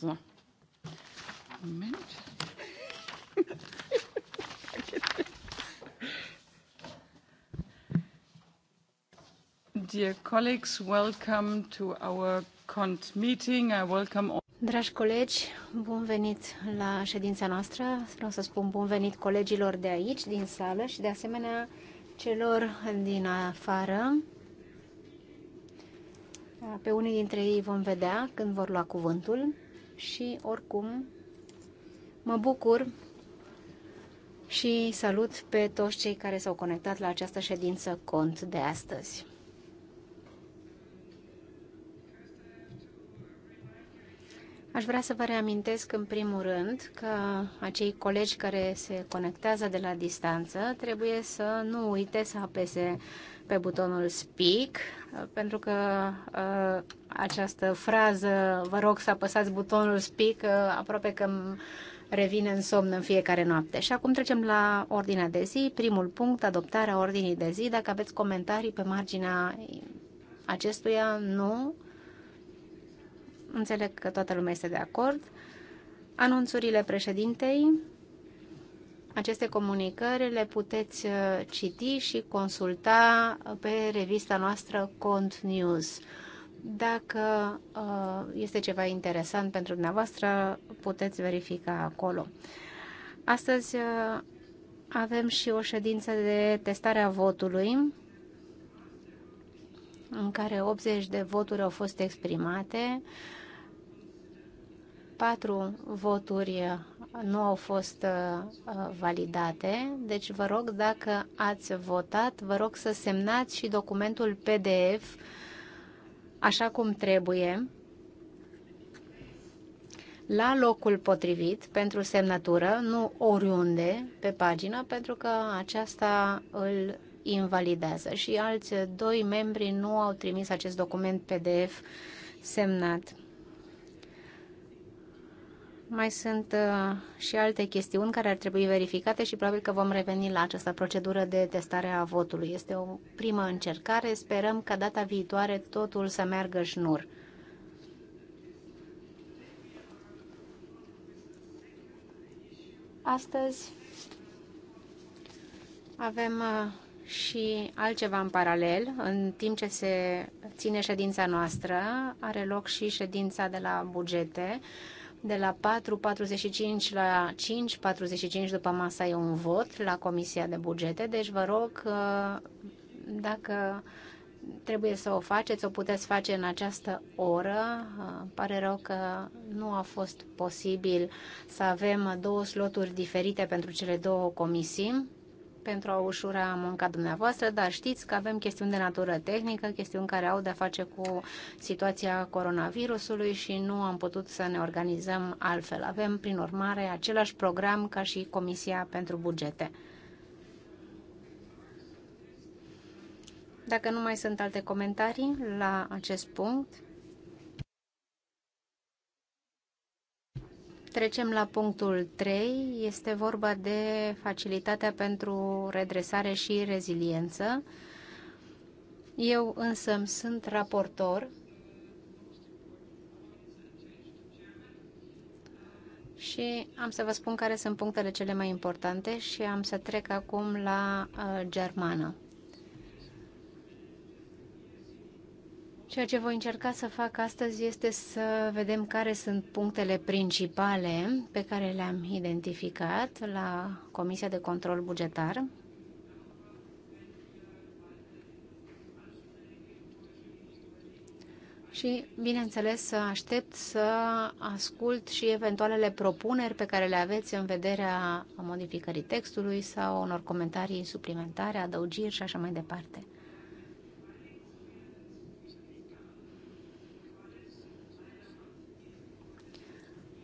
So. Moment. Dear colleagues, welcome to our cont meeting. I welcome all Dragi colegi, bun venit la ședința noastră. Vreau să spun bun venit colegilor de aici, din sală și de asemenea celor din afară. Pe unii dintre ei vom vedea când vor lua cuvântul și oricum mă bucur și salut pe toți cei care s-au conectat la această ședință cont de astăzi. Aș vrea să vă reamintesc în primul rând că acei colegi care se conectează de la distanță trebuie să nu uite să apese pe butonul speak, pentru că uh, această frază, vă rog să apăsați butonul speak, uh, aproape că revine în somn în fiecare noapte. Și acum trecem la ordinea de zi. Primul punct, adoptarea ordinii de zi. Dacă aveți comentarii pe marginea acestuia, nu. Înțeleg că toată lumea este de acord. Anunțurile președintei, aceste comunicări le puteți uh, citi și consulta pe revista noastră Cont News. Dacă uh, este ceva interesant pentru dumneavoastră, puteți verifica acolo. Astăzi uh, avem și o ședință de testare a votului, în care 80 de voturi au fost exprimate patru voturi nu au fost uh, validate, deci vă rog dacă ați votat, vă rog să semnați și documentul PDF așa cum trebuie la locul potrivit pentru semnătură, nu oriunde pe pagină, pentru că aceasta îl invalidează și alți doi membri nu au trimis acest document PDF semnat mai sunt uh, și alte chestiuni care ar trebui verificate și probabil că vom reveni la această procedură de testare a votului. Este o primă încercare. Sperăm că data viitoare totul să meargă șnur. Astăzi avem uh, și altceva în paralel. În timp ce se ține ședința noastră, are loc și ședința de la bugete de la 4.45 la 5.45 după masa e un vot la Comisia de Bugete, deci vă rog uh, dacă trebuie să o faceți, o puteți face în această oră. Uh, pare rău că nu a fost posibil să avem două sloturi diferite pentru cele două comisii pentru a ușura munca dumneavoastră, dar știți că avem chestiuni de natură tehnică, chestiuni care au de-a face cu situația coronavirusului și nu am putut să ne organizăm altfel. Avem, prin urmare, același program ca și Comisia pentru Bugete. Dacă nu mai sunt alte comentarii la acest punct, Trecem la punctul 3. Este vorba de facilitatea pentru redresare și reziliență. Eu însă sunt raportor și am să vă spun care sunt punctele cele mai importante și am să trec acum la uh, germană. Ceea ce voi încerca să fac astăzi este să vedem care sunt punctele principale pe care le-am identificat la Comisia de Control Bugetar. Și, bineînțeles, să aștept să ascult și eventualele propuneri pe care le aveți în vederea modificării textului sau unor comentarii suplimentare, adăugiri și așa mai departe.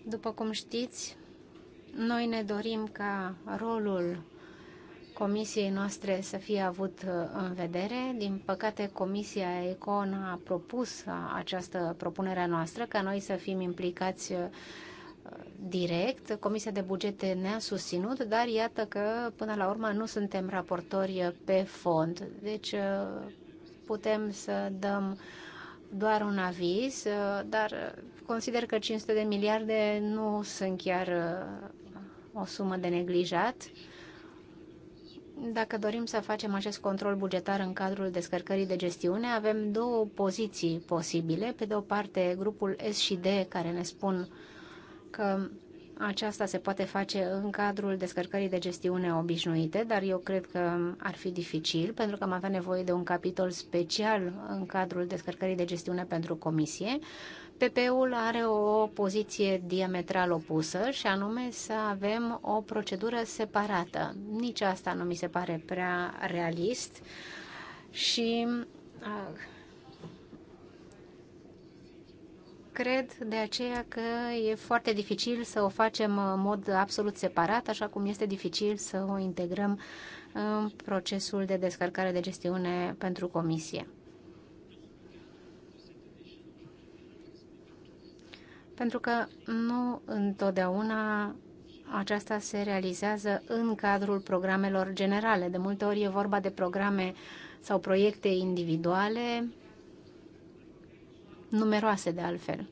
După cum știți, noi ne dorim ca rolul comisiei noastre să fie avut uh, în vedere. Din păcate, Comisia Econ a propus uh, această propunere a noastră ca noi să fim implicați uh, direct. Comisia de bugete ne-a susținut, dar iată că până la urmă nu suntem raportori pe fond. Deci putem să dăm doar un aviz, dar consider că 500 de miliarde nu sunt chiar uh, o sumă de neglijat. Dacă dorim să facem acest control bugetar în cadrul descărcării de gestiune, avem două poziții posibile. Pe de o parte, grupul S și D, care ne spun că aceasta se poate face în cadrul descărcării de gestiune obișnuite, dar eu cred că ar fi dificil, pentru că am avea nevoie de un capitol special în cadrul descărcării de gestiune pentru comisie. PP-ul are o poziție diametral opusă și anume să avem o procedură separată. Nici asta nu mi se pare prea realist și cred de aceea că e foarte dificil să o facem în mod absolut separat, așa cum este dificil să o integrăm în procesul de descărcare de gestiune pentru comisie. pentru că nu întotdeauna aceasta se realizează în cadrul programelor generale. De multe ori e vorba de programe sau proiecte individuale, numeroase de altfel.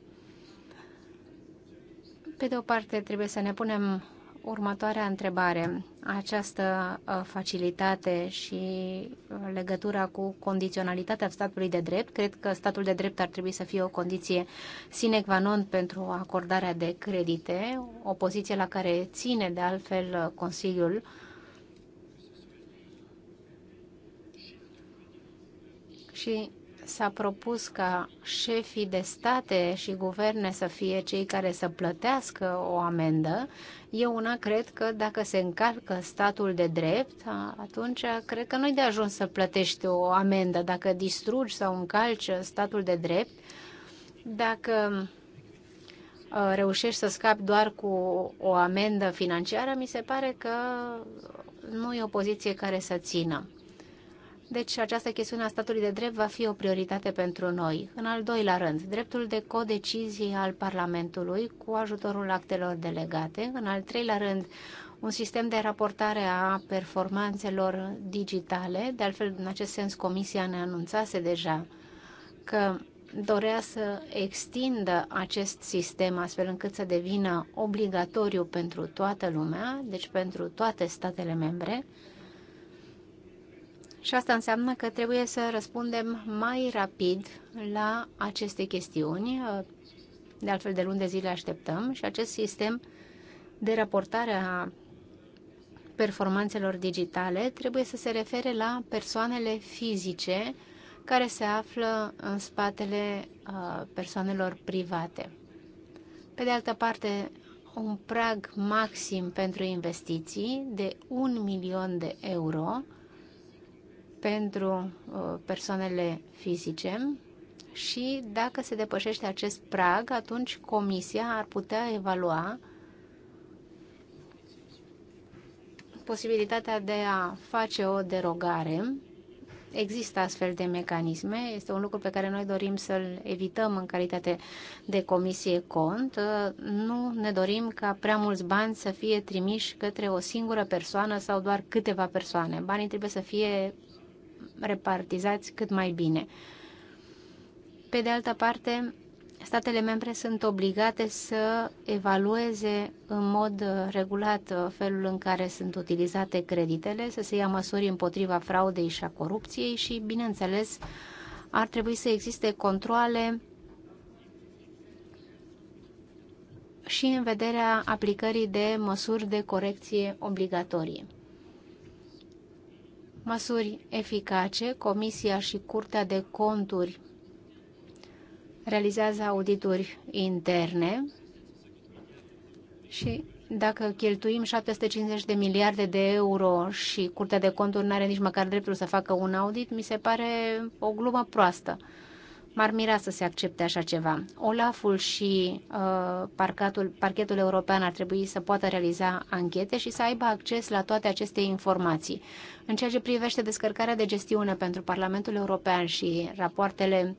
Pe de o parte, trebuie să ne punem următoarea întrebare această uh, facilitate și uh, legătura cu condiționalitatea statului de drept. Cred că statul de drept ar trebui să fie o condiție sine qua non pentru acordarea de credite, o poziție la care ține de altfel uh, Consiliul și s-a propus ca șefii de state și guverne să fie cei care să plătească o amendă, eu una cred că dacă se încalcă statul de drept, atunci cred că nu-i de ajuns să plătești o amendă. Dacă distrugi sau încalci statul de drept, dacă reușești să scapi doar cu o amendă financiară, mi se pare că nu e o poziție care să țină. Deci această chestiune a statului de drept va fi o prioritate pentru noi. În al doilea rând, dreptul de codecizie al Parlamentului cu ajutorul actelor delegate. În al treilea rând, un sistem de raportare a performanțelor digitale. De altfel, în acest sens, Comisia ne anunțase deja că dorea să extindă acest sistem astfel încât să devină obligatoriu pentru toată lumea, deci pentru toate statele membre. Și asta înseamnă că trebuie să răspundem mai rapid la aceste chestiuni. De altfel, de luni de zile așteptăm și acest sistem de raportare a performanțelor digitale trebuie să se refere la persoanele fizice care se află în spatele uh, persoanelor private. Pe de altă parte, un prag maxim pentru investiții de 1 milion de euro pentru uh, persoanele fizice și dacă se depășește acest prag, atunci comisia ar putea evalua posibilitatea de a face o derogare. Există astfel de mecanisme, este un lucru pe care noi dorim să-l evităm în calitate de comisie cont. Uh, nu ne dorim ca prea mulți bani să fie trimiși către o singură persoană sau doar câteva persoane. Banii trebuie să fie repartizați cât mai bine. Pe de altă parte, statele membre sunt obligate să evalueze în mod regulat felul în care sunt utilizate creditele, să se ia măsuri împotriva fraudei și a corupției și, bineînțeles, ar trebui să existe controle și în vederea aplicării de măsuri de corecție obligatorie măsuri eficace. Comisia și Curtea de Conturi realizează audituri interne și dacă cheltuim 750 de miliarde de euro și Curtea de Conturi nu are nici măcar dreptul să facă un audit, mi se pare o glumă proastă. M-ar mira să se accepte așa ceva. Olaful și uh, parcatul, parchetul european ar trebui să poată realiza anchete și să aibă acces la toate aceste informații. În ceea ce privește descărcarea de gestiune pentru Parlamentul European și rapoartele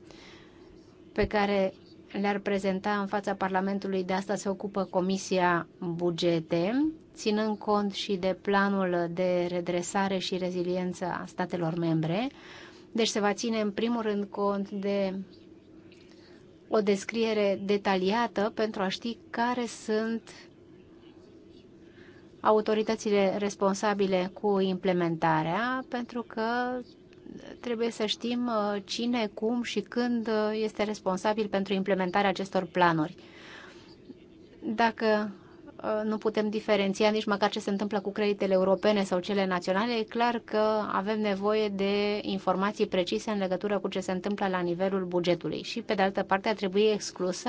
pe care le-ar prezenta în fața Parlamentului, de asta se ocupă Comisia Bugete, ținând cont și de planul de redresare și reziliență a statelor membre, uh, deci se va ține în primul rând cont de o descriere detaliată pentru a ști care sunt autoritățile responsabile cu implementarea, pentru că trebuie să știm uh, cine, cum și când uh, este responsabil pentru implementarea acestor planuri. Dacă Uh, nu putem diferenția nici măcar ce se întâmplă cu creditele europene sau cele naționale. E clar că avem nevoie de informații precise în legătură cu ce se întâmplă la nivelul bugetului și, pe de altă parte, ar trebui exclusă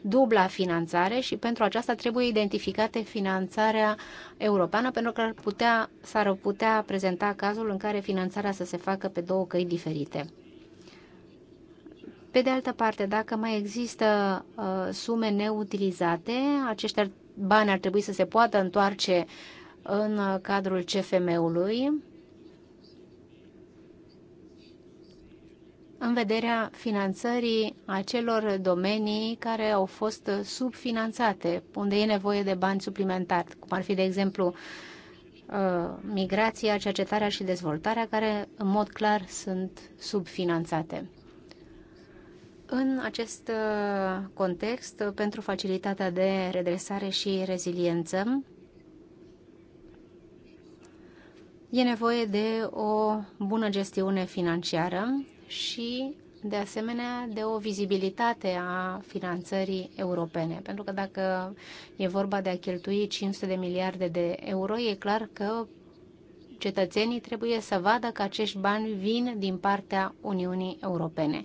dubla finanțare și pentru aceasta trebuie identificate finanțarea europeană pentru că ar putea, s-ar putea prezenta cazul în care finanțarea să se facă pe două căi diferite. Pe de altă parte, dacă mai există uh, sume neutilizate, aceștia ar bani ar trebui să se poată întoarce în cadrul CFM-ului în vederea finanțării acelor domenii care au fost subfinanțate, unde e nevoie de bani suplimentari, cum ar fi, de exemplu, uh, migrația, cercetarea și dezvoltarea, care în mod clar sunt subfinanțate. În acest uh, context, uh, pentru facilitatea de redresare și reziliență, e nevoie de o bună gestiune financiară și, de asemenea, de o vizibilitate a finanțării europene. Pentru că dacă e vorba de a cheltui 500 de miliarde de euro, e clar că cetățenii trebuie să vadă că acești bani vin din partea Uniunii Europene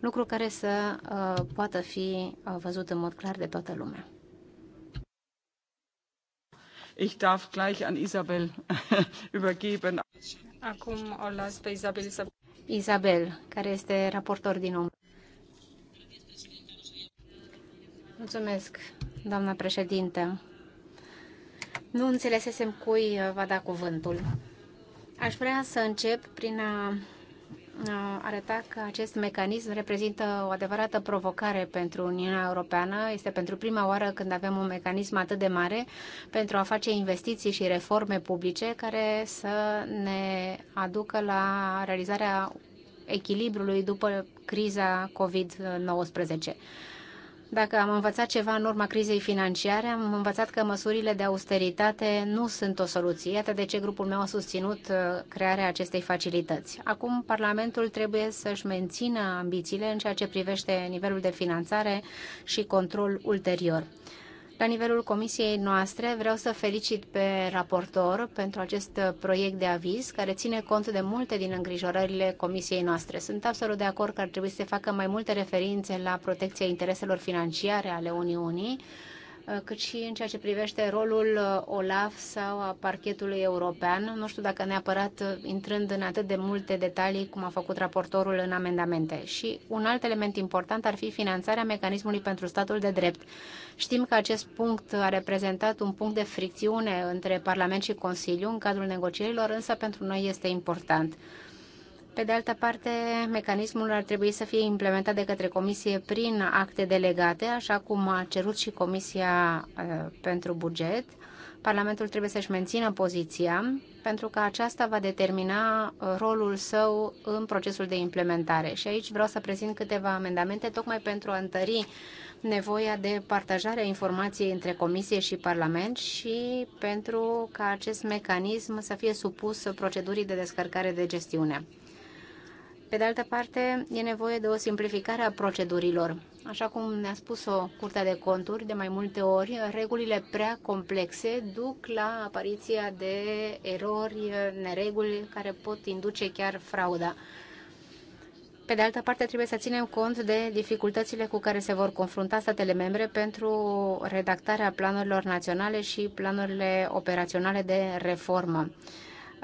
lucru care să uh, poată fi uh, văzut în mod clar de toată lumea. Ich darf gleich an Isabel übergeben. Acum o las pe Isabel Isabel, care este raportor din om. Mulțumesc, doamna președintă. Nu înțelesesem cui uh, va da cuvântul. Aș vrea să încep prin a arăta că acest mecanism reprezintă o adevărată provocare pentru Uniunea Europeană. Este pentru prima oară când avem un mecanism atât de mare pentru a face investiții și reforme publice care să ne aducă la realizarea echilibrului după criza COVID-19. Dacă am învățat ceva în urma crizei financiare, am învățat că măsurile de austeritate nu sunt o soluție. Iată de ce grupul meu a susținut uh, crearea acestei facilități. Acum, Parlamentul trebuie să-și mențină ambițiile în ceea ce privește nivelul de finanțare și control ulterior. La nivelul comisiei noastre vreau să felicit pe raportor pentru acest uh, proiect de aviz care ține cont de multe din îngrijorările comisiei noastre. Sunt absolut de acord că ar trebui să se facă mai multe referințe la protecția intereselor financiare ale Uniunii, Uh, cât și în ceea ce privește rolul uh, OLAF sau a parchetului european. Nu știu dacă neapărat uh, intrând în atât de multe detalii cum a făcut raportorul în amendamente. Și un alt element important ar fi finanțarea mecanismului pentru statul de drept. Știm că acest punct a reprezentat un punct de fricțiune între Parlament și Consiliu în cadrul negocierilor, însă pentru noi este important. Pe de altă parte, mecanismul ar trebui să fie implementat de către Comisie prin acte delegate, așa cum a cerut și Comisia uh, pentru Buget. Parlamentul trebuie să-și mențină poziția, pentru că aceasta va determina uh, rolul său în procesul de implementare. Și aici vreau să prezint câteva amendamente, tocmai pentru a întări nevoia de partajare a informației între Comisie și Parlament și pentru ca acest mecanism să fie supus procedurii de descărcare de gestiune. Pe de altă parte, e nevoie de o simplificare a procedurilor. Așa cum ne-a spus-o Curtea de Conturi de mai multe ori, regulile prea complexe duc la apariția de erori, nereguli care pot induce chiar frauda. Pe de altă parte, trebuie să ținem cont de dificultățile cu care se vor confrunta statele membre pentru redactarea planurilor naționale și planurile operaționale de reformă.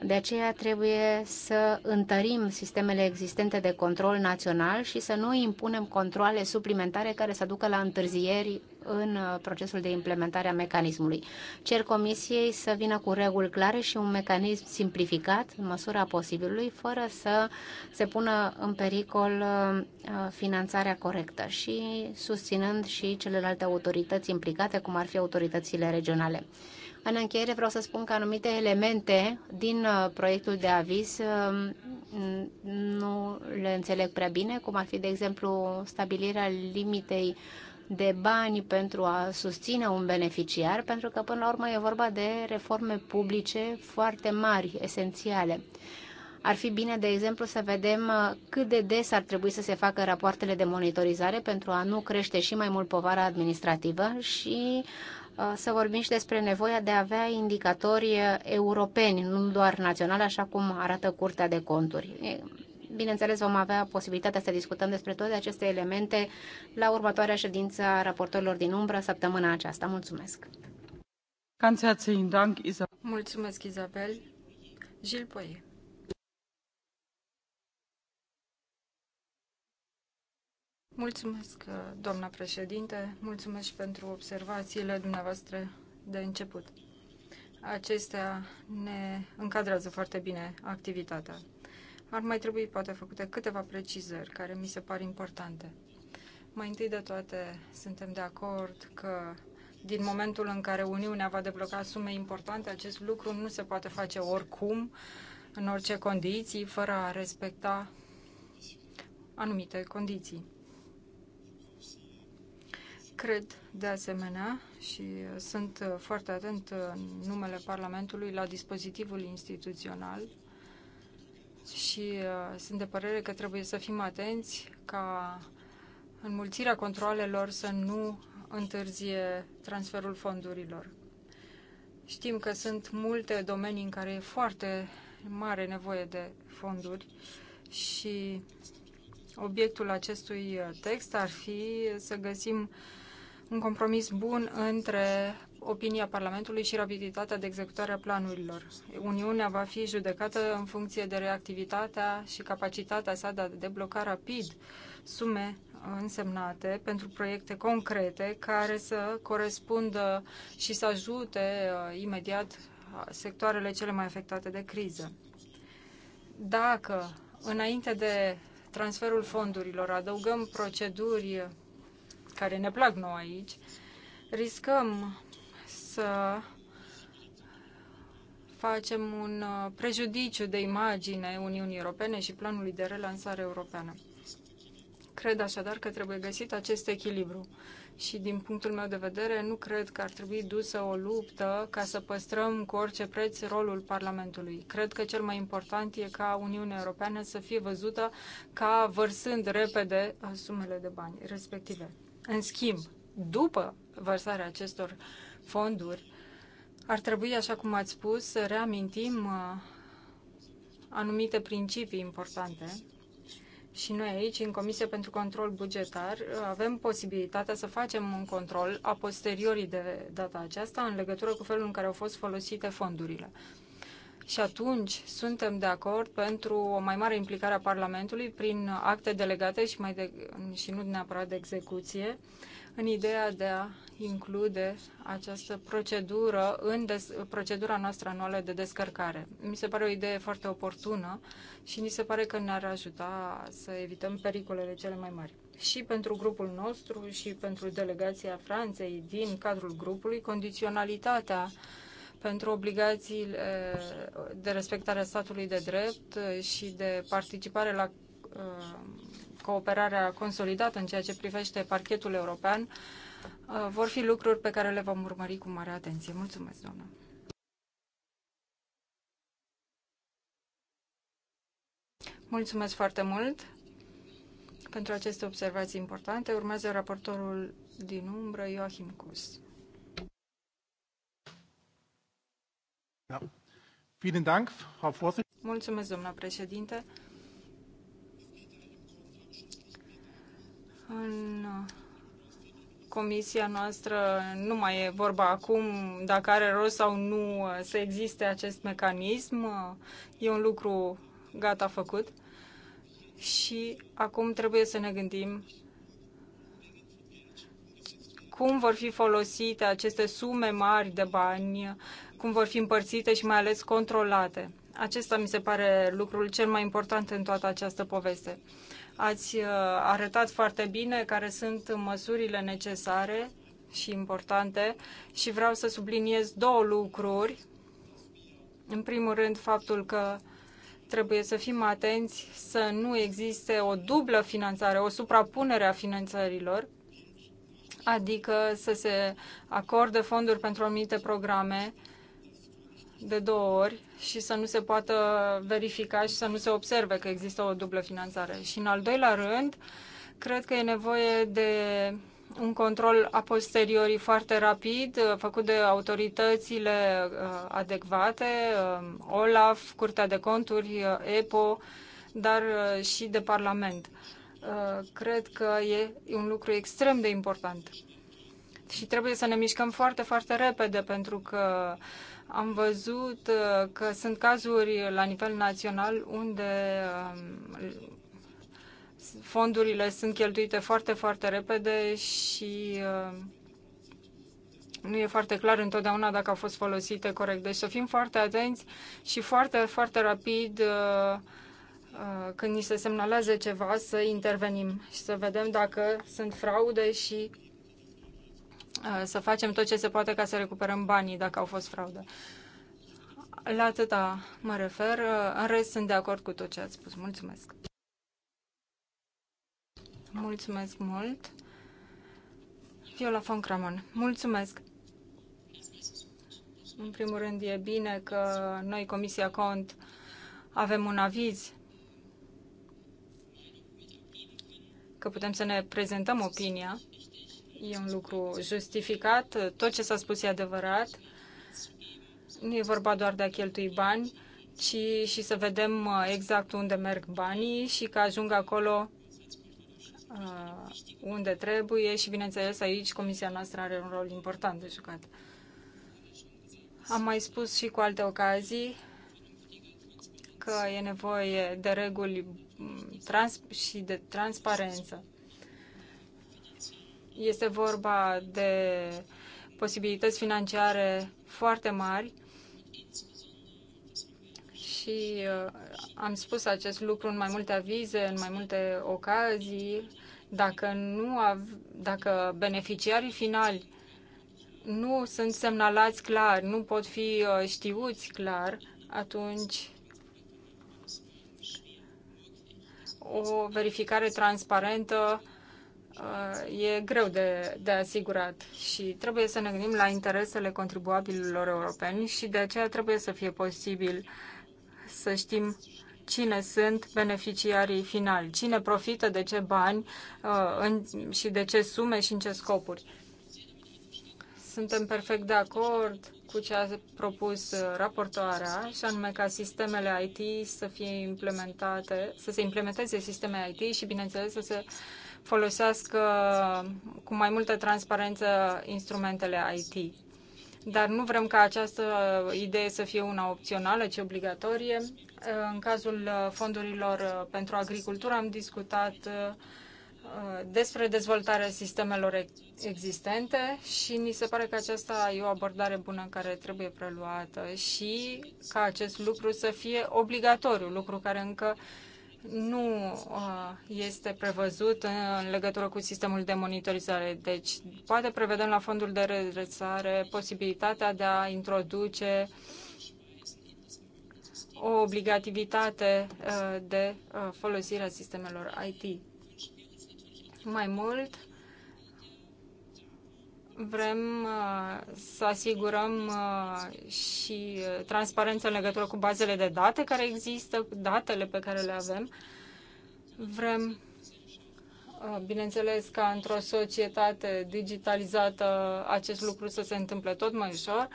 De aceea trebuie să întărim sistemele existente de control național și să nu impunem controle suplimentare care să ducă la întârzieri în uh, procesul de implementare a mecanismului. Cer Comisiei să vină cu reguli clare și un mecanism simplificat în măsura posibilului, fără să se pună în pericol uh, uh, finanțarea corectă și susținând și celelalte autorități implicate, cum ar fi autoritățile regionale. În încheiere vreau să spun că anumite elemente din uh, proiectul de aviz uh, nu le înțeleg prea bine, cum ar fi, de exemplu, stabilirea limitei de bani pentru a susține un beneficiar, pentru că până la urmă e vorba de reforme publice foarte mari, esențiale. Ar fi bine, de exemplu, să vedem uh, cât de des ar trebui să se facă rapoartele de monitorizare pentru a nu crește și mai mult povara administrativă și Uh, să vorbim și despre nevoia de a avea indicatori uh, europeni, nu doar naționali, așa cum arată Curtea de Conturi. Bineînțeles, vom avea posibilitatea să discutăm despre toate aceste elemente la următoarea ședință a raportorilor din umbră săptămâna aceasta. Mulțumesc! Mulțumesc, Isabel. Gilles Poirier. Mulțumesc, uh, doamna președinte, mulțumesc și pentru observațiile dumneavoastră de început. Acestea ne încadrează foarte bine activitatea. Ar mai trebui poate făcute câteva precizări care mi se par importante. Mai întâi de toate, suntem de acord că din momentul în care Uniunea va debloca sume importante, acest lucru nu se poate face oricum, în orice condiții, fără a respecta anumite condiții. Cred de asemenea și uh, sunt uh, foarte atent uh, în numele Parlamentului la dispozitivul instituțional și sunt de părere că trebuie să fim atenți ca înmulțirea controalelor să nu întârzie transferul fondurilor. Știm că sunt multe domenii în care e foarte mare nevoie de fonduri și obiectul acestui text ar fi să găsim uh, un compromis bun între opinia Parlamentului și rapiditatea de executare a planurilor. Uniunea va fi judecată în funcție de reactivitatea și capacitatea sa de a debloca rapid sume însemnate pentru proiecte concrete care să corespundă și să ajute uh, imediat sectoarele cele mai afectate de criză. Dacă înainte de transferul fondurilor adăugăm proceduri care ne plac nouă aici, riscăm să facem un uh, prejudiciu de imagine Uniunii Europene și planului de relansare europeană. Cred așadar că trebuie găsit acest echilibru și din punctul meu de vedere nu cred că ar trebui dusă o luptă ca să păstrăm cu orice preț rolul Parlamentului. Cred că cel mai important e ca Uniunea Europeană să fie văzută ca vărsând repede uh, sumele de bani respective. În schimb, după vărsarea acestor fonduri, ar trebui, așa cum ați spus, să reamintim uh, anumite principii importante. Și noi aici, în Comisia pentru Control Bugetar, uh, avem posibilitatea să facem un control a posteriori de data aceasta în legătură cu felul în care au fost folosite fondurile. Și atunci suntem de acord pentru o mai mare implicare a Parlamentului prin acte delegate și, mai de, și nu neapărat de execuție, în ideea de a include această procedură în des, procedura noastră anuală de descărcare. Mi se pare o idee foarte oportună și mi se pare că ne-ar ajuta să evităm pericolele cele mai mari. Și pentru grupul nostru și pentru delegația Franței din cadrul grupului, condiționalitatea uh, pentru obligațiile de respectare a statului de drept și de participare la uh, cooperarea consolidată în ceea ce privește parchetul european, uh, vor fi lucruri pe care le vom urmări cu mare atenție. Mulțumesc, doamnă! Mulțumesc foarte mult pentru aceste observații importante. Urmează raportorul din umbră, Joachim Cus. Mulțumesc, doamna președinte. În comisia noastră nu mai e vorba acum dacă are rost sau nu să existe acest mecanism. E un lucru gata făcut. Și acum trebuie să ne gândim cum vor fi folosite aceste sume mari de bani cum vor fi împărțite și mai ales controlate. Acesta mi se pare lucrul cel mai important în toată această poveste. Ați uh, arătat foarte bine care sunt măsurile necesare și importante și vreau să subliniez două lucruri. În primul rând, faptul că trebuie să fim atenți să nu existe o dublă finanțare, o suprapunere a finanțărilor, adică să se acorde fonduri pentru anumite programe de două ori și să nu se poată verifica și să nu se observe că există o dublă finanțare. Și în al doilea rând, cred că e nevoie de un control a posteriori foarte rapid, uh, făcut de autoritățile uh, adecvate, uh, OLAF, Curtea de Conturi, EPO, dar și de Parlament. Cred că e un lucru extrem de important. Și trebuie să ne mișcăm foarte, foarte repede, pentru că uh, am văzut uh, că sunt cazuri la nivel național unde um, fondurile sunt cheltuite foarte, foarte repede și uh, nu e foarte clar întotdeauna dacă au fost folosite corect. Deci să fim foarte atenți și foarte, foarte rapid uh, când ni se semnalează ceva să intervenim și să vedem dacă sunt fraude și Eh, să facem tot ce se poate ca să recuperăm banii dacă au fost fraudă. La atâta mă refer. Eh, în rest, sunt de acord cu tot ce ați spus. Mulțumesc! Mulțumesc mult! Viola von Cramon, mulțumesc! În primul rând, e bine că noi, Comisia Cont, avem un aviz că putem să ne prezentăm opinia e un lucru justificat, tot ce s-a spus e adevărat. Nu e vorba doar de a cheltui bani, ci și să vedem uh, exact unde merg banii și că ajung acolo uh, unde trebuie și, bineînțeles, aici comisia noastră are un rol important de jucat. Am mai spus și cu alte ocazii că e nevoie de reguli mm, trans- și de transparență. Este vorba de posibilități financiare foarte mari și uh, am spus acest lucru în mai multe avize, în mai multe ocazii. Dacă, nu dacă beneficiarii finali nu sunt semnalați clar, nu pot fi uh, știuți clar, atunci o verificare transparentă Uh, e greu de, de asigurat și trebuie să ne gândim la interesele contribuabililor europeni și de aceea trebuie să fie posibil să știm cine sunt beneficiarii finali, cine profită de ce bani uh, în, și de ce sume și în ce scopuri. Suntem perfect de acord cu ce a propus uh, raportoarea, și anume ca sistemele IT să fie implementate, să se implementeze sisteme IT și, bineînțeles, să se uh, folosească cu mai multă transparență instrumentele IT. Dar nu vrem ca această idee să fie una opțională, ci obligatorie. În cazul fondurilor pentru agricultură am discutat uh, despre dezvoltarea sistemelor existente și ni se pare că aceasta e o abordare bună care trebuie preluată și ca acest lucru să fie obligatoriu, lucru care încă nu este prevăzut în legătură cu sistemul de monitorizare. Deci, poate prevedem la fondul de redresare posibilitatea de a introduce o obligativitate de folosire a sistemelor IT. Mai mult, Vrem uh, să asigurăm uh, și uh, transparență în legătură cu bazele de date care există, datele pe care le avem. Vrem, bineînțeles, ca într-o societate digitalizată acest lucru să se întâmple tot mai ușor,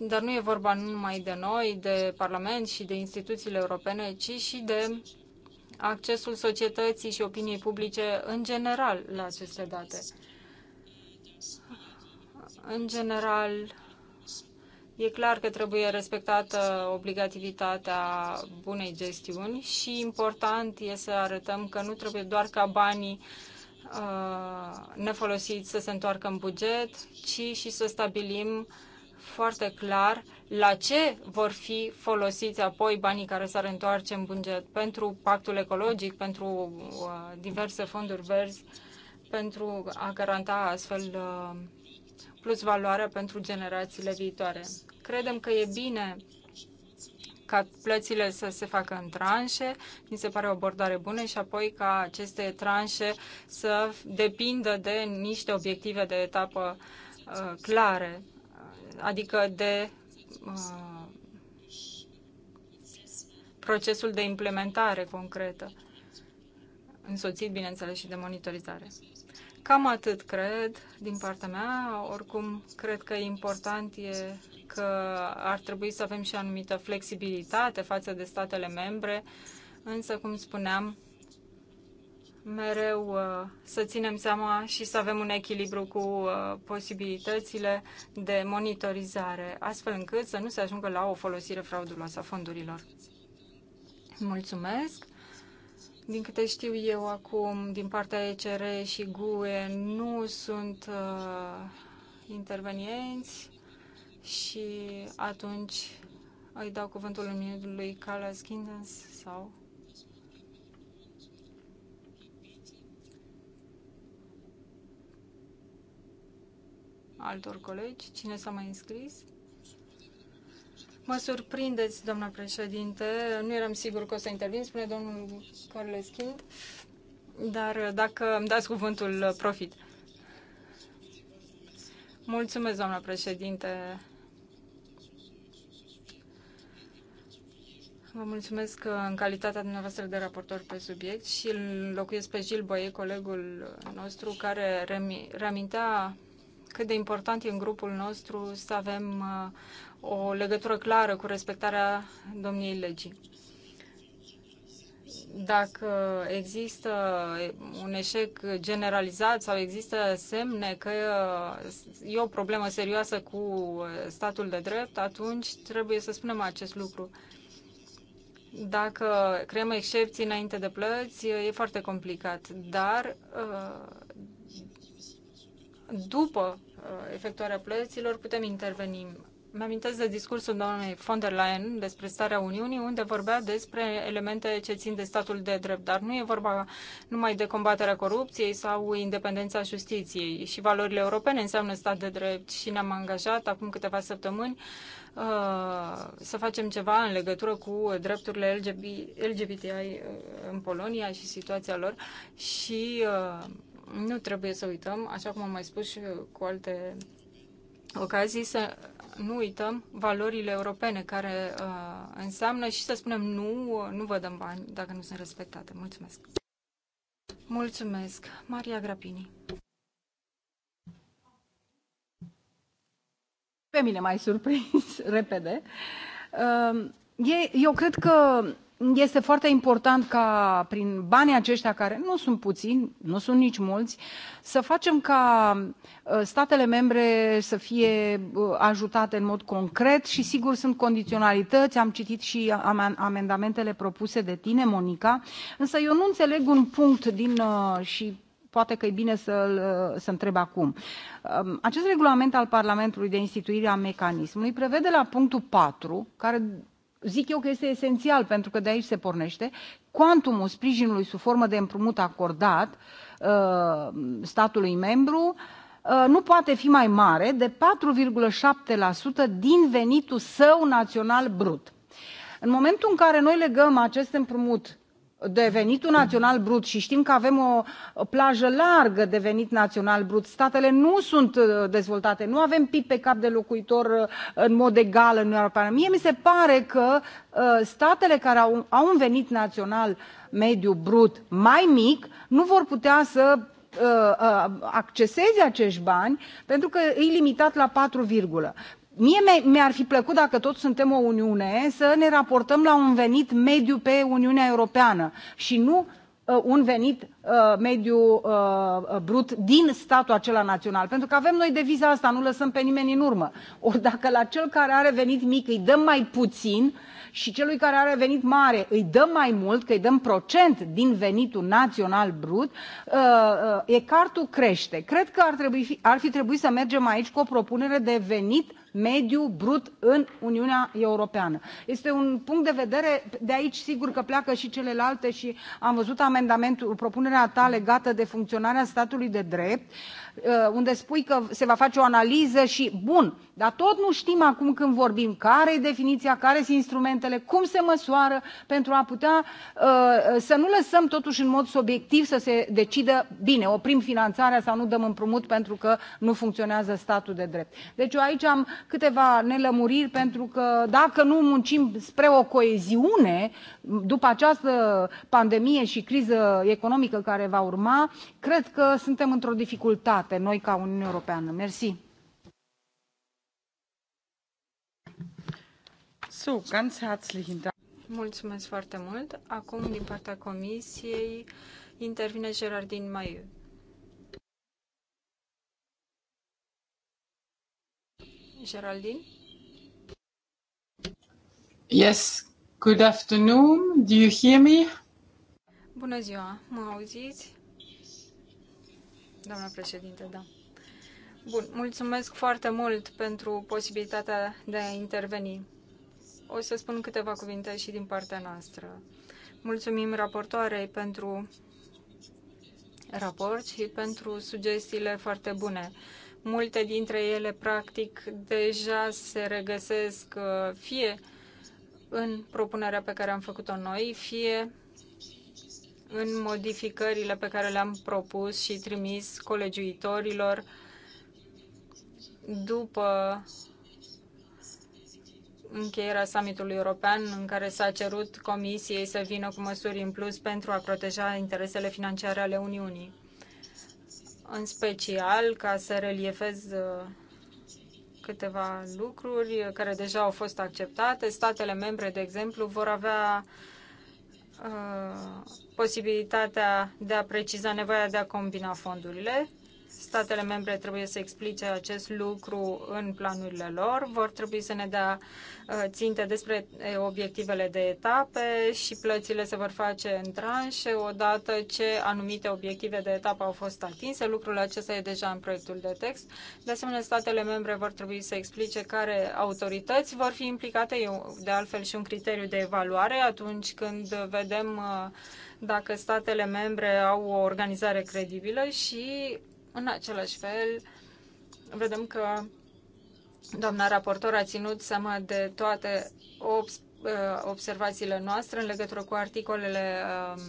dar nu e vorba numai de noi, de Parlament și de instituțiile europene, ci și de accesul societății și opiniei publice în general la aceste date. În general, e clar că trebuie respectată obligativitatea bunei gestiuni și important e să arătăm că nu trebuie doar ca banii uh, nefolosiți să se întoarcă în buget, ci și să stabilim foarte clar la ce vor fi folosiți apoi banii care s-ar întoarce în buget pentru pactul ecologic, pentru uh, diverse fonduri verzi pentru a garanta astfel uh, plus valoare pentru generațiile viitoare. Credem că e bine ca plățile să se facă în tranșe, mi se pare o abordare bună și apoi ca aceste tranșe să depindă de niște obiective de etapă uh, clare, adică de uh, procesul de implementare concretă, însoțit, bineînțeles, și de monitorizare. Cam atât cred din partea mea. Oricum, cred că important e că ar trebui să avem și anumită flexibilitate față de statele membre, însă, cum spuneam, mereu uh, să ținem seama și să avem un echilibru cu uh, posibilitățile de monitorizare, astfel încât să nu se ajungă la o folosire frauduloasă a fondurilor. Mulțumesc! Din câte știu eu acum, din partea ECR și GUE, nu sunt uh, intervenienți și atunci îi dau cuvântul în lui Carla Kindens sau... altor colegi. Cine s-a mai înscris? Mă surprindeți, doamna președinte. Nu eram sigur că o să intervin, spune domnul Corleschind, dar dacă îmi dați cuvântul, profit. Mulțumesc, doamna președinte. Vă mulțumesc în calitatea dumneavoastră de raportor pe subiect și îl locuiesc pe Gil Boie, colegul nostru, care reamintea cât de important e în grupul nostru să avem uh, o legătură clară cu respectarea domniei legii. Dacă există uh, un eșec generalizat sau există semne că uh, e o problemă serioasă cu statul de drept, atunci trebuie să spunem acest lucru dacă creăm excepții înainte de plăți, e foarte complicat. Dar după Uh, efectuarea plăților, putem interveni. Mi-amintesc de discursul doamnei von der Leyen despre starea Uniunii, unde vorbea despre elemente ce țin de statul de drept, dar nu e vorba numai de combaterea corupției sau independența justiției. Și valorile europene înseamnă stat de drept și ne-am angajat acum câteva săptămâni uh, să facem ceva în legătură cu drepturile LGBTI uh, în Polonia și situația lor și nu trebuie să uităm, așa cum am mai spus și cu alte ocazii, să nu uităm valorile europene, care uh, înseamnă și să spunem nu, nu vă dăm bani dacă nu sunt respectate. Mulțumesc! Mulțumesc! Maria Grapini. Pe mine mai surprins, repede. Um, eu cred că este foarte important ca prin banii aceștia, care nu sunt puțini, nu sunt nici mulți, să facem ca uh, statele membre să fie uh, ajutate în mod concret și sigur sunt condiționalități, am citit și amendamentele propuse de tine, Monica, însă eu nu înțeleg un punct din uh, și poate că e bine să-l să întreb acum. Um, acest regulament al Parlamentului de instituire a mecanismului prevede la punctul 4, care zic eu că este esențial pentru că de aici se pornește cuantumul sprijinului sub formă de împrumut acordat uh, statului membru uh, nu poate fi mai mare de 4,7% din venitul său național brut. În momentul în care noi legăm acest împrumut de venitul național brut și știm că avem o plajă largă de venit național brut statele nu sunt uh, dezvoltate nu avem pib pe cap de locuitor uh, în mod egal în uniunea europeană mie mi se pare că uh, statele care au, au un venit național mediu brut mai mic nu vor putea să acceseze acești bani pentru că e limitat la patru virgulă mie mi ar fi plăcut dacă tot suntem o uniune să ne raportăm la un venit mediu pe uniunea europeană și nu uh, un venit uh, mediu uh, brut din statul acela național pentru că avem noi deviza asta nu lăsăm pe nimeni în urmă ori dacă la cel care are venit mic îi dăm mai puțin și celui care are venit mare îi dăm mai mult, că îi dăm procent din venitul național brut, uh, uh, ecartul crește. Cred că ar, trebui, ar fi trebuit să mergem aici cu o propunere de venit mediu brut în Uniunea Europeană. Este un punct de vedere, de aici sigur că pleacă și celelalte și am văzut amendamentul, propunerea ta legată de funcționarea statului de drept. Uh, Uh, unde spui că se va face o analiză și bun, dar tot nu știm acum când vorbim care e definiția, care sunt instrumentele, cum se măsoară pentru a putea uh, să nu lăsăm totuși în mod subiectiv să se decidă bine, oprim finanțarea sau nu dăm împrumut pentru că nu funcționează statul de drept. Deci eu aici am câteva nelămuriri pentru că dacă nu muncim spre o coeziune după această pandemie și criză economică care va urma, cred că suntem într o dificultate noi ca uniune europeană. mersi. So, ganz herzlichen Dank. Mulțumesc foarte mult. Acum, din partea Comisiei, intervine Gerardin Maiu. Geraldine? Yes, good afternoon. Do you hear me? Bună ziua, mă auziți? Doamna președinte, da. Bun, mulțumesc foarte mult pentru posibilitatea de a interveni. O să spun câteva cuvinte și din partea noastră. Mulțumim raportoarei pentru raport și pentru sugestiile foarte bune. Multe dintre ele, practic, deja se regăsesc fie în propunerea pe care am făcut-o noi, fie în modificările pe care le-am propus și trimis colegiuitorilor după încheierea summitului european în care s-a cerut Comisiei să vină cu măsuri în plus pentru a proteja interesele financiare ale Uniunii. În special, ca să reliefez uh, câteva lucruri care deja au fost acceptate, statele membre, de exemplu, vor avea Uh, posibilitatea de a preciza nevoia de a combina fondurile Statele membre trebuie să explice acest lucru în planurile lor, vor trebui să ne dea uh, ținte despre obiectivele de etape și plățile se vor face în tranșe odată ce anumite obiective de etapă au fost atinse. Lucrul acesta e deja în proiectul de text. De asemenea, statele membre vor trebui să explice care autorități vor fi implicate. E de altfel și un criteriu de evaluare atunci când vedem uh, dacă statele membre au o organizare credibilă și în același fel, vedem că doamna raportor a ținut seama de toate uh, observațiile noastre în legătură cu articolele um,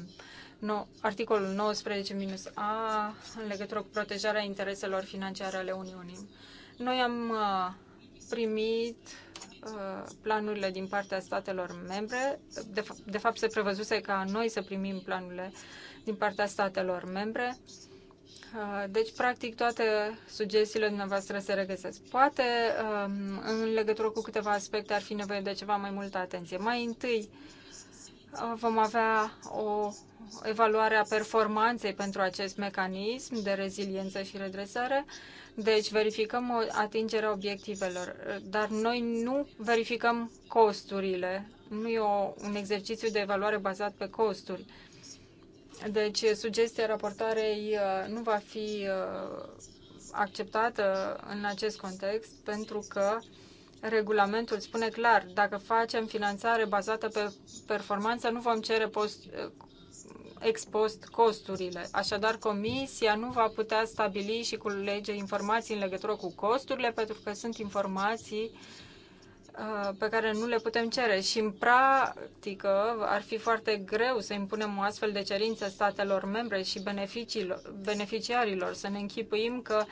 no, articolul 19-A în legătură cu protejarea intereselor financiare ale Uniunii. Noi am uh, primit uh, planurile din partea statelor membre. De, de fapt, se prevăzuse ca noi să primim planurile din partea statelor membre. Uh, Ah, deci, practic, toate sugestiile dumneavoastră se regăsesc. Poate, um, în legătură cu câteva aspecte, ar fi nevoie de ceva mai multă atenție. Mai întâi, uh, vom avea o evaluare a performanței pentru acest mecanism de reziliență și redresare. Deci, verificăm atingerea obiectivelor, dar noi nu verificăm costurile. Nu e o, un exercițiu de evaluare bazat pe costuri deci, sugestia raportarei uh, nu va fi uh, acceptată în acest context pentru că regulamentul spune clar, dacă facem finanțare bazată pe performanță, nu vom cere post, uh, ex post costurile. Așadar, comisia nu va putea stabili și culege informații în legătură cu costurile, pentru că sunt informații uh, Uh, pe care nu le putem cere și în practică ar fi foarte greu să impunem o astfel de cerință statelor membre și beneficiarilor. Să ne închipuim că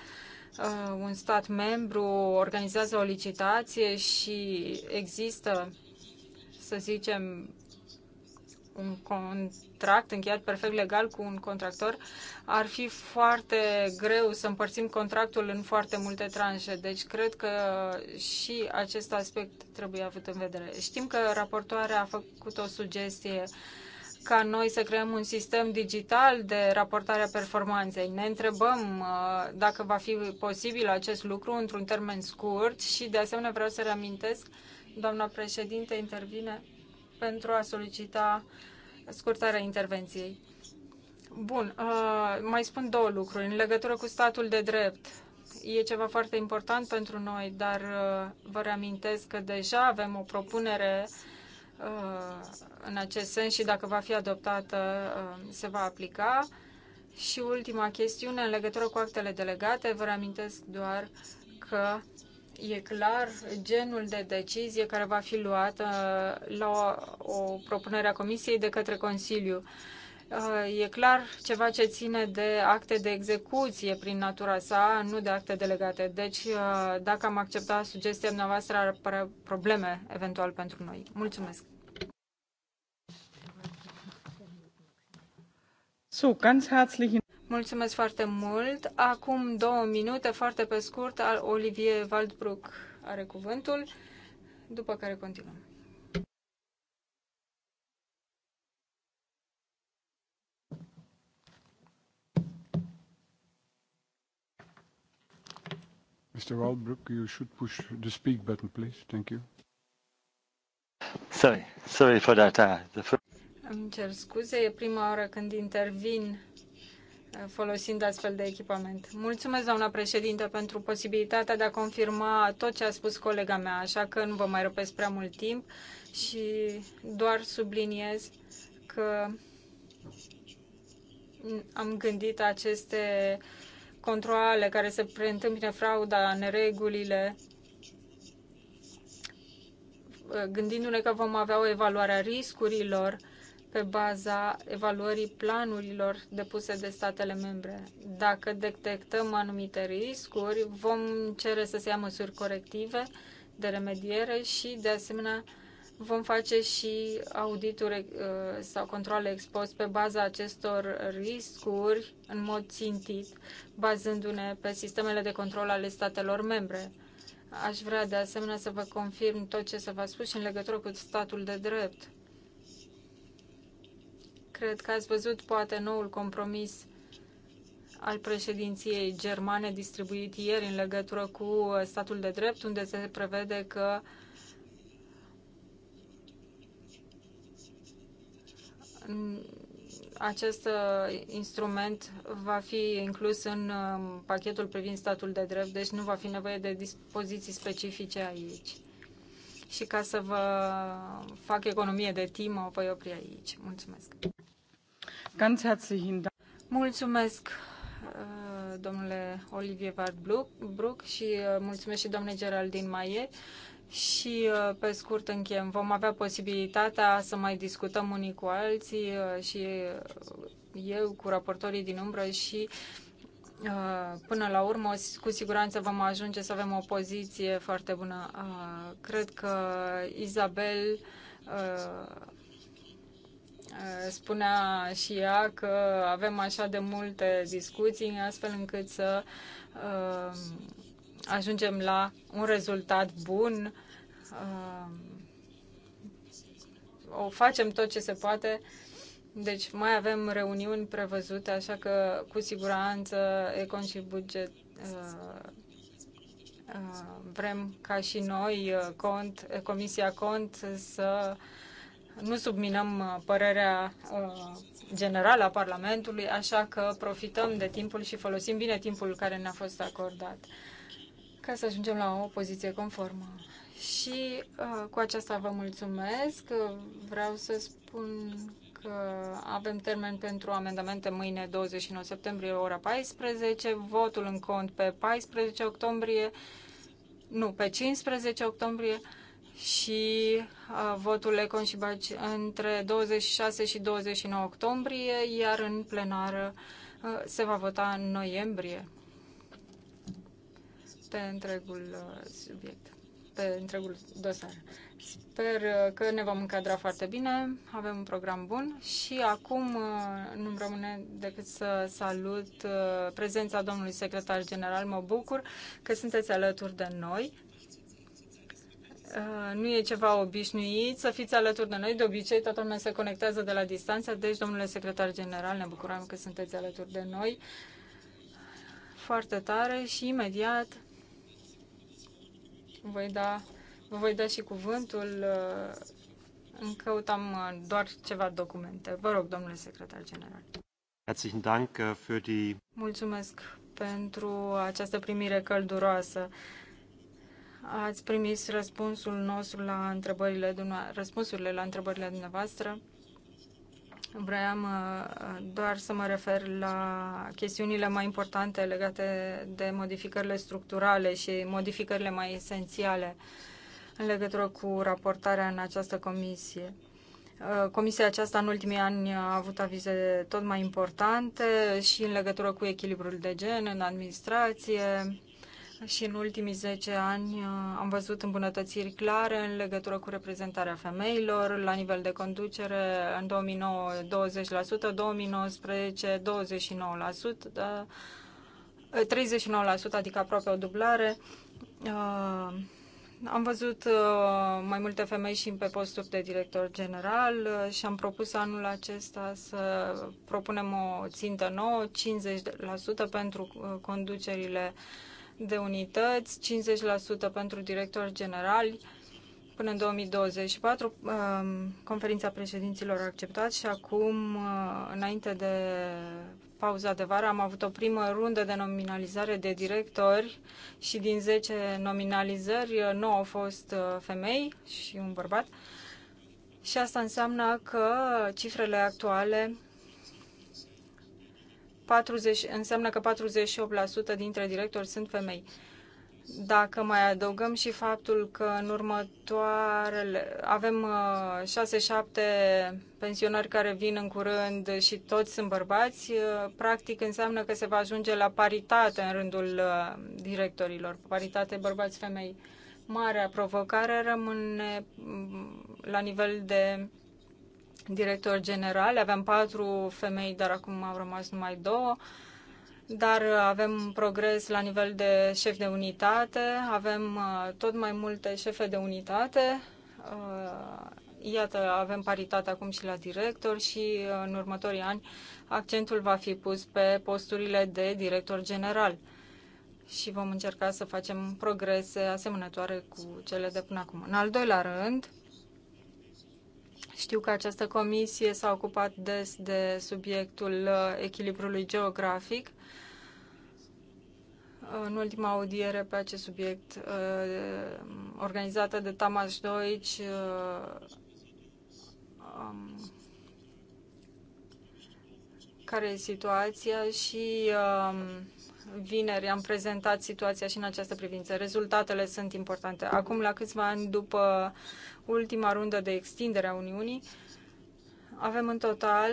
uh, un stat membru organizează o licitație și există, să zicem, un contract încheiat perfect legal cu un contractor, ar fi foarte greu să împărțim contractul în foarte multe tranșe. Deci cred că și acest aspect trebuie avut în vedere. Știm că raportoarea a făcut o sugestie ca noi să creăm un sistem digital de raportare a performanței. Ne întrebăm uh, dacă va fi posibil acest lucru într-un termen scurt și, de asemenea, vreau să reamintesc, doamna președinte intervine pentru a solicita scurtarea intervenției. Bun, uh, mai spun două lucruri. În legătură cu statul de drept, e ceva foarte important pentru noi, dar uh, vă reamintesc că deja avem o propunere uh, în acest sens și dacă va fi adoptată, uh, se va aplica. Și ultima chestiune, în legătură cu actele delegate, vă reamintesc doar că e clar genul de decizie care va fi luată la o, o propunere a Comisiei de către Consiliu. Uh, e clar ceva ce ține de acte de execuție prin natura sa, nu de acte delegate. Deci, uh, dacă am acceptat sugestia noastră, ar apărea probleme eventual pentru noi. Mulțumesc! So, ganz herzlichen Mulțumesc foarte mult. Acum două minute, foarte pe scurt, al Olivier Waldbruck are cuvântul, după care continuăm. Mr. Waldbruck, you should push the speak button, please. Thank you. Sorry, sorry for that. Uh, the Îmi cer scuze, e prima oară când intervin folosind astfel de echipament. Mulțumesc, doamna președinte, pentru posibilitatea de a confirma tot ce a spus colega mea, așa că nu vă mai răpesc prea mult timp și doar subliniez că am gândit aceste controle care se preîntâmpine frauda, neregulile, gândindu-ne că vom avea o evaluare a riscurilor, pe baza evaluării planurilor depuse de statele membre. Dacă detectăm anumite riscuri, vom cere să se ia măsuri corective de remediere și, de asemenea, vom face și audituri uh, sau controle expost pe baza acestor riscuri în mod țintit, bazându-ne pe sistemele de control ale statelor membre. Aș vrea de asemenea să vă confirm tot ce s-a spus și în legătură cu statul de drept Cred că ați văzut poate noul compromis al președinției germane distribuit ieri în legătură cu statul de drept, unde se prevede că acest uh, instrument va fi inclus în um, pachetul privind statul de drept, deci nu va fi nevoie de dispoziții specifice aici și ca să vă fac economie de timp, mă voi opri aici. Mulțumesc! Ganz herzlichen Dank. Mulțumesc, uh, domnule Olivier Vardbruck și uh, mulțumesc și domnule Geraldine Maie. Și uh, pe scurt încheiem. Vom avea posibilitatea să mai discutăm unii cu alții și eu cu raportorii din umbră și uh, Uh, până la urmă, cu siguranță vom ajunge să avem o poziție foarte bună. Uh, cred că Isabel uh, spunea și ea că avem așa de multe discuții astfel încât să ajungem la un rezultat bun. O facem tot ce se poate deci mai avem reuniuni prevăzute, așa că cu siguranță Econ și Buget uh, uh, vrem ca și noi, uh, cont, Comisia Cont, să nu subminăm uh, părerea uh, generală a Parlamentului, așa că profităm de timpul și folosim bine timpul care ne-a fost acordat ca să ajungem la o poziție conformă. Și uh, cu aceasta vă mulțumesc. Vreau să spun avem termen pentru amendamente mâine 29 septembrie, ora 14, votul în cont pe 14 octombrie, nu, pe 15 octombrie și uh, votul Econ și Baci între 26 și 29 octombrie, iar în plenară uh, se va vota în noiembrie pe întregul uh, subiect, pe întregul dosar. Sper uh, că ne vom încadra foarte bine, avem un program bun și acum uh, nu-mi rămâne decât să salut uh, prezența domnului secretar general. Mă bucur că sunteți alături de noi. Nu e ceva obișnuit să fiți alături de noi. De obicei, toată lumea se conectează de la distanță, deci, domnule secretar general, ne bucurăm că sunteți alături de noi foarte tare și imediat voi da Vă voi da și cuvântul. Uh, Încă căutam uh, doar ceva documente. Vă rog, domnule secretar general. Herzlichen Dank uh, für die... Mulțumesc pentru această primire călduroasă. Ați primit răspunsul nostru la întrebările, răspunsurile la întrebările dumneavoastră. Vreau doar să mă refer la chestiunile mai importante legate de modificările structurale și modificările mai esențiale în legătură cu raportarea în această comisie. Uh, comisia aceasta în ultimii ani a avut avize tot mai importante și în legătură cu echilibrul de gen în administrație și în ultimii 10 ani uh, am văzut îmbunătățiri clare în legătură cu reprezentarea femeilor la nivel de conducere în 2009 20%, 2019 29%, 39%, adică aproape o dublare uh, am văzut uh, mai multe femei și pe postul de director general uh, și am propus anul acesta să propunem o țintă nouă, 50% pentru uh, conducerile de unități, 50% pentru directori generali până în 2024. Um, conferința președinților a acceptat și acum, înainte de pauza de vară am avut o primă rundă de nominalizare de directori și din 10 nominalizări, 9 au fost uh, femei și un bărbat. Și asta înseamnă că cifrele actuale 40, înseamnă că 48% dintre directori sunt femei. Dacă mai adăugăm și faptul că în următoarele avem 6-7 uh, pensionari care vin în curând și toți sunt bărbați, uh, practic înseamnă că se va ajunge la paritate în rândul uh, directorilor, paritate bărbați-femei. Marea provocare rămâne mm, la nivel de director general. Aveam patru femei, dar acum au rămas numai două. Uh, dar uh, avem progres la nivel de șef de unitate, avem uh, tot mai multe șefe de unitate. Uh, iată, avem paritate acum și la director și în următorii ani accentul va fi pus pe posturile de director general și vom încerca să facem progrese asemănătoare cu cele de până acum. În al doilea rând, știu că această comisie s-a ocupat des de subiectul uh, echilibrului geografic. În ultima audiere pe acest subiect uh, organizată de Tamas Deutsch um, care e situația și um, vineri am prezentat situația și în această privință. Rezultatele sunt importante. Acum, la câțiva ani după ultima rundă de extindere a Uniunii, avem în total,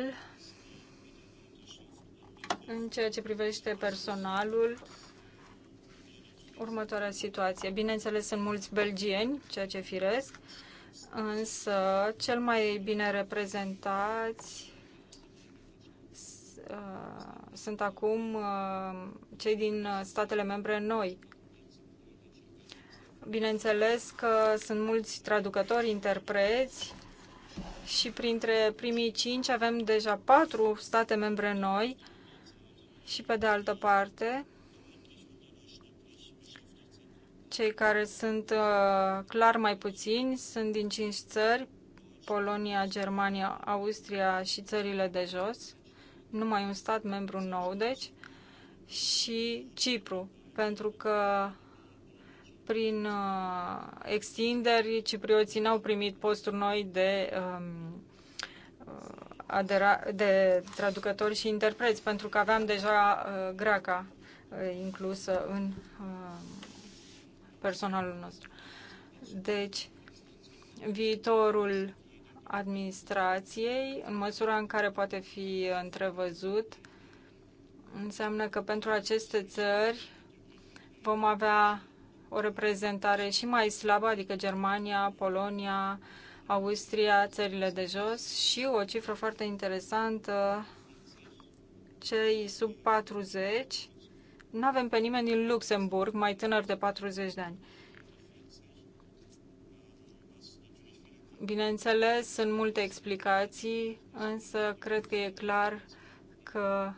în ceea ce privește personalul, următoarea situație. Bineînțeles, sunt mulți belgieni, ceea ce firesc, însă cel mai bine reprezentați uh, sunt acum uh, cei din uh, statele membre noi. Bineînțeles că sunt mulți traducători, interpreți și printre primii cinci avem deja patru state membre noi și pe de altă parte cei care sunt uh, clar mai puțini sunt din cinci țări, Polonia, Germania, Austria și țările de jos, numai un stat membru nou, deci, și Cipru, pentru că prin uh, extinderi, ciprioții n-au primit posturi noi de, um, uh, de traducători și interpreți, pentru că aveam deja uh, greaca inclusă în personalul nostru. Deci, viitorul administrației, în măsura în care poate fi întrevăzut, înseamnă că pentru aceste țări vom avea o reprezentare și mai slabă, adică Germania, Polonia, Austria, țările de jos și o cifră foarte interesantă, cei sub 40. Nu avem pe nimeni din Luxemburg mai tânăr de 40 de ani. Bineînțeles, sunt multe explicații, însă cred că e clar că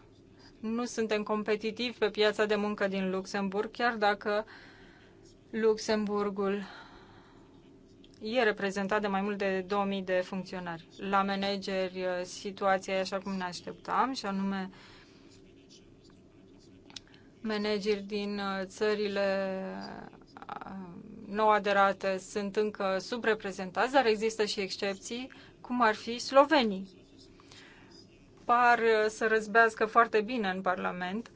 nu suntem competitivi pe piața de muncă din Luxemburg, chiar dacă uh, Luxemburgul e reprezentat de mai mult de 2000 de funcționari. La manageri uh, situația e așa cum ne așteptam și anume manageri din uh, țările uh, nou aderate sunt încă subreprezentați, dar există și excepții, cum ar fi slovenii. Par să răzbească foarte bine în Parlament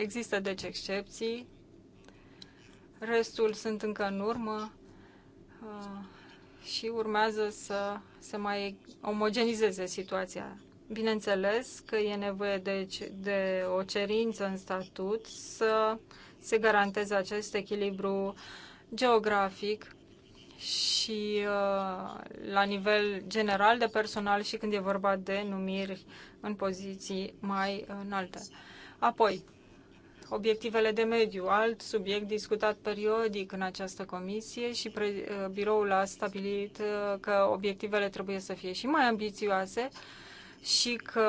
Există deci excepții. Restul sunt încă în urmă uh, și urmează să se mai omogenizeze situația. Bineînțeles că e nevoie de, deci, de o cerință în statut să se garanteze acest echilibru geografic și uh, la nivel general de personal și când e vorba de numiri în poziții mai înalte. Apoi, obiectivele de mediu, alt subiect discutat periodic în această comisie și pre, uh, biroul a stabilit uh, că obiectivele trebuie să fie și mai ambițioase și că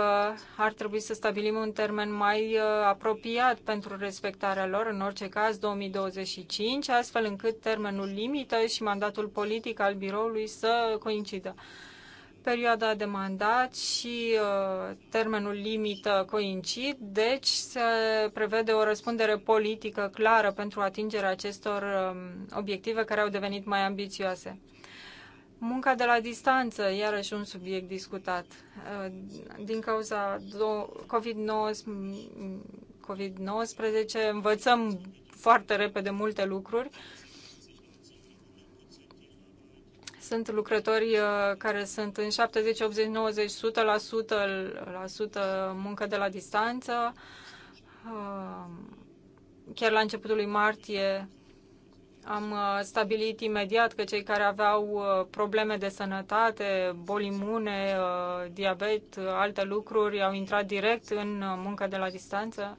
ar trebui să stabilim un termen mai uh, apropiat pentru respectarea lor, în orice caz 2025, astfel încât termenul limită și mandatul politic al biroului să coincidă perioada de mandat și uh, termenul limită coincid, deci se prevede o răspundere politică clară pentru atingerea acestor um, obiective care au devenit mai ambițioase. Munca de la distanță, iarăși un subiect discutat. Uh, din cauza COVID-19, COVID-19 învățăm foarte repede multe lucruri sunt lucrători uh, care sunt în 70, 80, 90, 100%, la 100 muncă de la distanță. Uh, chiar la începutul lui martie am uh, stabilit imediat că cei care aveau probleme de sănătate, boli imune, diabet, alte lucruri, au intrat direct în muncă de la distanță.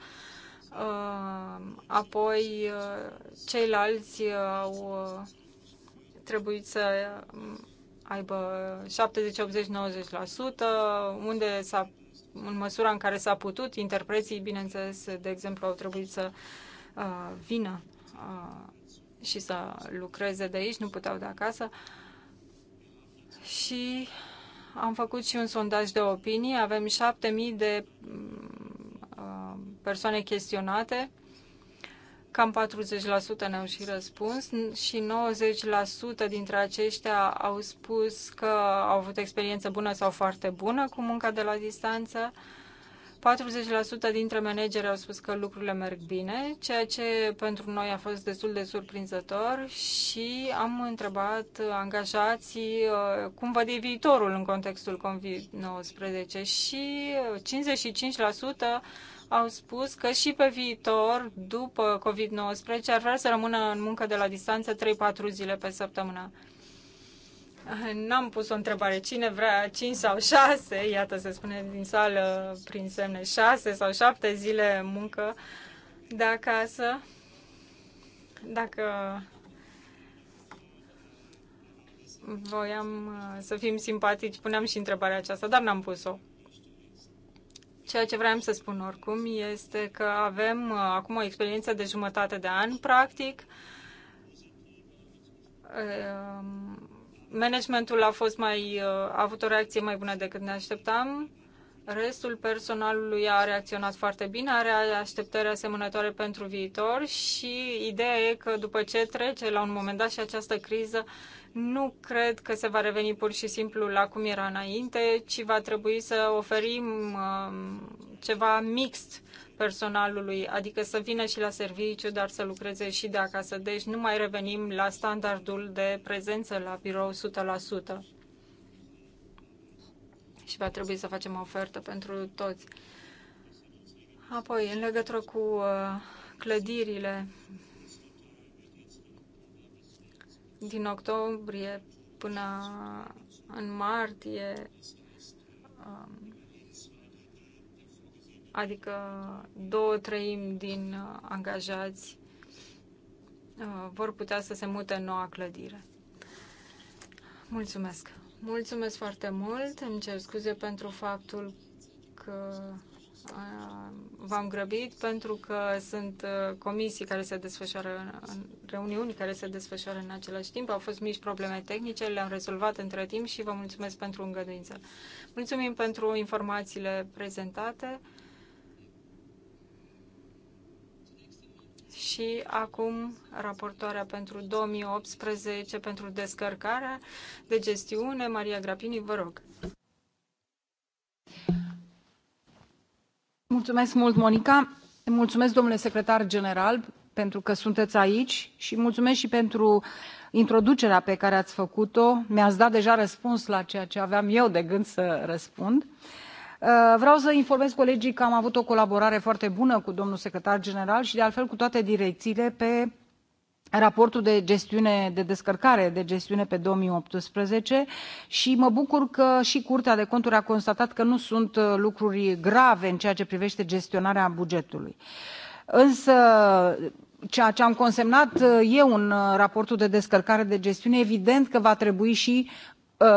Apoi ceilalți au trebuit să aibă 70, 80, 90%, unde s-a, în măsura în care s-a putut, interpreții, bineînțeles, de exemplu, au trebuit să uh, vină uh, și să lucreze de aici, nu puteau de acasă. Și am făcut și un sondaj de opinii. avem 7000 de mm, uh, persoane chestionate Cam 40% ne-au și răspuns și 90% dintre aceștia au spus că au avut experiență bună sau foarte bună cu munca de la distanță. 40% dintre manageri au spus că lucrurile merg bine, ceea ce pentru noi a fost destul de surprinzător și am întrebat angajații uh, cum văd viitorul în contextul COVID-19 și 55% au spus că și pe viitor, după COVID-19, ar vrea să rămână în muncă de la distanță 3-4 zile pe săptămână. N-am pus o întrebare. Cine vrea 5 sau 6? Iată, se spune din sală prin semne 6 sau 7 zile muncă de acasă. Dacă voiam uh, să fim simpatici, puneam și întrebarea aceasta, dar n-am pus-o. Ceea ce vreau să spun oricum este că avem uh, acum o experiență de jumătate de an, practic. Um, managementul a fost mai, uh, a avut o reacție mai bună decât ne așteptam. Restul personalului a reacționat foarte bine, are așteptări asemănătoare pentru viitor și ideea e că după ce trece la un moment dat și această criză, nu cred că se va reveni pur și simplu la cum era înainte, ci va trebui să oferim um, ceva mixt personalului, adică să vină și la serviciu, dar să lucreze și de acasă. Deci nu mai revenim la standardul de prezență la birou 100%. Și va trebui să facem o ofertă pentru toți. Apoi, în legătură cu uh, clădirile din octombrie până în martie, um, adică două treimi din uh, angajați uh, vor putea să se mute în noua clădire. Mulțumesc! Mulțumesc foarte mult! Îmi cer scuze pentru faptul că v-am grăbit pentru că sunt uh, comisii care se desfășoară, reuniuni care se desfășoară în același timp. Au fost mici probleme tehnice, le-am rezolvat între timp și vă mulțumesc pentru îngăduință. Mulțumim pentru informațiile prezentate. și acum raportoarea pentru 2018 pentru descărcarea de gestiune, Maria Grapini, vă rog. Mulțumesc mult, Monica. Mulțumesc, domnule secretar general, pentru că sunteți aici și mulțumesc și pentru introducerea pe care ați făcut o mi ați dat deja răspuns la ceea ce aveam eu de gând să răspund. Uh, vreau să informez colegii că am avut o colaborare foarte bună cu domnul secretar general și de altfel cu toate direcțiile pe raportul de gestiune de descărcare de gestiune pe 2018 și mă bucur că și Curtea de Conturi a constatat că nu sunt uh, lucruri grave în ceea ce privește gestionarea bugetului. Însă ceea ce am consemnat uh, eu în uh, raportul de descărcare de gestiune evident că va trebui și Uh,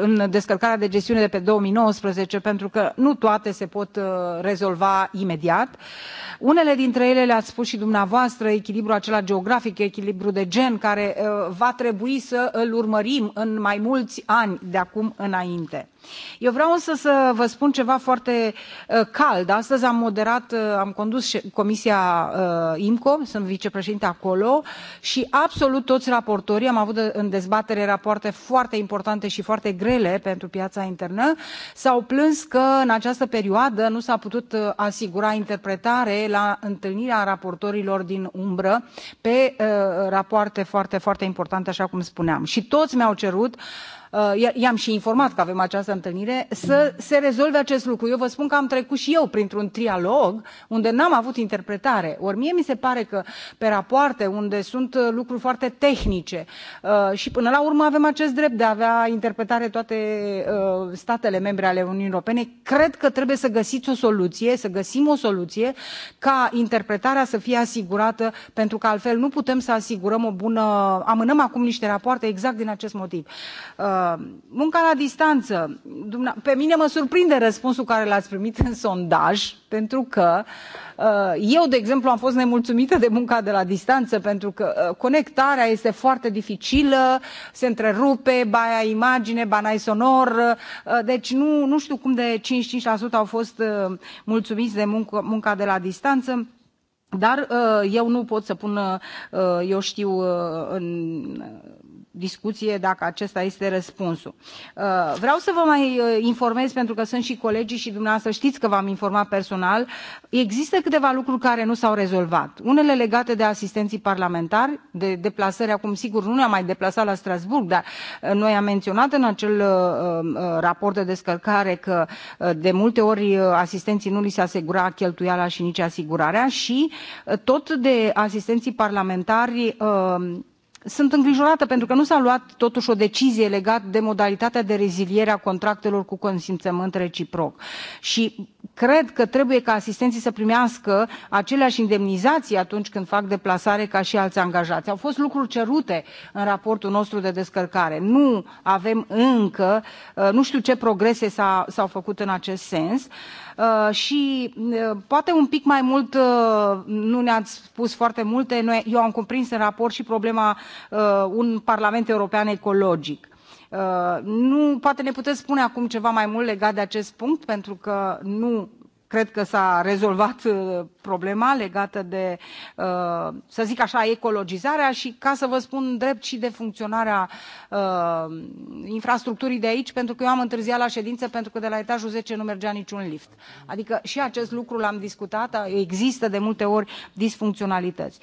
în descărcarea de gestiune de pe două mii nouăsprezece pentru că nu toate se pot uh, rezolva imediat. unele dintre ele le ați spus și dumneavoastră echilibrul acela geografic echilibrul de gen care uh, va trebui să îl urmărim în mai mulți ani de acum înainte eu vreau însă să vă spun ceva foarte uh, cald astăzi am moderat uh, am condus comisia uh, imco sunt vicepreședintă acolo și absolut toți raportorii am avut în dezbatere rapoarte foarte importante și foarte grele pentru piața internă s au plâns că în această perioadă nu s a putut asigura interpretare la întâlnirea raportorilor din umbră pe rapoarte foarte foarte importante așa cum spuneam și toți mi au cerut Uh, i am și informat că avem această întâlnire, să se rezolve acest lucru. Eu vă spun că am trecut și eu printr-un trialog unde n-am avut interpretare. Ori mie mi se pare că pe rapoarte, unde sunt uh, lucruri foarte tehnice uh, și până la urmă avem acest drept de a avea interpretare toate statele membre ale Uniunii Europene, cred că trebuie să găsiți o soluție, să găsim o soluție ca interpretarea să fie asigurată, pentru că altfel nu putem să asigurăm o bună. Amânăm acum niște rapoarte exact din acest motiv. Uh, Uh, munca la distanță. Pe mine mă surprinde răspunsul care l-ați primit în sondaj, pentru că uh, eu, de exemplu, am fost nemulțumită de munca de la distanță, pentru că uh, conectarea este foarte dificilă, se întrerupe, ba ai imagine, ba ai sonor, deci nu, nu știu cum de 55% au fost mulțumiți de muncă munca de la distanță. Dar eu nu pot să pun, eu știu, în discuție dacă acesta este răspunsul. Uh, vreau să vă mai uh, informez, pentru că sunt și colegii și dumneavoastră știți că v-am informat personal, există câteva lucruri care nu s-au rezolvat. Unele legate de asistenții parlamentari, de deplasări, acum sigur nu ne-am mai deplasat la Strasbourg, dar uh, noi am menționat în acel raport de descărcare că de multe ori asistenții nu li se asigura cheltuiala și nici asigurarea și tot de asistenții parlamentari sunt îngrijorată pentru că nu s a luat totuși o decizie legată de modalitatea de reziliere a contractelor cu consimțământ reciproc și cred că trebuie ca asistenții să primească aceleași indemnizații atunci când fac deplasare ca și alți angajați. au fost lucruri cerute în raportul nostru de descărcare nu avem încă uh, nu știu ce progrese s au făcut în acest sens și Uh, și uh, poate un pic mai mult uh, nu ne-ați spus foarte multe. Noi, eu am cuprins în raport și problema un Parlament European ecologic. Uh, nu, poate ne puteți spune acum ceva mai mult legat de acest punct, pentru că nu cred că s a rezolvat uh, problema legată de uh, să zic așa ecologizarea și ca să vă spun drept și de funcționarea uh, infrastructurii de aici pentru că eu am întârziat la ședință pentru că de la etajul zece nu mergea niciun lift adică și acest lucru l am discutat există de multe ori disfuncționalități.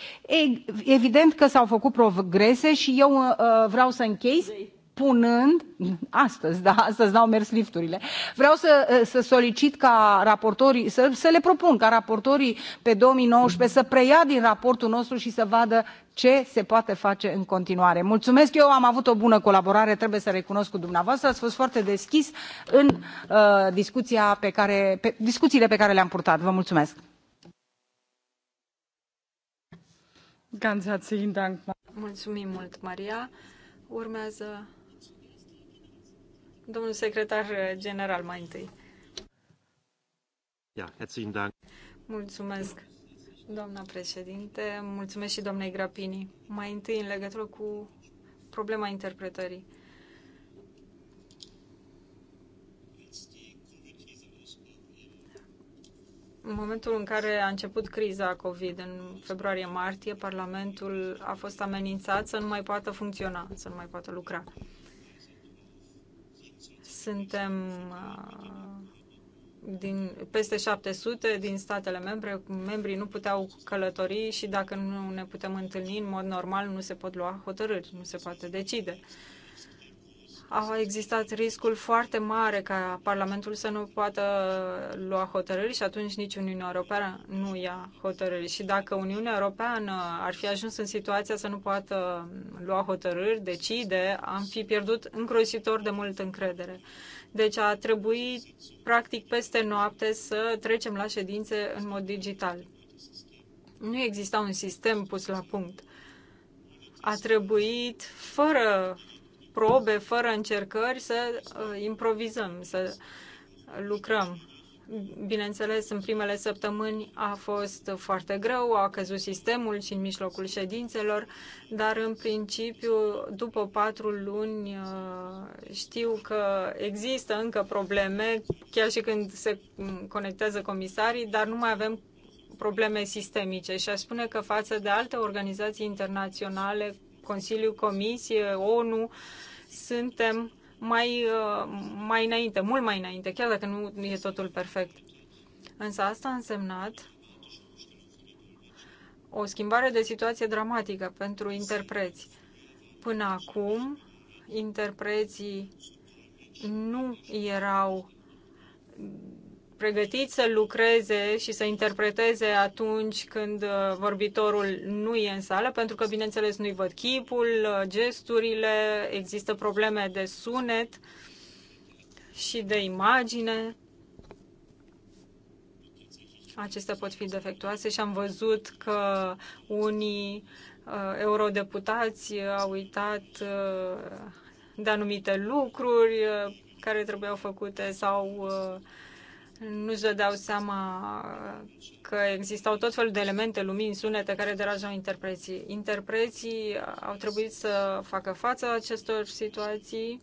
evident că s au făcut progrese și eu vreau să închei punând astăzi, da, astăzi n-au mers lifturile. Vreau să, eh, să solicit ca raportorii, să, să le propun ca raportorii pe 2019 să preia din raportul nostru și să vadă ce se poate face în continuare. Mulțumesc, eu am avut o bună colaborare, trebuie să recunosc cu dumneavoastră, ați fost foarte deschis în uh, discuția pe care, pe, discuțiile pe care le-am purtat. Vă mulțumesc! Mulțumim mult, Maria. Urmează Domnul secretar general, mai întâi. Ja, herzlichen Dank. Mulțumesc, doamna președinte. Mulțumesc și doamnei Grapini. Mai întâi, în legătură cu problema interpretării. În momentul în care a început criza COVID, în februarie-martie, Parlamentul a fost amenințat să nu mai poată funcționa, să nu mai poată lucra. Suntem uh, din peste 700 din statele membre, membrii nu puteau călători și dacă nu ne putem întâlni în mod normal, nu se pot lua hotărâri, nu se poate decide. Uh, a existat riscul foarte mare ca Parlamentul să nu poată lua hotărâri și atunci nici Uniunea Europeană nu ia hotărâri. Și dacă Uniunea Europeană ar fi ajuns în situația să nu poată lua hotărâri, decide, am fi pierdut îngrozitor de mult încredere. Deci a trebuit practic peste noapte să trecem la ședințe în mod digital. Nu exista un sistem pus la punct a trebuit, fără probe, fără încercări, să uh, improvizăm, să lucrăm. Bineînțeles, în primele săptămâni a fost foarte greu, a căzut sistemul și în mijlocul ședințelor, dar în principiu, după patru luni, uh, știu că există încă probleme, chiar și când se conectează comisarii, dar nu mai avem probleme sistemice și aș spune că față de alte organizații internaționale Consiliu, Comisie, ONU, suntem mai, uh, mai înainte, mult mai înainte, chiar dacă nu e totul perfect. Însă asta a însemnat o schimbare de situație dramatică pentru interpreți. Până acum, interpreții nu erau pregătit să lucreze și să interpreteze atunci când uh, vorbitorul nu e în sală, pentru că, bineînțeles, nu-i văd chipul, uh, gesturile, există probleme de sunet și de imagine. Acestea pot fi defectuoase și am văzut că unii uh, eurodeputați au uitat uh, de anumite lucruri uh, care trebuiau făcute sau uh, nu-și dădeau seama că existau tot felul de elemente, lumini, sunete care derajau interpreții. Interpreții au trebuit să facă față acestor situații,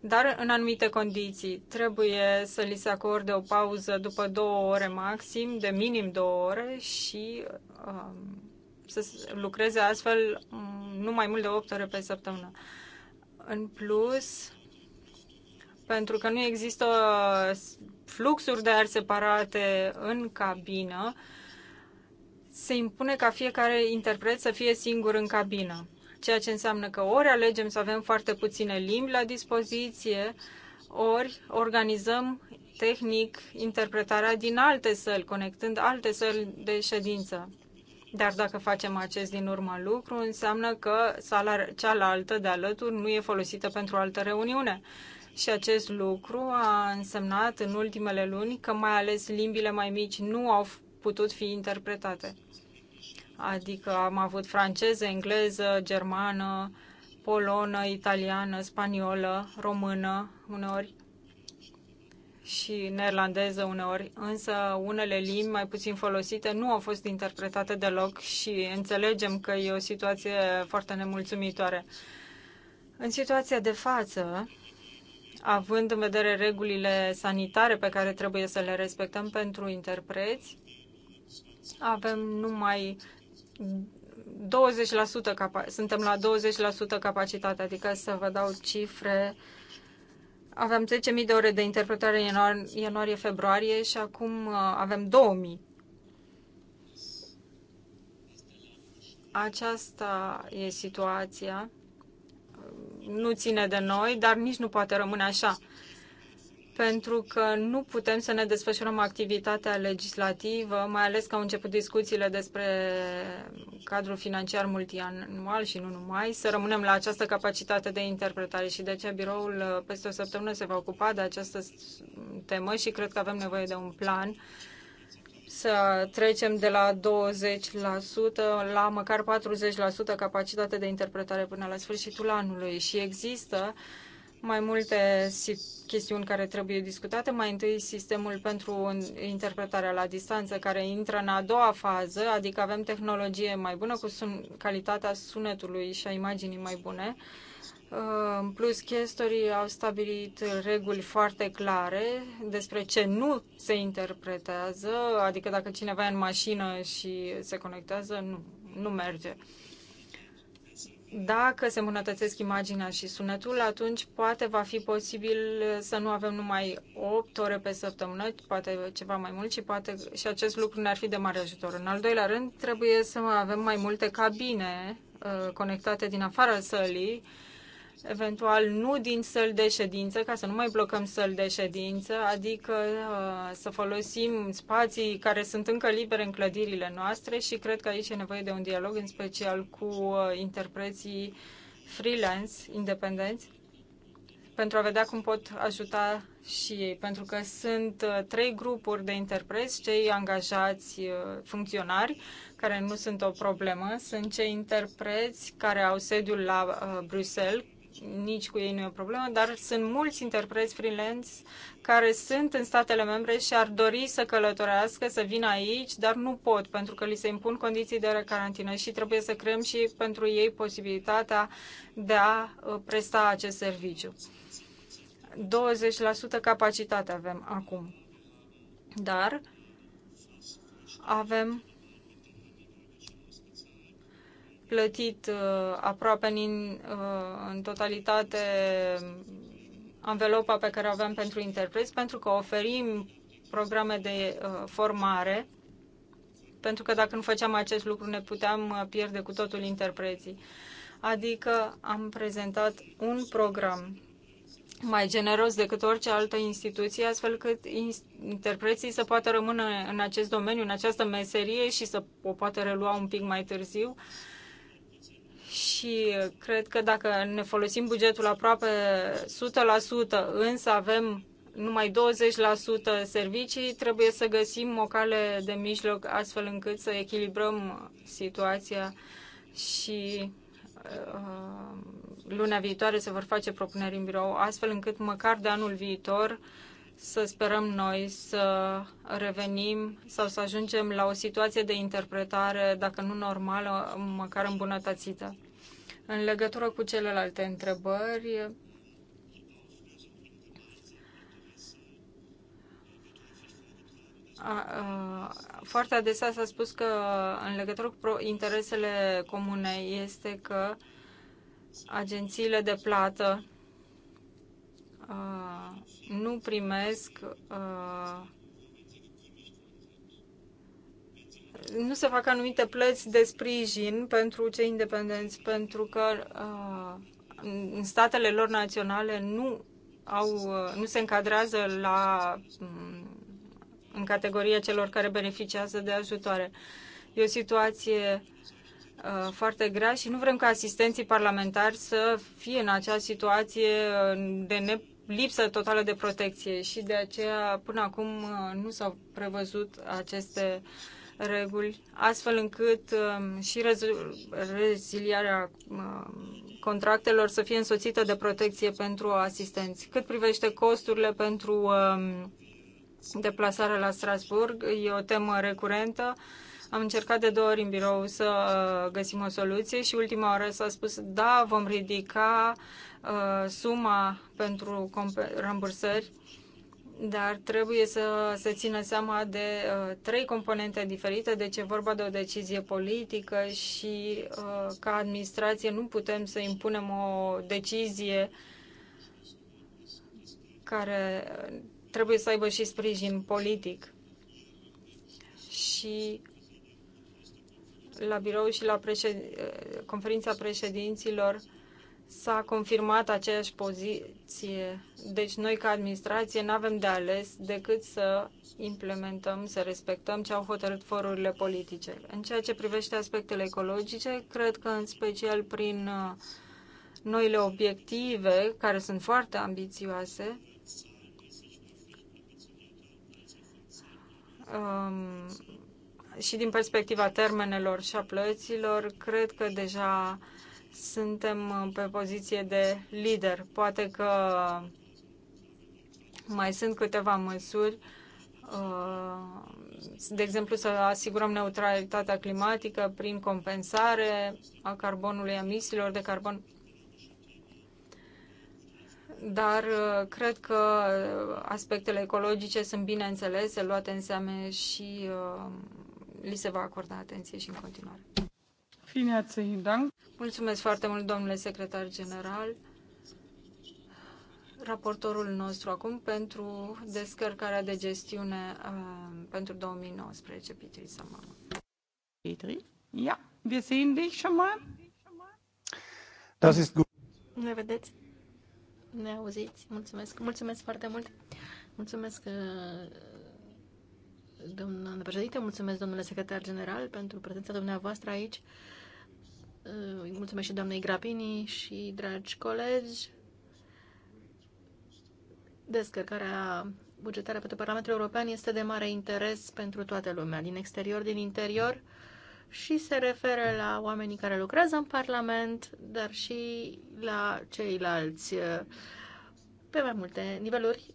dar în anumite condiții. Trebuie să li se acorde o pauză după două ore maxim, de minim două ore și um, să lucreze astfel nu mai mult de 8 ore pe săptămână. În plus, pentru că nu există fluxuri de aer separate în cabină, se impune ca fiecare interpret să fie singur în cabină. Ceea ce înseamnă că ori alegem să avem foarte puține limbi la dispoziție, ori organizăm tehnic interpretarea din alte săli, conectând alte săli de ședință. Dar dacă facem acest din urmă lucru, înseamnă că sala cealaltă de alături nu e folosită pentru altă reuniune. Și acest lucru a însemnat în ultimele luni că mai ales limbile mai mici nu au putut fi interpretate. Adică am avut franceză, engleză, germană, polonă, italiană, spaniolă, română uneori și neerlandeză uneori, însă unele limbi mai puțin folosite nu au fost interpretate deloc și înțelegem că e o situație foarte nemulțumitoare. În situația de față, având în vedere regulile sanitare pe care trebuie să le respectăm pentru interpreți, avem numai 20% capa- suntem la 20% capacitate, adică să vă dau cifre. Aveam 10.000 de ore de interpretare în ianuarie-februarie și acum uh, avem 2.000. Aceasta e situația nu ține de noi, dar nici nu poate rămâne așa. Pentru că nu putem să ne desfășurăm activitatea legislativă, mai ales că au început discuțiile despre cadrul financiar multianual și nu numai, să rămânem la această capacitate de interpretare și de aceea biroul uh, peste o săptămână se va ocupa de această temă și cred că avem nevoie de un plan să trecem de la 20% la măcar 40% capacitate de interpretare până la sfârșitul anului și există mai multe chestiuni care trebuie discutate. Mai întâi sistemul pentru interpretarea la distanță care intră în a doua fază, adică avem tehnologie mai bună cu sun- calitatea sunetului și a imaginii mai bune. Uh, în plus, chestorii au stabilit reguli foarte clare despre ce nu se interpretează, adică dacă cineva e în mașină și se conectează, nu, nu merge. Dacă se îmbunătățesc imaginea și sunetul, atunci poate va fi posibil să nu avem numai 8 ore pe săptămână, poate ceva mai mult și poate și acest lucru ne-ar fi de mare ajutor. În al doilea rând, trebuie să avem mai multe cabine uh, conectate din afara sălii, uh, eventual nu din săl de ședință, ca să nu mai blocăm săl de ședință, adică uh, să folosim spații care sunt încă libere în clădirile noastre și cred că aici e nevoie de un dialog, în special cu uh, interpreții freelance, independenți, pentru a vedea cum pot ajuta și ei, pentru că sunt uh, trei grupuri de interpreți, cei angajați funcționari, care nu sunt o problemă, sunt cei interpreți care au sediul la Bruxelles, nici cu ei nu e o problemă, dar sunt mulți interpreți freelance care sunt în statele membre și ar dori să călătorească, să vină aici, dar nu pot pentru că li se impun condiții de carantină și trebuie să creăm și pentru ei posibilitatea de a uh, presta acest serviciu. 20% capacitate avem acum, dar avem plătit uh, aproape în, uh, în totalitate anvelopa pe care o avem pentru interpreți, pentru că oferim programe de uh, formare, pentru că dacă nu făceam acest lucru ne puteam pierde cu totul interpreții. Adică am prezentat un program mai generos decât orice altă instituție, astfel cât interpreții să poată rămâne în acest domeniu, în această meserie și să o poată relua un pic mai târziu. Uh, și cred că dacă ne folosim bugetul aproape 100%, însă avem numai 20% servicii, trebuie să găsim o cale de mijloc astfel încât să echilibrăm situația și uh, luna viitoare se vor face propuneri în birou, astfel încât măcar de anul viitor uh, să sperăm noi să revenim sau să ajungem la o situație de interpretare, dacă nu normală, măcar îmbunătățită. În legătură cu celelalte întrebări, A, a, foarte adesea s-a spus că în legătură cu interesele comune este că agențiile de plată a, nu primesc uh, nu se fac anumite plăți de sprijin pentru cei independenți, pentru că uh, în statele lor naționale nu, au, uh, nu se încadrează la, mm, în categoria celor care beneficiază de ajutoare. E o situație uh, foarte grea și nu vrem ca asistenții parlamentari să fie în acea situație de ne lipsă totală de protecție și de aceea până acum uh, nu s-au prevăzut aceste reguli, astfel încât um, și reziliarea um, contractelor să fie însoțită de protecție pentru asistenți. Cât privește costurile pentru um, deplasarea la Strasburg, e o temă recurentă. Am încercat de două ori în birou să uh, găsim o soluție și ultima oară s-a spus da, vom ridica uh, Uh, suma pentru rambursări, dar trebuie să se țină seama de uh, trei componente diferite, deci e vorba de o decizie politică și uh, ca administrație nu putem să impunem o decizie care trebuie să aibă și sprijin politic. Și la birou și la președ... conferința președinților s-a confirmat aceeași poziție. Deci noi ca administrație nu avem de ales decât să implementăm, să respectăm ce au hotărât forurile politice. În ceea ce privește aspectele ecologice, cred că în special prin uh, noile obiective, care sunt foarte ambițioase, um, și din perspectiva termenelor și a plăților, cred că deja uh, suntem pe poziție de lider. Poate că mai sunt câteva măsuri, uh, de exemplu să asigurăm neutralitatea climatică prin compensare a carbonului, emisiilor de carbon. Dar uh, cred că aspectele ecologice sunt bine înțelese, luate în seamă și uh, li se va acorda atenție și în continuare. Fine, Mulțumesc foarte mult, domnule secretar general, raportorul nostru acum pentru descărcarea de gestiune uh, pentru 2019, Petri Sama. Petri? Ja, wir sehen dich schon mal. Das ist gut. Ne vedeți? Ne auziți? Mulțumesc. Mulțumesc foarte mult. Mulțumesc, uh, domnule președinte, mulțumesc, domnule secretar general, pentru prezența dumneavoastră aici. Îi mulțumesc și doamnei Grapini și dragi colegi. Descărcarea bugetară pentru Parlamentul European este de mare interes pentru toată lumea, din exterior, din interior și se referă la oamenii care lucrează în Parlament, dar și la ceilalți pe mai multe niveluri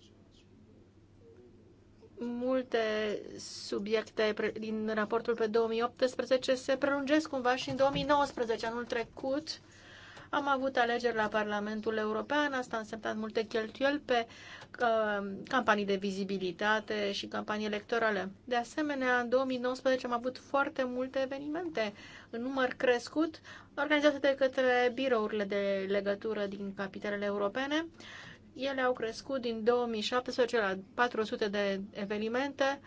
multe subiecte din raportul pe 2018 se prelungesc cumva și în 2019, anul trecut, am avut alegeri la Parlamentul European, asta a însemnat multe cheltuieli pe uh, campanii de vizibilitate și campanii electorale. De asemenea, în 2019 am avut foarte multe evenimente în număr crescut, organizate de către birourile de legătură din capitalele europene. Uh, ele au crescut din 2017 la 400 de evenimente,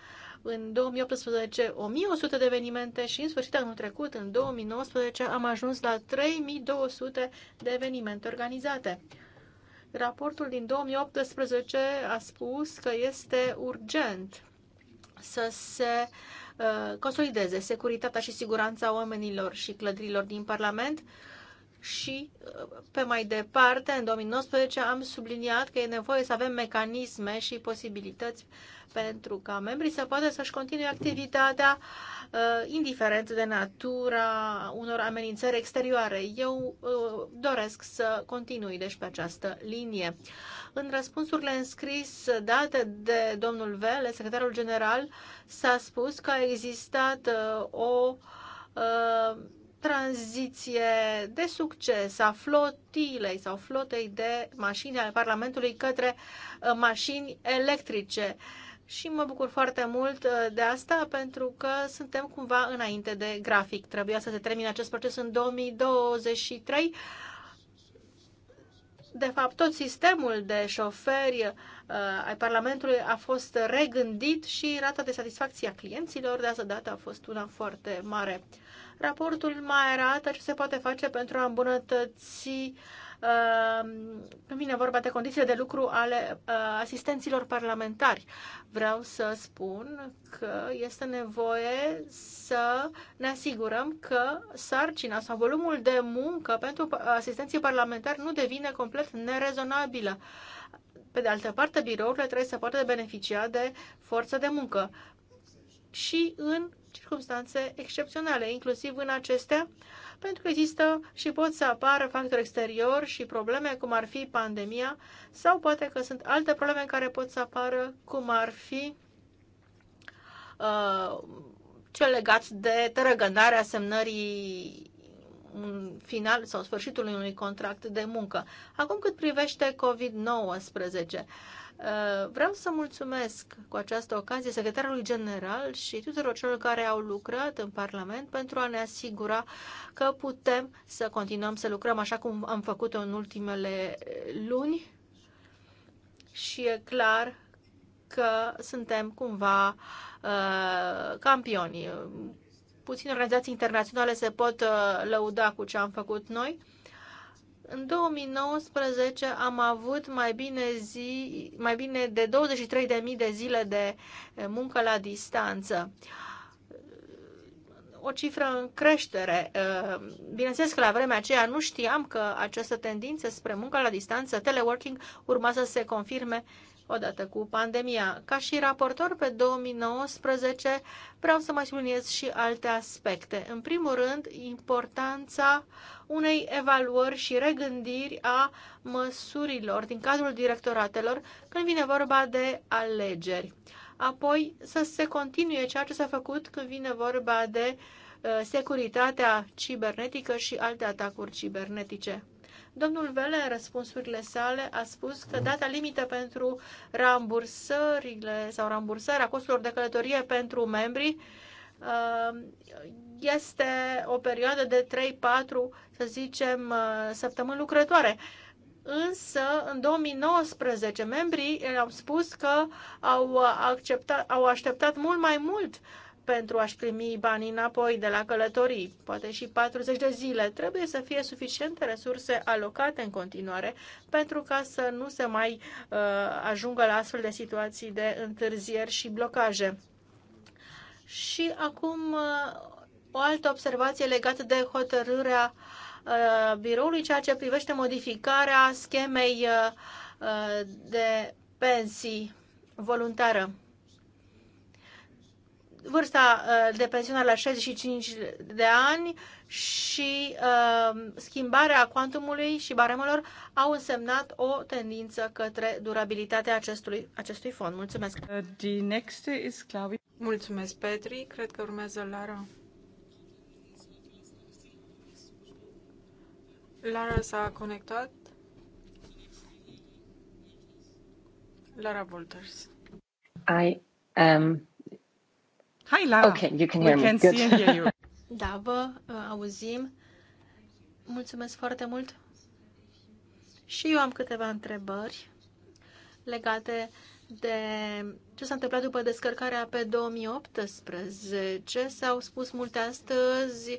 în 2018 1100 de evenimente și în sfârșit anul trecut, în 2019, am ajuns la 3200 de evenimente organizate. Raportul din 2018 a spus că este urgent să se uh, consolideze securitatea și siguranța oamenilor și clădirilor din Parlament, uh, și uh, pe mai departe, în 2019, am subliniat că e nevoie să avem mecanisme și posibilități pentru ca membrii să poată să-și continue activitatea uh, indiferent de natura unor amenințări exterioare. Eu uh, doresc să continui, deci, pe această linie. În răspunsurile înscris date de domnul Vele, secretarul general, s-a spus că a existat o tranziție de succes a flotilei sau flotei de mașini ale Parlamentului către uh, mașini electrice. Și mă bucur foarte mult uh, de asta pentru că suntem cumva înainte de grafic. Trebuia să se termine acest proces în 2023. De fapt, tot sistemul de șoferi uh, ai Parlamentului a fost regândit și rata de satisfacție a clienților de asta dată a fost una foarte mare. Raportul mai arată ce se poate face pentru a îmbunătăți uh, când vine vorba de condițiile de lucru ale uh, asistenților parlamentari. Vreau să spun că este nevoie să ne asigurăm că sarcina sau volumul de muncă pentru asistenții parlamentari nu devine complet nerezonabilă. Pe de altă parte, birourile trebuie să poată beneficia de forță de muncă și în circunstanțe excepționale, inclusiv în acestea, pentru că există și pot să apară factori exteriori și probleme, cum ar fi pandemia, sau poate că sunt alte probleme care pot să apară, cum ar fi uh, cel legat de tărăgânarea semnării un final sau sfârșitul unui contract de muncă. Acum cât privește COVID-19, Uh, vreau să mulțumesc cu această ocazie secretarului general și tuturor celor care au lucrat în Parlament pentru a ne asigura că putem să continuăm să lucrăm așa cum am făcut-o în ultimele uh, luni și e clar că suntem cumva uh, campioni. Puține organizații internaționale se pot uh, lăuda cu ce am făcut noi în 2019 am avut mai bine, zi, mai bine de 23.000 de zile de eh, muncă la distanță. O cifră în creștere. Eh, bineînțeles că la vremea aceea nu știam că această tendință spre muncă la distanță, teleworking, urma să se confirme odată cu pandemia. Ca și raportor pe 2019, vreau să mai subliniez și alte aspecte. În primul rând, importanța unei evaluări și regândiri a măsurilor din cadrul directoratelor când vine vorba de alegeri. Apoi să se continue ceea ce s-a făcut când vine vorba de uh, securitatea cibernetică și alte atacuri cibernetice. Domnul Vele, în răspunsurile sale, a spus că data limită pentru rambursările sau rambursarea costurilor de călătorie pentru membrii uh, este o perioadă de 3-4, să zicem, uh, săptămâni lucrătoare. Însă, în 2019, membrii au spus că au, uh, acceptat, au așteptat mult mai mult uh, pentru a-și primi banii înapoi de la călătorii, poate și 40 de zile. Trebuie să fie suficiente resurse alocate în continuare pentru ca să nu se mai uh, ajungă la astfel de situații de întârzieri și blocaje. Și acum uh, o altă observație legată de hotărârea uh, biroului, ceea ce privește modificarea schemei uh, uh de pensii voluntară vârsta uh, de pensionare la 65 de ani și uh, schimbarea cuantumului și baremelor au însemnat o tendință către durabilitatea acestui, acestui fond. Mulțumesc! Uh, the next is Claudia. Mulțumesc, Petri. Cred că urmează Lara. Lara s-a conectat. Lara Volters. I am Hai la! Ok, you can hear me. can Good. see and hear you. Da, vă uh, auzim. Mulțumesc foarte mult. Și eu am câteva întrebări legate de ce s-a întâmplat după descărcarea pe 2018. S-au spus multe astăzi.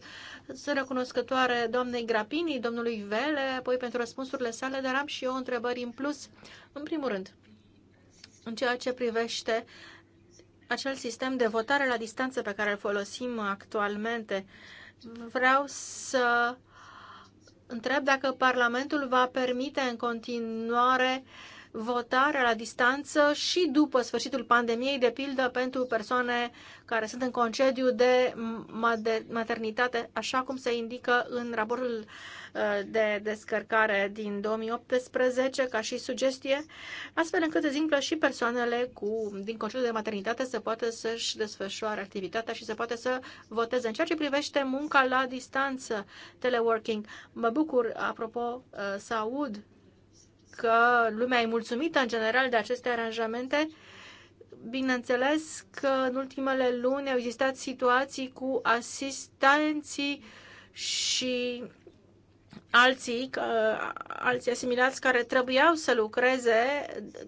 Sunt recunoscătoare doamnei Grapini, domnului Vele, apoi pentru răspunsurile sale, dar am și eu întrebări în plus. În primul rând, în ceea ce privește uh, acel sistem de votare la distanță pe care îl folosim actualmente. Vreau să întreb dacă Parlamentul va permite în continuare uh, votarea la distanță și după sfârșitul pandemiei, de pildă pentru persoane care sunt în concediu de maternitate, așa cum se indică în raportul uh, de descărcare din 2018, ca și sugestie, astfel încât, de exemplu, și persoanele cu, din concediu de maternitate să poată să-și desfășoare activitatea și să poată să voteze. În ceea ce privește munca la distanță, teleworking, mă bucur, apropo, uh, să aud că lumea e mulțumită în general de aceste aranjamente. Bineînțeles că în ultimele luni au existat situații cu asistenții și alții, alții asimilați care trebuiau să lucreze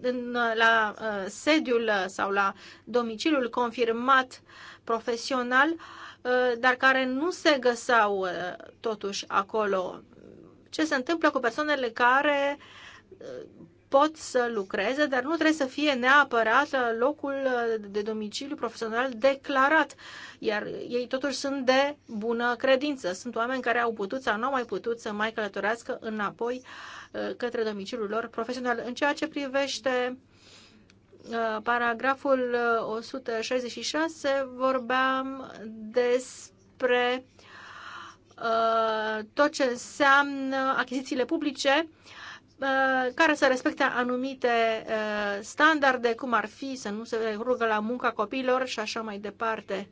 în, la uh, sediul sau la domiciliul confirmat profesional, uh, dar care nu se găsau uh, totuși acolo. Ce se întâmplă cu persoanele care uh, pot să lucreze, dar nu trebuie să fie neapărat locul de domiciliu profesional declarat. Iar ei totuși sunt de bună credință. Sunt oameni care au putut sau nu au mai putut să mai călătorească înapoi uh, către domiciliul lor profesional. În ceea ce privește uh, paragraful 166, uh, vorbeam despre tot ce înseamnă achizițiile publice Uh, care să respecte anumite uh, standarde, cum ar fi să nu se rugă la munca copiilor și așa mai departe.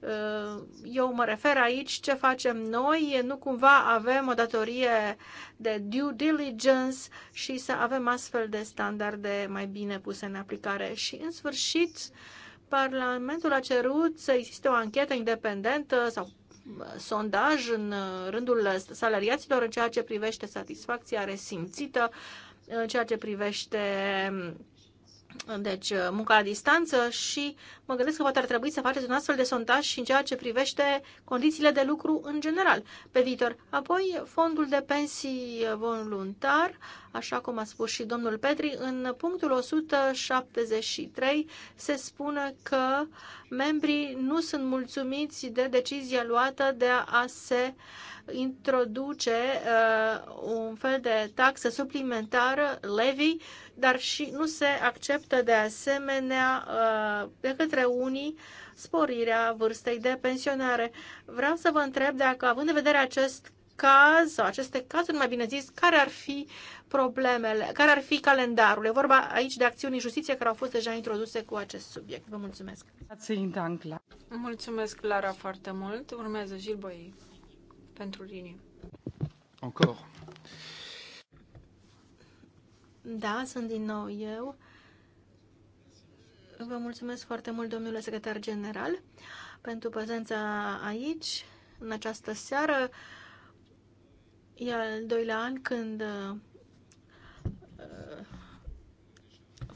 Uh, eu mă refer aici ce facem noi, nu cumva avem o datorie de due diligence și să avem astfel de standarde mai bine puse în aplicare. Și în sfârșit, Parlamentul a cerut să existe o anchetă independentă sau sondaj în uh, rândul salariaților în ceea ce privește satisfacția resimțită, în ceea ce privește um, deci uh, munca la distanță și mă gândesc că poate ar trebui să faceți un astfel de sondaj și în ceea ce privește condițiile de lucru în general pe viitor. Apoi, fondul de pensii voluntar, așa cum a spus și domnul Petri, în punctul 173 se spune că membrii nu sunt mulțumiți de decizia luată de a se introduce uh, un fel de taxă suplimentară, levy, uh, dar și nu se acceptă de asemenea uh, de către unii sporirea vârstei de pensionare. Vreau să vă întreb dacă, având în vedere acest caz, sau aceste cazuri, mai bine zis, care ar fi problemele, care ar fi calendarul. E vorba aici de acțiuni justiție care au fost deja introduse cu acest subiect. Vă mulțumesc. Mulțumesc, Clara, foarte mult. Urmează Gilboi pentru linie. Encore. Da, sunt din nou eu. Vă mulțumesc foarte mult, domnule secretar general, pentru prezența aici, în această seară. E al doilea an când uh,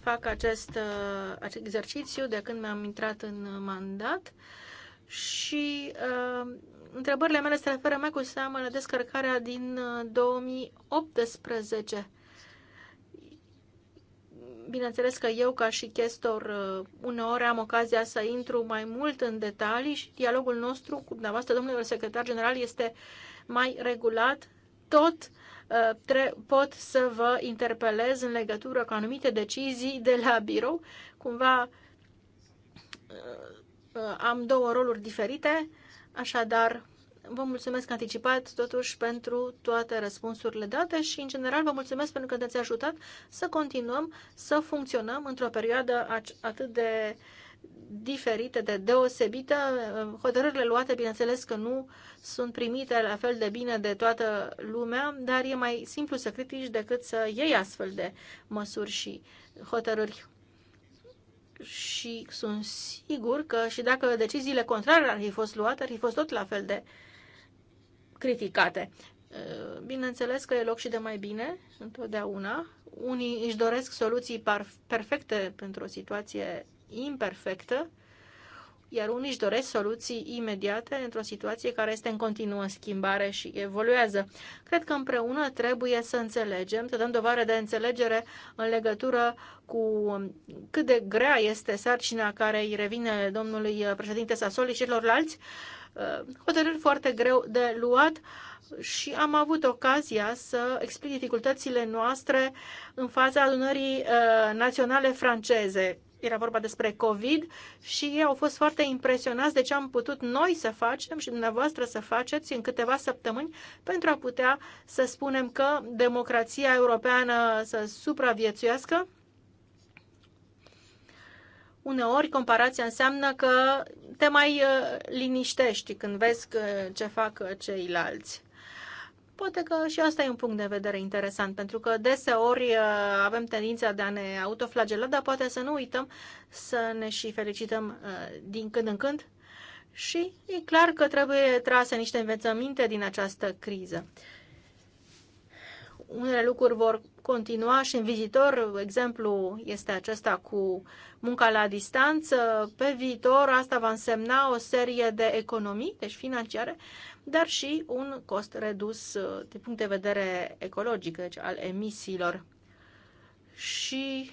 fac acest, uh, acest exercițiu de când mi-am intrat în mandat și uh, întrebările mele se referă mai cu seamă la descărcarea din 2018. Uh, Bineînțeles că eu, ca și chestor, uh, uneori am ocazia să intru mai mult în detalii și dialogul nostru cu dumneavoastră, domnule secretar general, este mai regulat. Tot uh, pot să vă interpelez în legătură cu anumite decizii de la birou. Cumva uh, am două roluri diferite, așadar Vă mulțumesc anticipat, totuși, pentru toate răspunsurile date și, în general, vă mulțumesc pentru că ne-ați ajutat să continuăm să funcționăm într-o perioadă atât de diferită, de deosebită. Hotărârile luate, bineînțeles că nu sunt primite la fel de bine de toată lumea, dar e mai simplu să critici decât să iei astfel de măsuri și hotărâri și sunt sigur că și dacă deciziile contrare ar fi fost luate, ar fi fost tot la fel de criticate. Uh, bineînțeles că e loc și de mai bine, întotdeauna. Unii își doresc soluții perfecte pentru o situație imperfectă, iar unii își doresc soluții imediate într-o situație care este în continuă schimbare și evoluează. Cred că împreună trebuie să înțelegem, să dăm dovadă de înțelegere în legătură cu um, cât de grea este sarcina care îi revine domnului uh, președinte Sasoli și celorlalți, Uh, hotărâri foarte greu de luat și am avut ocazia să explic dificultățile noastre în faza adunării uh, naționale franceze. Era vorba despre COVID și ei au fost foarte impresionați de ce am putut noi să facem și dumneavoastră să faceți în câteva săptămâni pentru a putea să spunem că democrația europeană să supraviețuiască uneori comparația înseamnă că te mai uh, liniștești când vezi ce fac uh, ceilalți. Poate că și asta e un punct de vedere interesant, pentru că deseori uh, avem tendința de a ne autoflagela, dar poate să nu uităm să ne și felicităm din când în când. Și e clar că trebuie trase niște învățăminte din această criză. Unele lucruri vor continua și în viitor, exemplu este acesta cu munca la distanță, pe viitor asta va însemna o serie de economii, deci financiare, dar și un cost redus uh, de punct de vedere ecologic, deci al emisiilor. Și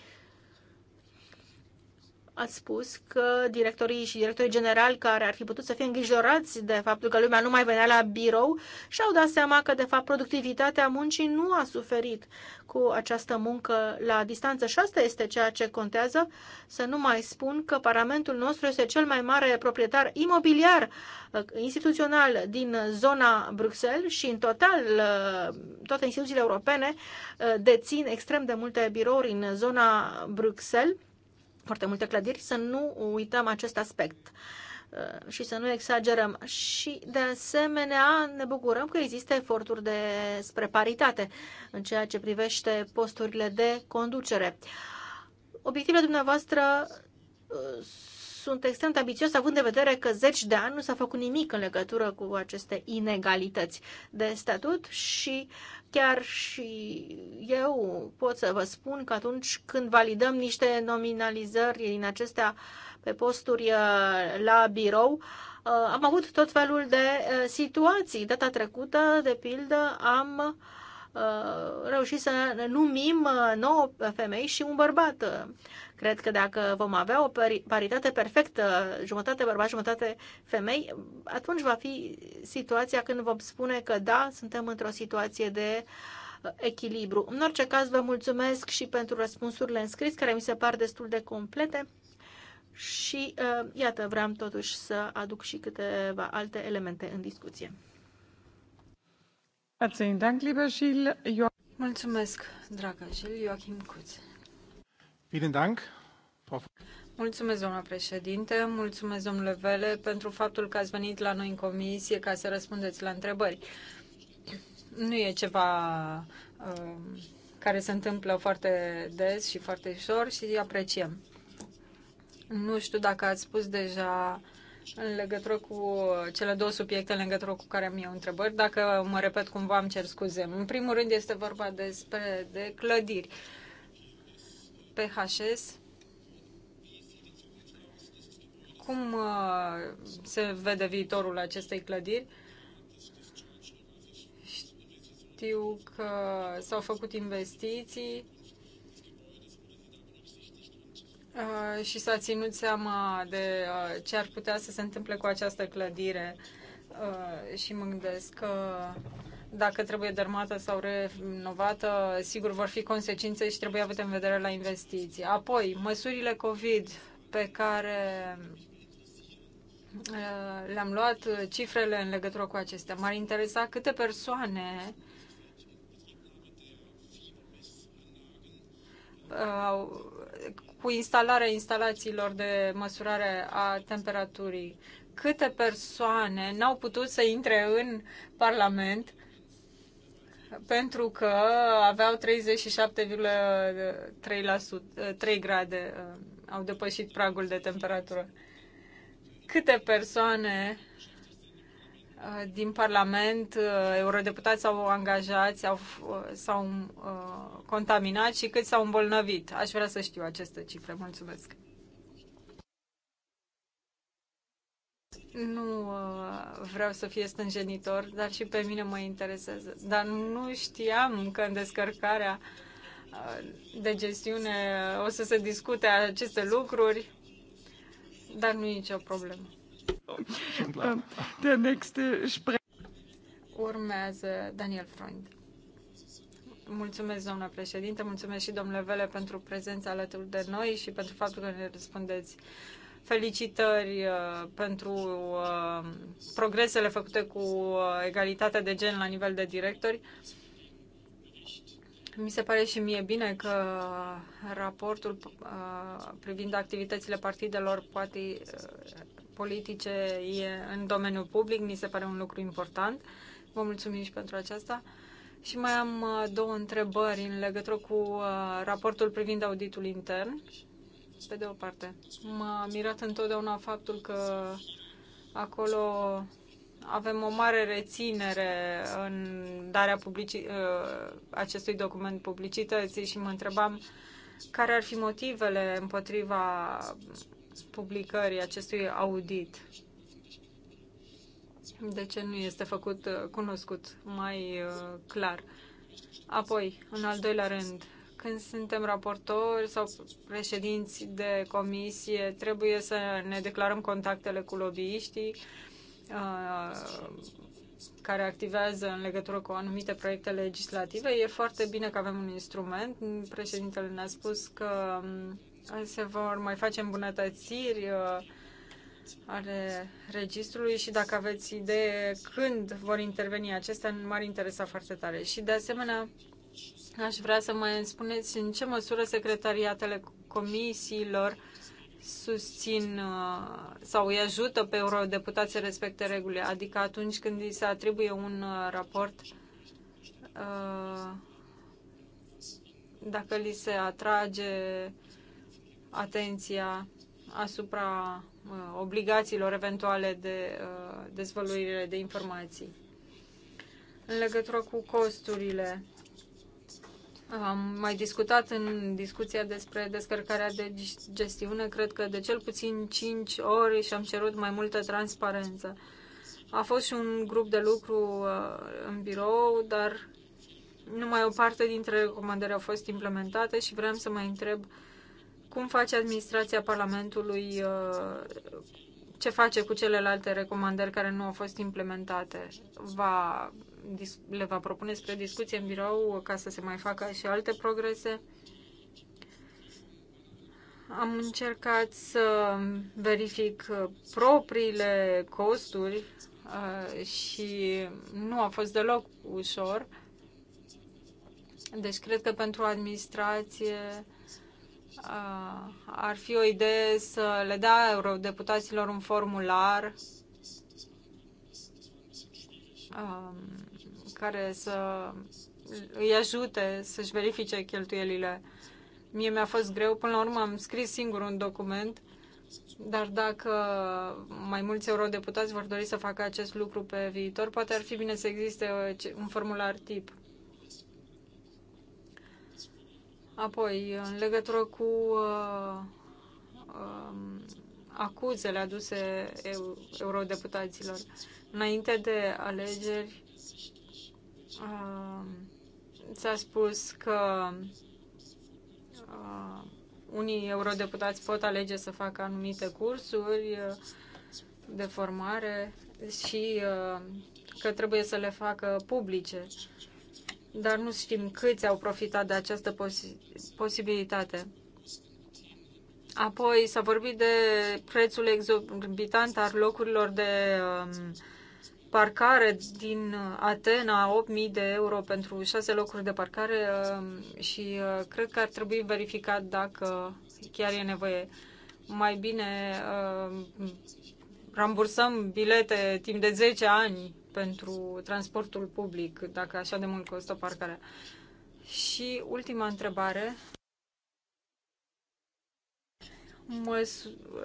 ați spus că directorii și directorii generali care ar fi putut să fie îngrijorați de faptul că lumea nu mai venea la birou și-au dat seama că, de fapt, productivitatea muncii nu a suferit cu această muncă la distanță și asta este ceea ce contează, să nu mai spun că Parlamentul nostru este cel mai mare proprietar imobiliar uh, instituțional din zona Bruxelles și în total uh, toate instituțiile europene uh, dețin extrem de multe birouri în zona Bruxelles foarte multe clădiri, să nu uităm acest aspect uh, și să nu exagerăm. Și, de asemenea, ne bucurăm că există eforturi de spre paritate în ceea ce privește posturile de conducere. Obiectivele dumneavoastră uh, sunt extrem de ambițios, având de vedere că zeci de ani nu s-a făcut nimic în legătură cu aceste inegalități de statut și chiar și eu pot să vă spun că atunci când validăm niște nominalizări din acestea pe posturi uh, la birou, uh, am avut tot felul de uh, situații. Data trecută, de pildă, am reușit să numim 9 femei și un bărbat Cred că dacă vom avea o paritate perfectă, jumătate bărbați, jumătate femei, atunci va fi situația când vom spune că da, suntem într-o situație de uh, echilibru. În orice caz, vă mulțumesc și pentru răspunsurile înscris, care mi se par destul de complete. Și uh, iată, vreau totuși să aduc și câteva alte elemente în discuție. Mulțumesc, dragă Gil Joachim Cuț. Vielen Dank. Mulțumesc, domnule președinte, mulțumesc, domnule Vele, pentru faptul că ați venit la noi în comisie ca să răspundeți la întrebări. Nu e ceva uh, care se întâmplă foarte des și foarte ușor și apreciem. Nu știu dacă ați spus deja în legătură cu cele două subiecte în legătură cu care am eu întrebări. Dacă mă repet cumva, îmi cer scuze. În primul rând este vorba despre de clădiri. Uh, PHS, cum uh, se vede viitorul acestei clădiri? Știu că s-au făcut investiții uh, și s-a ținut seama de uh, ce ar putea să se întâmple cu această clădire și mă gândesc că dacă trebuie dărmată sau renovată, sigur vor fi consecințe și trebuie avut în vedere la investiții. Apoi, măsurile COVID pe care uh, le-am luat cifrele în legătură cu acestea. M-ar interesa câte persoane uh, cu instalarea instalațiilor de măsurare a temperaturii, câte persoane n-au putut să intre în Parlament pentru că aveau 37,3 grade, uh, au depășit pragul de temperatură. Câte persoane uh, din Parlament, uh, eurodeputați sau angajați s-au, s-au contaminat și cât s-au îmbolnăvit? Aș vrea să știu aceste cifre. Mulțumesc! nu uh, vreau să fie stânjenitor, dar și pe mine mă interesează. Dar nu știam că în descărcarea uh, de gestiune uh, o să se discute aceste lucruri, dar nu e nicio problemă. Urmează Daniel Freund. Mulțumesc, doamna președinte, mulțumesc și domnule Vele pentru prezența alături de noi și pentru faptul că ne răspundeți uh, Felicitări uh, pentru uh, progresele făcute cu uh, egalitatea de gen la nivel de directori. Mi se pare și mie bine că raportul privind activitățile partidelor poate, politice e în domeniul public, mi se pare un lucru important. Vă mulțumim și pentru aceasta. Și mai am două întrebări în legătură cu raportul privind auditul intern pe de o parte. M-a mirat întotdeauna faptul că acolo avem o mare reținere în darea publici- ă, acestui document publicității și mă întrebam care ar fi motivele împotriva publicării acestui audit. De ce nu este făcut cunoscut mai ă, clar? Apoi, în al doilea rând, când suntem raportori sau președinți de comisie, trebuie să ne declarăm contactele cu lobbyiștii uh, care activează în legătură cu anumite proiecte legislative. E foarte bine că avem un instrument. Președintele ne-a spus că um, se vor mai face îmbunătățiri uh, ale registrului și dacă aveți idee când vor interveni acestea, m-ar interesa foarte tare. Și de asemenea, Aș vrea să mai spuneți în ce măsură secretariatele comisiilor susțin uh, sau îi ajută pe eurodeputați să respecte regulile, adică atunci când îi se atribuie un uh, raport, uh, dacă li se atrage atenția asupra obligațiilor eventuale de dezvăluire de informații. În legătură cu costurile, am mai discutat în discuția despre descărcarea de gestiune, cred că de cel puțin 5 ori și am cerut mai multă transparență. A fost și un grup de lucru uh, în birou, dar numai o parte dintre recomandări au fost implementate și vreau să mai întreb cum face administrația Parlamentului, uh, ce face cu celelalte recomandări care nu au fost implementate. Va le va propune spre discuție în birou ca să se mai facă și alte progrese. Am încercat să verific propriile costuri uh, și nu a fost deloc ușor. Deci cred că pentru administrație uh, ar fi o idee să le dea eurodeputaților un formular um, care să îi ajute să-și verifice cheltuielile. Mie mi-a fost greu, până la urmă am scris singur un document, dar dacă mai mulți eurodeputați vor dori să facă acest lucru pe viitor, poate ar fi bine să existe uh, un formular tip. Apoi, în legătură cu uh, uh, acuzele aduse eu, eurodeputaților, înainte de alegeri, Um, s-a spus că uh, unii eurodeputați pot alege să facă anumite cursuri uh, de formare și uh, că trebuie să le facă publice. Dar nu știm câți au profitat de această posi posibilitate. Apoi s-a vorbit de prețul exorbitant al locurilor de uh, parcare din uh, Atena, 8.000 de euro pentru 6 locuri de parcare uh, și uh, cred că ar trebui verificat dacă chiar e nevoie. Mai bine rambursăm bilete timp de 10 ani pentru transportul public, dacă așa de mult costă parcarea. Și ultima întrebare.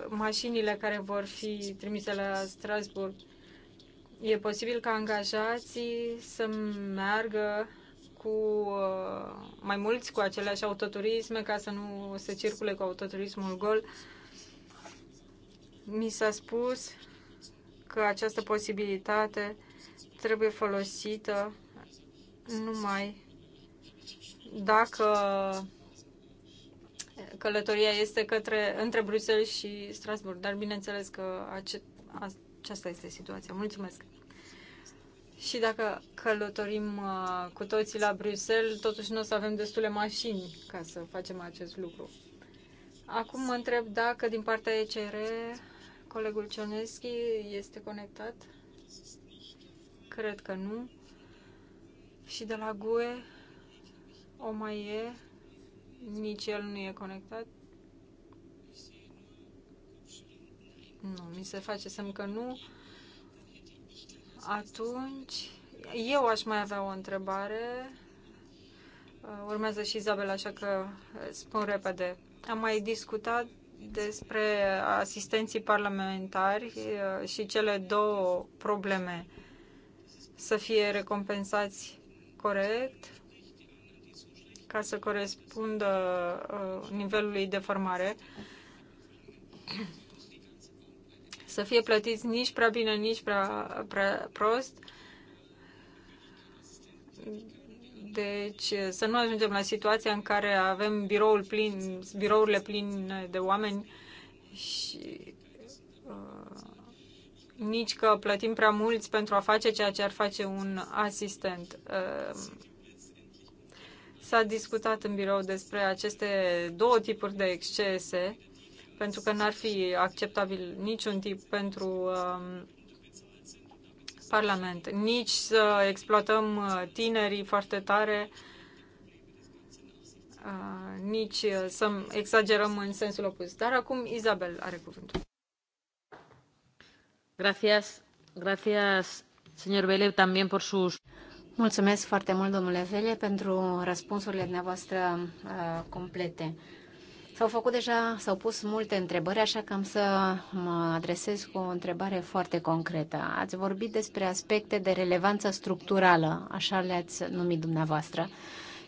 mașinile care vor fi trimise la Strasburg E posibil ca angajații să meargă cu uh, mai mulți cu aceleași autoturisme ca să nu se circule cu autoturismul gol. Mi s-a spus că această posibilitate trebuie folosită numai dacă călătoria este către, între Bruxelles și Strasbourg. Dar bineînțeles că ace, aceasta este situația. Mulțumesc! Și dacă călătorim uh, cu toții la Bruxelles, totuși nu o să avem destule mașini ca să facem acest lucru. Acum mă întreb dacă din partea ECR colegul Cioneschi este conectat. Cred că nu. Și de la GUE o mai e. Nici el nu e conectat. Nu, mi se face semn că nu. Atunci, eu aș mai avea o întrebare. Uh, urmează și Izabel, așa că uh, spun repede. Am mai discutat despre asistenții parlamentari uh, și cele două probleme. Să fie recompensați corect ca să corespundă nivelului de formare să fie plătiți nici prea bine, nici prea, prea prost. Deci să nu ajungem la situația în care avem biroul plin, birourile pline de oameni și uh, nici că plătim prea mulți pentru a face ceea ce ar face un asistent. Uh, S-a discutat în birou despre aceste două tipuri de excese pentru că n-ar fi acceptabil niciun tip pentru um, Parlament, nici să exploatăm uh, tinerii foarte tare, uh, nici uh, să exagerăm în sensul opus. Dar acum Isabel are cuvântul. Gracias, gracias, señor Beleu, también por sus... Mulțumesc foarte mult, domnule Vele, pentru răspunsurile dumneavoastră uh, complete. Uh, S-au făcut deja, s-au pus multe întrebări, așa că am să mă adresez cu o întrebare foarte concretă. Ați vorbit despre aspecte de relevanță structurală, așa le-ați numit dumneavoastră.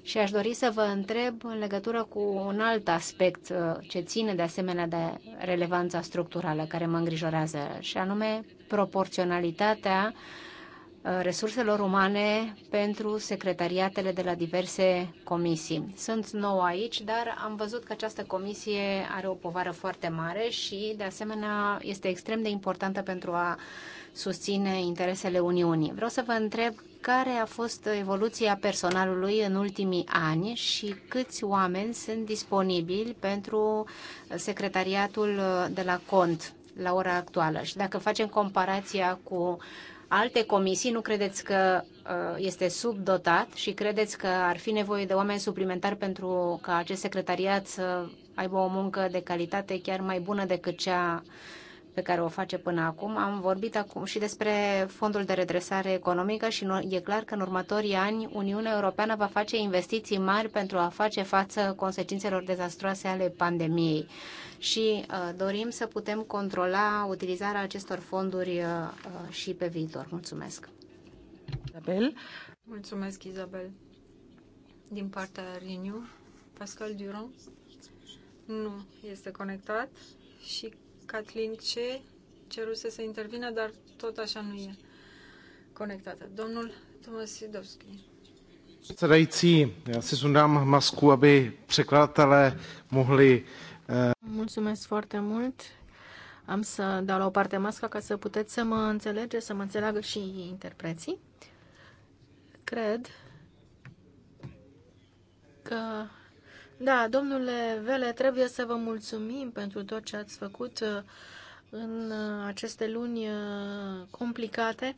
Și aș dori să vă întreb în legătură cu un alt aspect uh, ce ține de asemenea de relevanța structurală care mă îngrijorează, și anume proporționalitatea uh, Uh, resurselor umane pentru secretariatele de la diverse comisii. Sunt nou aici, dar am văzut că această comisie are o povară foarte mare și, de asemenea, este extrem de importantă pentru a susține interesele Uniunii. Vreau să vă întreb care a fost evoluția personalului în ultimii ani și câți oameni sunt disponibili pentru secretariatul de la cont la ora actuală. Și dacă facem comparația cu uh, alte comisii, nu credeți că uh, este subdotat și credeți că ar fi nevoie de oameni suplimentari pentru ca acest secretariat să aibă o muncă de calitate chiar mai bună decât cea pe care o face până acum. Am vorbit acum și despre fondul de redresare economică și e clar că în următorii ani Uniunea Europeană va face investiții mari pentru a face față consecințelor dezastroase ale pandemiei. Și uh, dorim să putem controla utilizarea acestor fonduri uh, uh și pe viitor. Mulțumesc. Isabel. Mulțumesc, Isabel. Din partea Renew, Pascal Durand nu este conectat și Catlin C. ceruse să intervină, dar tot așa nu e conectată. Domnul Tomasidovski. Předsedající, já si sundám masku, aby překladatelé mohli... Eh, Mulțumesc foarte mult. Am să dau la o parte masca ca să puteți să mă înțelegeți, să mă înțeleagă și interpreții. Cred că da, domnule Vele, trebuie să vă mulțumim pentru tot ce ați făcut uh, în uh, aceste luni uh, complicate.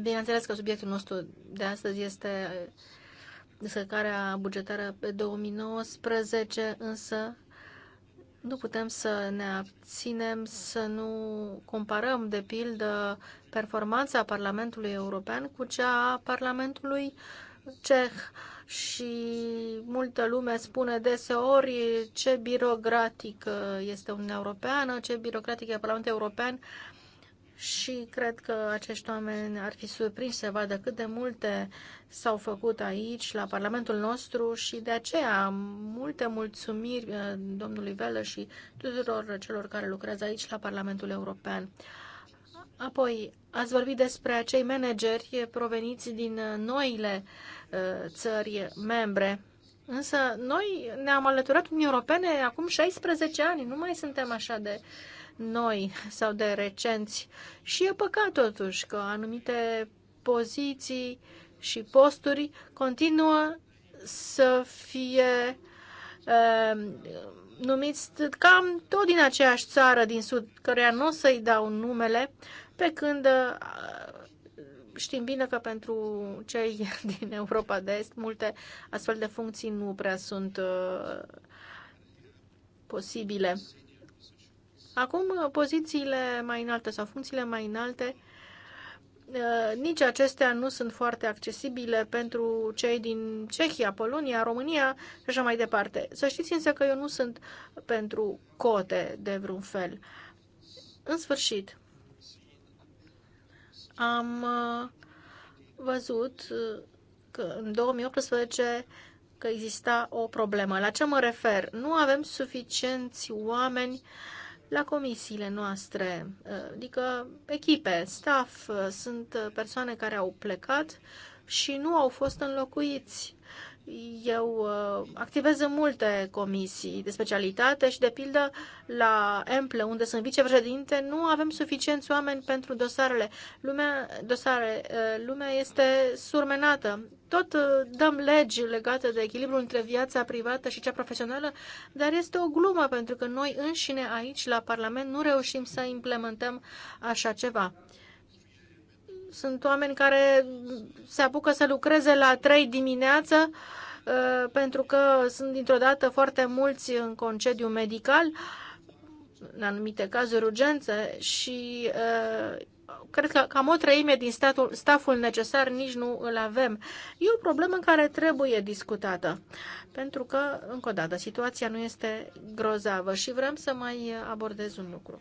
Bineînțeles că subiectul nostru de astăzi este descărcarea bugetară pe 2019, însă nu putem să ne abținem să nu comparăm, de pildă, performanța Parlamentului European cu cea a Parlamentului Ceh. Și multă lume spune deseori ce birocratic este Uniunea Europeană, ce birocratic e Parlamentul European. Uh, și cred că acești oameni ar fi surprinși să vadă cât de multe s-au făcut aici, la Parlamentul nostru și de aceea multe mulțumiri uh, domnului Velă și tuturor celor care lucrează aici la Parlamentul European. Apoi, ați vorbit despre acei manageri proveniți din uh, noile uh, țări membre. Însă noi ne-am alăturat Uniunii Europene acum 16 ani, nu mai suntem așa de uh, noi sau de recenți. Și e păcat totuși că anumite poziții și posturi continuă să fie uh, numiți cam tot din aceeași țară din sud, căreia nu o să-i dau numele, pe când uh, știm bine că pentru cei din Europa de Est, multe astfel de funcții nu prea sunt uh, posibile. Acum, pozițiile mai înalte sau funcțiile mai înalte, eh, nici acestea nu sunt foarte accesibile pentru cei din Cehia, Polonia, România și așa mai departe. Să știți însă că eu nu sunt pentru cote de vreun fel. În sfârșit, am eh, văzut eh, că în 2018 că exista o problemă. La ce mă refer? Nu avem suficienți oameni uh, la comisiile noastre, uh, adică echipe, staff, uh, sunt uh, persoane care au plecat și nu au fost înlocuiți. Eu uh, activez în multe comisii de specialitate și, de pildă, la Emple, unde sunt vicepreședinte, nu avem suficienți oameni pentru dosarele. Lumea, dosare, uh, lumea este surmenată. Tot uh, dăm legi legate de echilibrul între viața privată și cea profesională, dar este o glumă, pentru că noi înșine aici, la Parlament, nu reușim să implementăm așa ceva. Sunt oameni care se apucă să lucreze la 3 dimineață uh, pentru că sunt dintr-o dată foarte mulți în concediu medical, în anumite cazuri urgențe și uh, cred că cam o treime din statul, staful necesar nici nu îl avem. E o problemă care trebuie discutată, pentru că, încă o dată, situația nu este grozavă și vrem să mai abordez un lucru.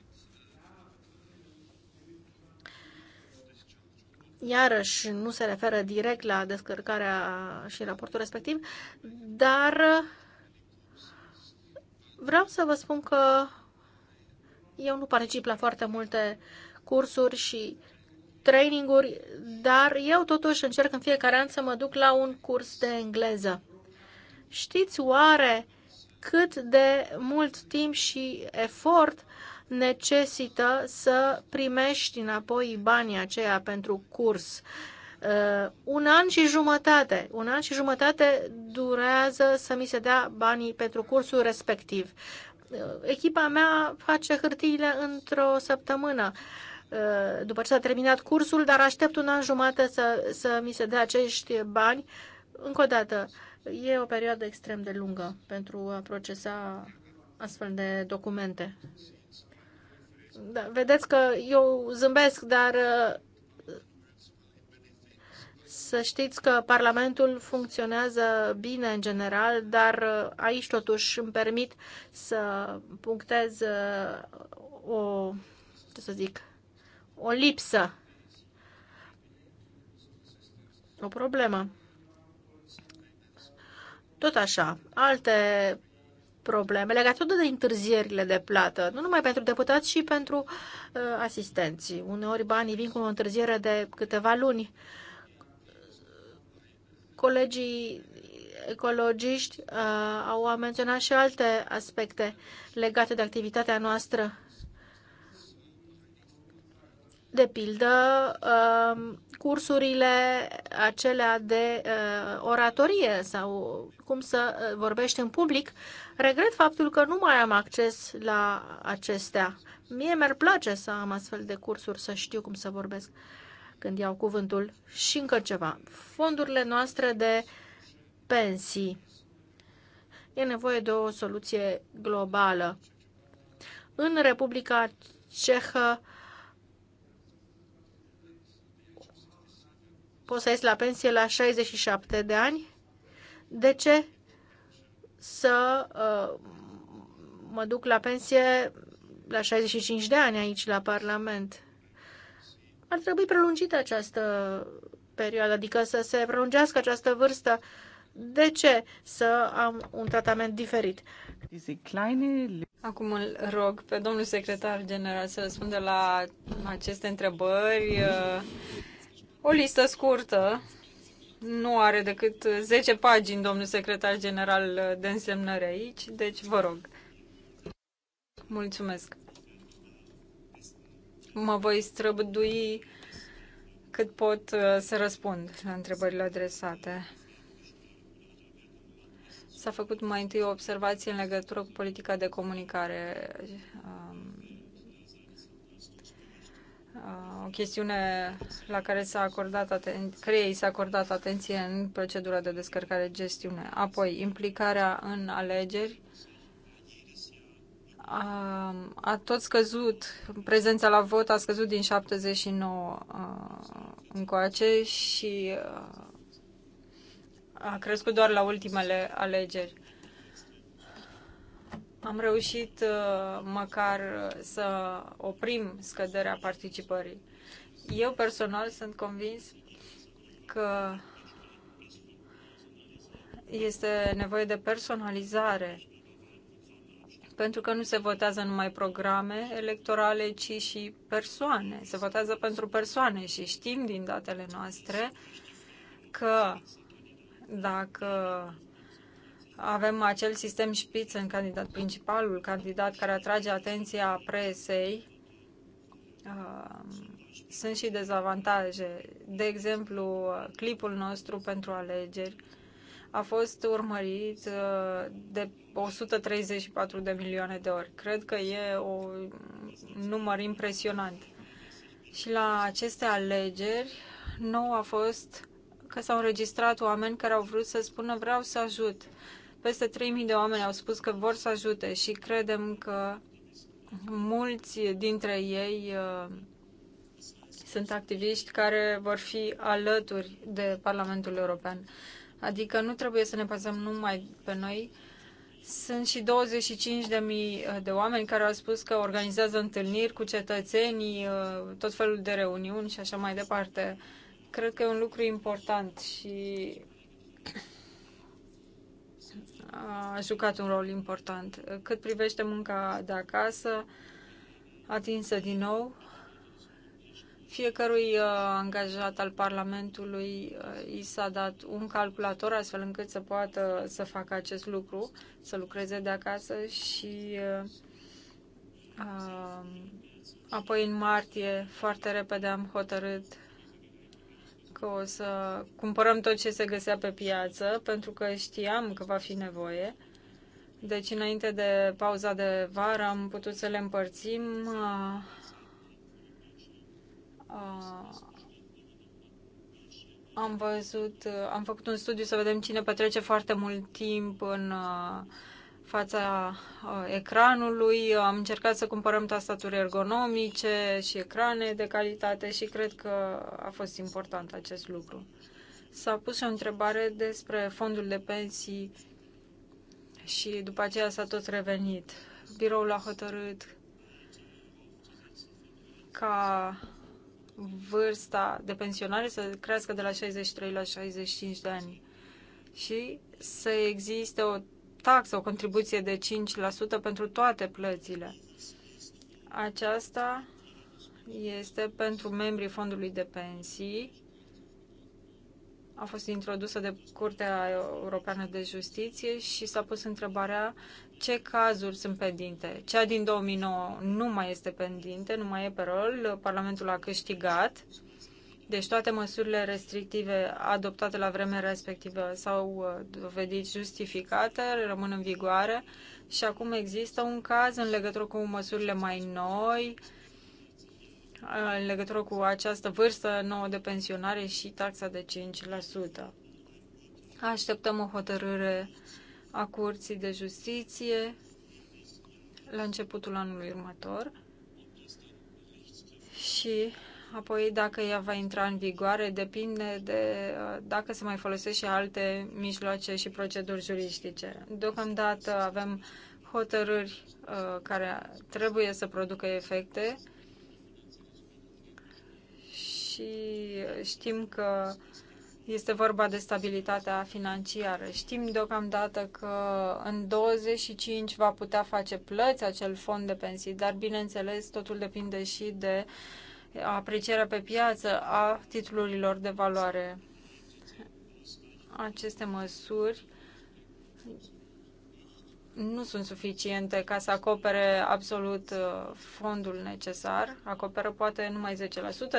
iarăși nu se referă direct la descărcarea și raportul respectiv, dar uh, vreau să vă spun că eu nu particip la foarte multe cursuri și traininguri, dar eu totuși încerc în fiecare an să mă duc la un curs de engleză. Știți oare cât de mult timp și efort necesită să primești înapoi banii aceia pentru curs. Uh, un an și jumătate. Un an și jumătate durează să mi se dea banii pentru cursul respectiv. Uh, echipa mea face hârtiile într-o săptămână uh, după ce s-a terminat cursul, dar aștept un an jumate să, să mi se dea acești bani. Încă o dată, e o perioadă extrem de lungă pentru a procesa astfel de documente. Da, vedeți că eu zâmbesc, dar uh, să știți că Parlamentul funcționează bine în general, dar uh, aici totuși îmi permit să punctez uh, o, ce să zic, o lipsă, o problemă. Tot așa, alte probleme legate tot de întârzierile de plată, nu numai pentru deputați, ci pentru uh, asistenții. Uneori banii vin cu o întârziere de câteva luni. Colegii ecologiști uh, au menționat și alte aspecte legate de activitatea noastră de pildă, um, cursurile acelea de uh, oratorie sau cum să uh, vorbești în public, regret faptul că nu mai am acces la acestea. Mie mi-ar place să am astfel de cursuri, să știu cum să vorbesc când iau cuvântul. Și încă ceva. Fondurile noastre de pensii. E nevoie de o soluție globală. În Republica Cehă, poți să ieși la pensie la 67 de ani. De ce să uh, mă duc la pensie la 65 de ani aici la Parlament? Ar trebui prelungită această perioadă, adică să se prelungească această vârstă. De ce să am un tratament diferit? Acum îl rog pe domnul secretar general să răspundă la aceste întrebări. Uh o listă scurtă, nu are decât 10 pagini domnul secretar general de însemnări aici, deci vă rog. Mulțumesc. Mă voi străbdui cât pot uh, să răspund la întrebările adresate. S-a făcut mai întâi o observație în legătură cu politica de comunicare. Um, o chestiune la care s-a acordat aten- s-a acordat atenție în procedura de descărcare gestiune. Apoi, implicarea în alegeri a, a tot scăzut, prezența la vot a scăzut din 79 încoace și a, a crescut doar la ultimele alegeri am reușit uh, măcar uh, să oprim scăderea participării. Eu personal sunt convins că este nevoie de personalizare pentru că nu se votează numai programe electorale, ci și persoane. Se votează pentru persoane și știm din datele noastre că dacă avem acel sistem șpiț în candidat, principalul candidat care atrage atenția presei, ah, sunt și dezavantaje. De exemplu, clipul nostru pentru alegeri a fost urmărit ah, de 134 de milioane de ori. Cred că e un număr impresionant. Și la aceste alegeri, nou a fost că s-au înregistrat oameni care au vrut să spună vreau să ajut. Peste 3.000 de oameni au spus că vor să ajute și credem că mulți dintre ei uh, sunt activiști care vor fi alături de Parlamentul European. Adică nu trebuie să ne bazăm numai pe noi. Sunt și 25.000 uh, de oameni care au spus că organizează întâlniri cu cetățenii, uh, tot felul de reuniuni și așa mai departe. Cred că e un lucru important și a jucat un rol important. Cât privește munca de acasă, atinsă din nou, fiecărui uh, angajat al Parlamentului uh, i s-a dat un calculator astfel încât să poată să facă acest lucru, să lucreze de acasă și uh, apoi în martie foarte repede am hotărât că o să cumpărăm tot ce se găsea pe piață, pentru că știam că va fi nevoie. Deci, înainte de pauza de vară, am putut să le împărțim. A, uh, a, uh, am văzut, am făcut un studiu să vedem cine petrece foarte mult timp în a, uh, fața uh, ecranului. Am încercat să cumpărăm tastaturi ergonomice și ecrane de calitate și cred că a fost important acest lucru. S-a pus o întrebare despre fondul de pensii și după aceea s-a tot revenit. Biroul a hotărât ca vârsta de pensionare să crească de la 63 la 65 de ani și să existe o taxă, o contribuție de 5% pentru toate plățile. Aceasta este pentru membrii fondului de pensii. A fost introdusă de Curtea Europeană de Justiție și s-a pus întrebarea ce cazuri sunt pendinte. Cea din 2009 nu mai este pendinte, nu mai e pe rol, Parlamentul a câștigat deci toate măsurile restrictive adoptate la vremea respectivă s-au uh, dovedit justificate, rămân în vigoare și acum există un caz în legătură cu măsurile mai noi, uh, în legătură cu această vârstă nouă de pensionare și taxa de 5%. Așteptăm o hotărâre a Curții de Justiție la începutul anului următor și apoi dacă ea va intra în vigoare depinde de uh, dacă se mai folosesc și alte mijloace și proceduri juridice. Deocamdată avem hotărâri uh, care trebuie să producă efecte și știm că este vorba de stabilitatea financiară. Știm deocamdată că în 25 va putea face plăți acel fond de pensii, dar bineînțeles totul depinde și de uh, aprecierea pe piață a titlurilor de valoare. Aceste măsuri nu sunt suficiente ca să acopere absolut uh, fondul necesar, acoperă poate numai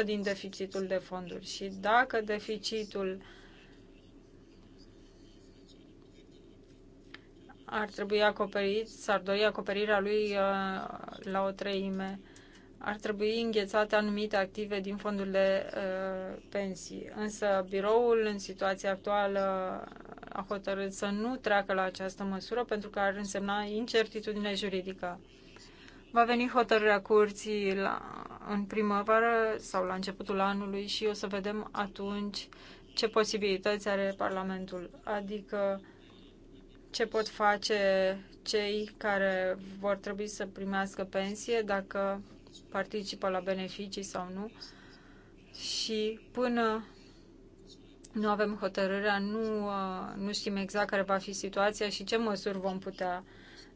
10% din deficitul de fonduri. Și dacă deficitul ar trebui acoperit, s-ar dori acoperirea lui uh, la o treime ar trebui înghețate anumite active din fondurile uh, pensii. Însă biroul în situația actuală a hotărât să nu treacă la această măsură pentru că ar însemna incertitudine juridică. Va veni hotărârea curții la, în primăvară sau la începutul anului și o să vedem atunci ce posibilități are Parlamentul, adică ce pot face cei care vor trebui să primească pensie dacă participă la beneficii sau nu și până nu avem hotărârea, nu, uh, nu știm exact care va fi situația și ce măsuri vom putea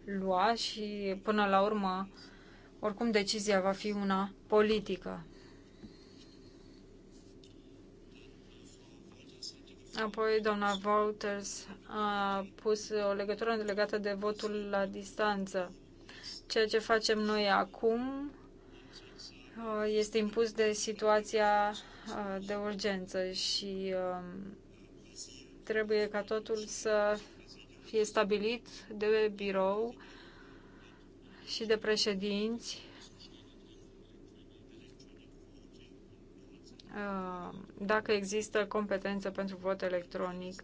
lua și până la urmă, oricum decizia va fi una politică. Apoi doamna Walters a pus o legătură legată de votul la distanță. Ceea ce facem noi acum Uh, este impus de situația uh, de urgență și um, trebuie ca totul să fie stabilit de birou și de președinți uh, dacă există competență pentru vot electronic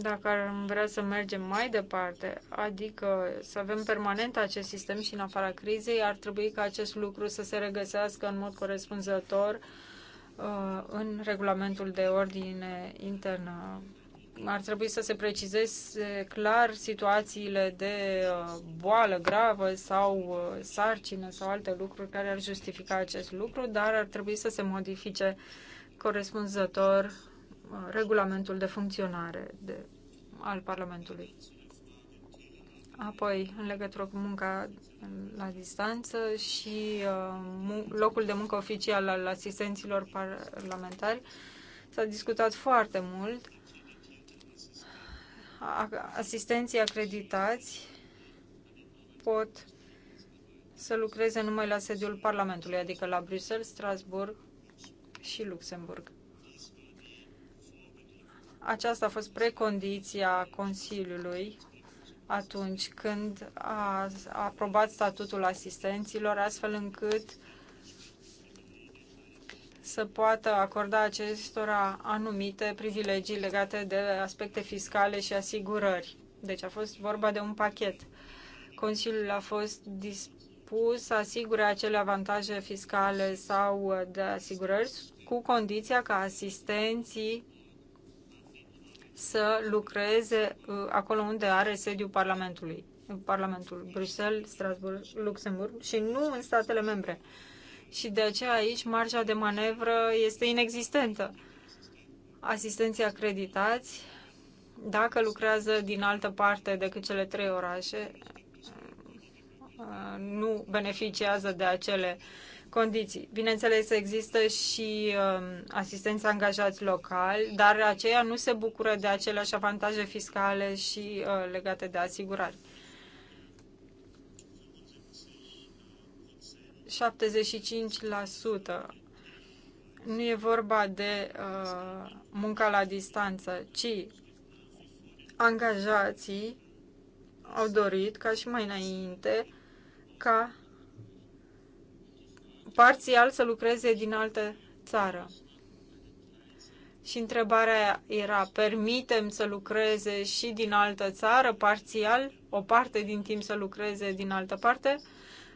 dacă am vrea să mergem mai departe, adică să avem permanent acest sistem și în afara crizei, ar trebui ca acest lucru să se regăsească în mod corespunzător uh, în regulamentul de ordine internă. Ar trebui să se precizeze clar situațiile de uh, boală gravă sau uh, sarcină sau alte lucruri care ar justifica acest lucru, dar ar trebui să se modifice corespunzător regulamentul de funcționare de, al Parlamentului. Apoi, în legătură cu munca la distanță și uh, locul de muncă oficial al asistenților parlamentari, s-a discutat foarte mult. Asistenții acreditați pot să lucreze numai la sediul Parlamentului, adică la Bruxelles, Strasburg și Luxemburg. Aceasta a fost precondiția Consiliului atunci când a aprobat statutul asistenților, astfel încât să poată acorda acestora anumite privilegii legate de aspecte fiscale și asigurări. Deci a fost vorba de un pachet. Consiliul a fost dispus să asigure acele avantaje fiscale sau de asigurări cu condiția ca asistenții să lucreze uh, acolo unde are sediul Parlamentului. Parlamentul Bruxelles, Strasbourg, Luxemburg și nu în statele membre. Și de aceea aici marja de manevră este inexistentă. Asistenții acreditați, dacă lucrează din altă parte decât cele trei orașe, uh, nu beneficiază de acele uh, condiții. Bineînțeles, există și um, asistența angajați local, dar aceia nu se bucură de aceleași avantaje fiscale și uh, legate de asigurări. 75%. Nu e vorba de uh, munca la distanță, ci angajații au dorit, ca și mai înainte, ca parțial să lucreze din altă țară. Și întrebarea era, permitem să lucreze și din altă țară, parțial, o parte din timp să lucreze din altă parte?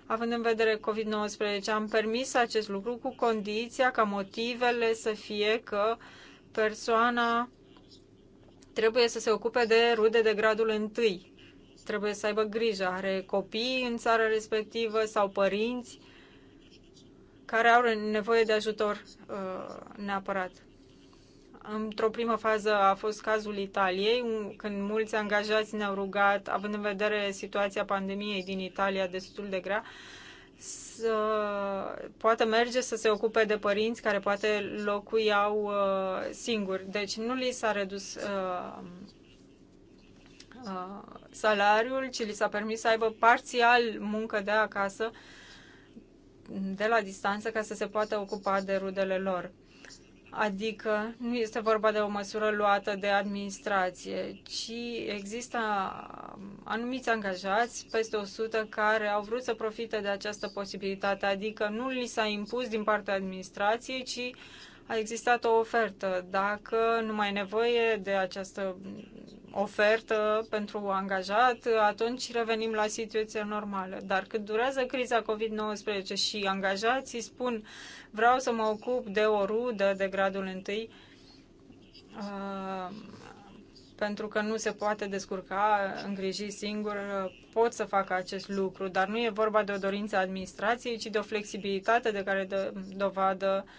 Având în vedere COVID-19, am permis acest lucru cu condiția ca motivele să fie că persoana trebuie să se ocupe de rude de gradul întâi. Trebuie să aibă grijă, are copii în țara respectivă sau părinți care au nevoie de ajutor uh, neapărat. Într-o primă fază a fost cazul Italiei, când mulți angajați ne-au rugat, având în vedere situația pandemiei din Italia destul de grea, să poată merge să se ocupe de părinți care poate locuiau uh, singuri. Deci nu li s-a redus uh, uh, salariul, ci li s-a permis să aibă parțial muncă de acasă uh, de la distanță ca să se poată ocupa de rudele lor. Adică nu este vorba de o măsură luată de administrație, ci există um, anumiți angajați, peste 100, care au vrut să profite de această posibilitate, adică nu li s-a impus din partea administrației, ci a existat o ofertă. Dacă nu mai e nevoie de această ofertă pentru angajat, atunci revenim la situația normală. Dar cât durează criza COVID-19 și angajații spun vreau să mă ocup de o rudă de gradul întâi, uh, pentru că nu se poate descurca, îngriji singur, pot să facă acest lucru, dar nu e vorba de o dorință a administrației, ci de o flexibilitate de care dă dovadă uh,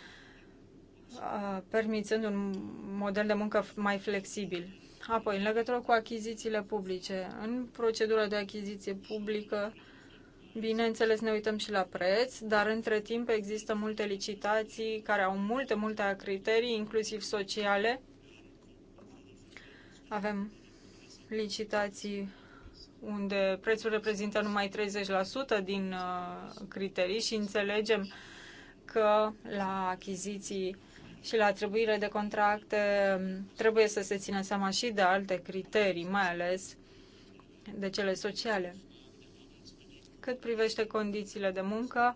permițând un model de muncă mai flexibil. Apoi, în legătură cu achizițiile publice, în procedura de achiziție publică, bineînțeles, ne uităm și la preț, dar între timp există multe licitații care au multe, multe criterii, inclusiv sociale. Avem licitații unde prețul reprezintă numai 30% din uh, criterii și înțelegem că la achiziții și la atribuire de contracte um, trebuie să se țină seama și de alte criterii, mai ales de cele sociale. Cât privește condițiile de muncă,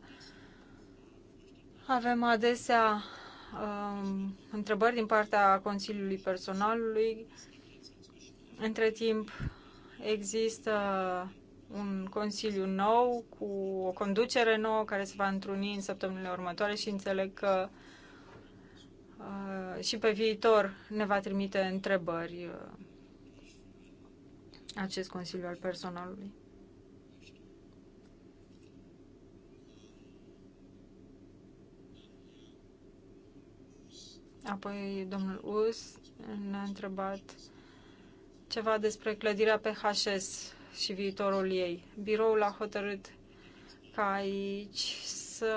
avem adesea um, întrebări din partea Consiliului Personalului. Între timp, există un consiliu nou cu o conducere nouă care se va întruni în săptămânile următoare și înțeleg că uh, Uh, și pe viitor ne va trimite întrebări uh, acest Consiliu al Personalului. Apoi domnul Us ne-a întrebat ceva despre clădirea PHS și viitorul ei. Biroul a hotărât ca aici să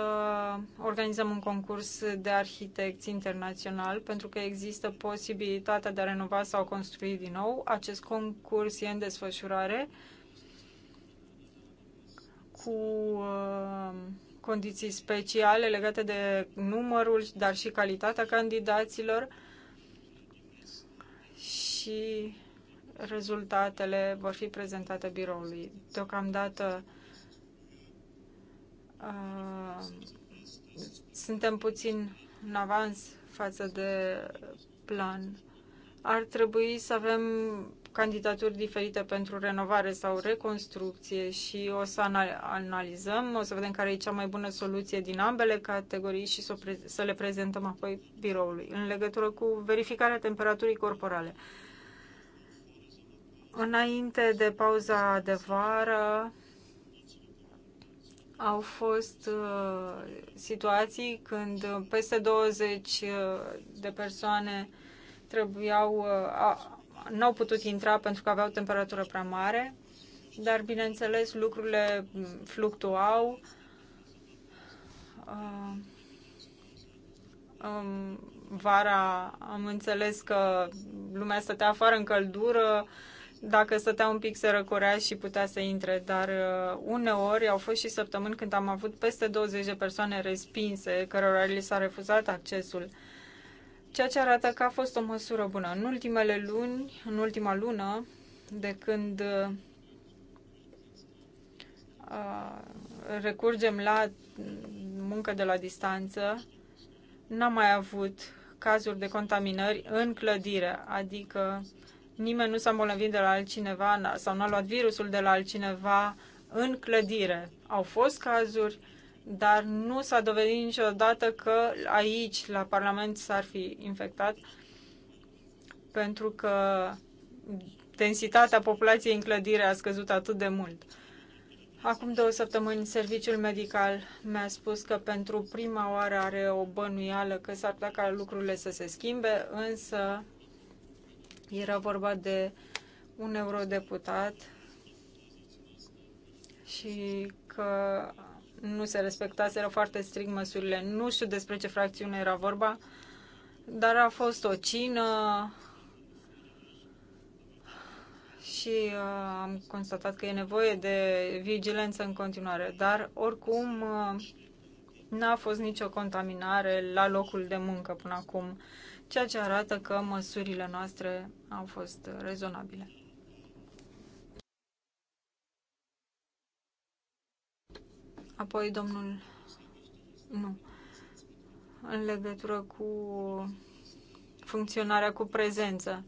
organizăm un concurs de arhitecți internațional pentru că există posibilitatea de a renova sau construi din nou. Acest concurs e în desfășurare cu uh, condiții speciale legate de numărul, dar și calitatea candidaților și rezultatele vor fi prezentate biroului. Deocamdată Uh, suntem puțin în avans față de plan. Ar trebui să avem candidaturi diferite pentru renovare sau reconstrucție și o să analizăm, o să vedem care e cea mai bună soluție din ambele categorii și să, să le prezentăm apoi biroului în legătură cu verificarea temperaturii corporale. Înainte de pauza de vară, au fost uh, situații când peste 20 uh, de persoane trebuiau, uh, n-au putut intra pentru că aveau temperatură prea mare, dar bineînțeles lucrurile mm, fluctuau. Uh, um, vara am înțeles că lumea stătea afară în căldură, uh, dacă stătea un pic se răcorea și putea să intre, dar uh, uneori au fost și săptămâni când am avut peste 20 de persoane respinse, cărora li s-a refuzat accesul, ceea ce arată că a fost o măsură bună. În ultimele luni, în ultima lună, de când uh, recurgem la muncă de la distanță, n-am mai avut cazuri de contaminări în clădire, adică uh, nimeni nu s-a îmbolnăvit de la altcineva sau nu a luat virusul de la altcineva în clădire. Au fost cazuri, dar nu s-a dovedit niciodată că aici, la Parlament, s-ar fi infectat, pentru că densitatea populației în clădire a scăzut atât de mult. Acum două săptămâni, serviciul medical mi-a spus că pentru prima oară are o bănuială că s-ar putea ca lucrurile să se schimbe, însă era vorba de un eurodeputat și că nu se respectaseră foarte strict măsurile. Nu știu despre ce fracțiune era vorba, dar a fost o cină și uh, am constatat că e nevoie de vigilență în continuare. Dar, oricum, uh, n-a fost nicio contaminare la locul de muncă până acum. Uh, ceea ce arată că măsurile noastre au fost rezonabile. Apoi domnul... Nu. În legătură cu funcționarea cu prezență.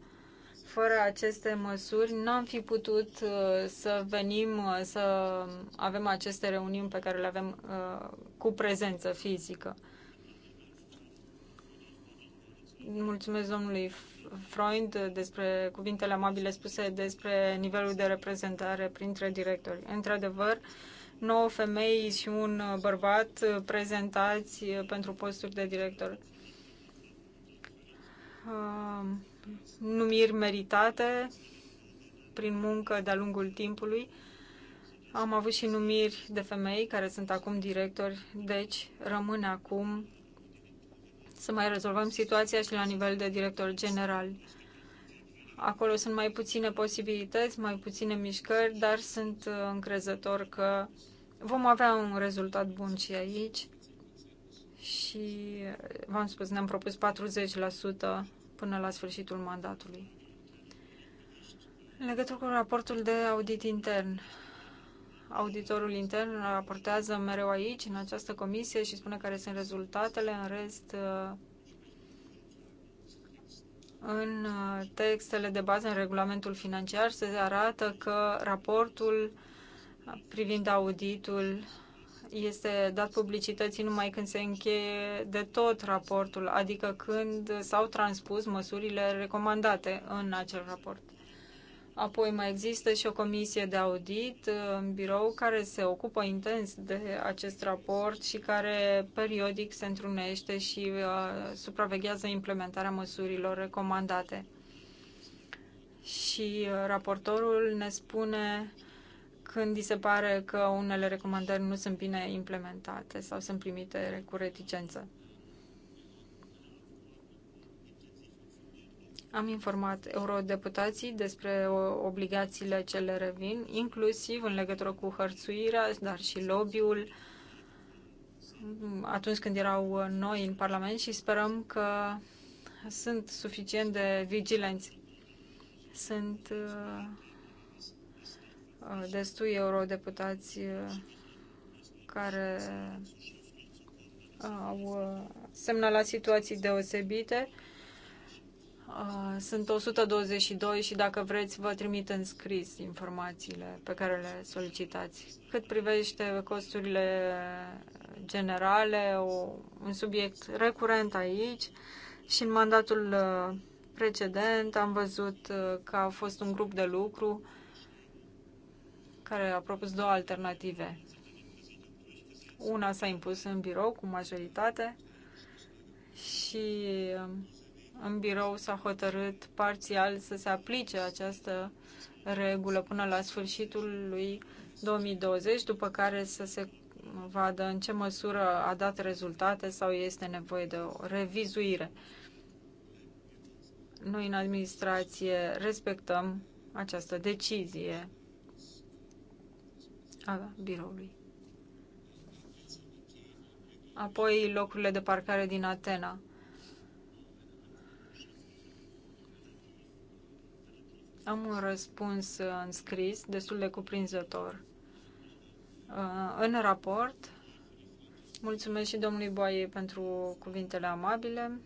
Fără aceste măsuri n-am fi putut uh, să venim, uh, să avem aceste reuniuni pe care le avem uh, cu prezență fizică mulțumesc domnului Freund despre cuvintele amabile spuse despre nivelul de reprezentare printre directori. Într-adevăr, 9 femei și un bărbat prezentați pentru posturi de director. Uh, numiri meritate prin muncă de-a lungul timpului. Am avut și numiri de femei care sunt acum directori, deci rămân acum să mai rezolvăm situația și la nivel de director general. Acolo sunt mai puține posibilități, mai puține mișcări, dar sunt uh, încrezător că vom avea un rezultat bun și aici. Și uh, v-am spus, ne-am propus 40% până la sfârșitul mandatului. În legătură cu raportul de audit intern, auditorul intern raportează mereu aici, în această comisie, și spune care sunt rezultatele. În rest, uh, în uh, textele de bază, în regulamentul financiar, se arată că raportul privind auditul este dat publicității numai când se încheie de tot raportul, adică când s-au transpus măsurile recomandate în acel raport. Apoi mai există și o comisie de audit uh, în birou care se ocupă intens de acest raport și care periodic se întrunește și uh, supraveghează implementarea măsurilor recomandate. Și uh, raportorul ne spune când îi se pare că unele recomandări nu sunt bine implementate sau sunt primite cu reticență. Am informat eurodeputații despre obligațiile ce le revin, inclusiv în legătură cu hărțuirea, dar și lobby-ul atunci când erau noi în Parlament și sperăm că sunt suficient de vigilenți. Sunt uh, destui eurodeputați uh, care uh, au semnalat situații deosebite Ah, sunt 122 și dacă vreți vă trimit în scris informațiile pe care le solicitați. Cât privește costurile generale, o, un subiect recurent aici și în mandatul ah, precedent am văzut ah, că a fost un grup de lucru care a propus două alternative. Una s-a impus în birou cu majoritate și în birou s-a hotărât parțial să se aplice această regulă până la sfârșitul lui 2020, după care să se vadă în ce măsură a dat rezultate sau este nevoie de o revizuire. Noi în administrație respectăm această decizie a biroului. Apoi locurile de parcare din Atena. Am un răspuns în scris, destul de cuprinzător. Uh, în raport, mulțumesc și domnului Boaie pentru cuvintele amabile.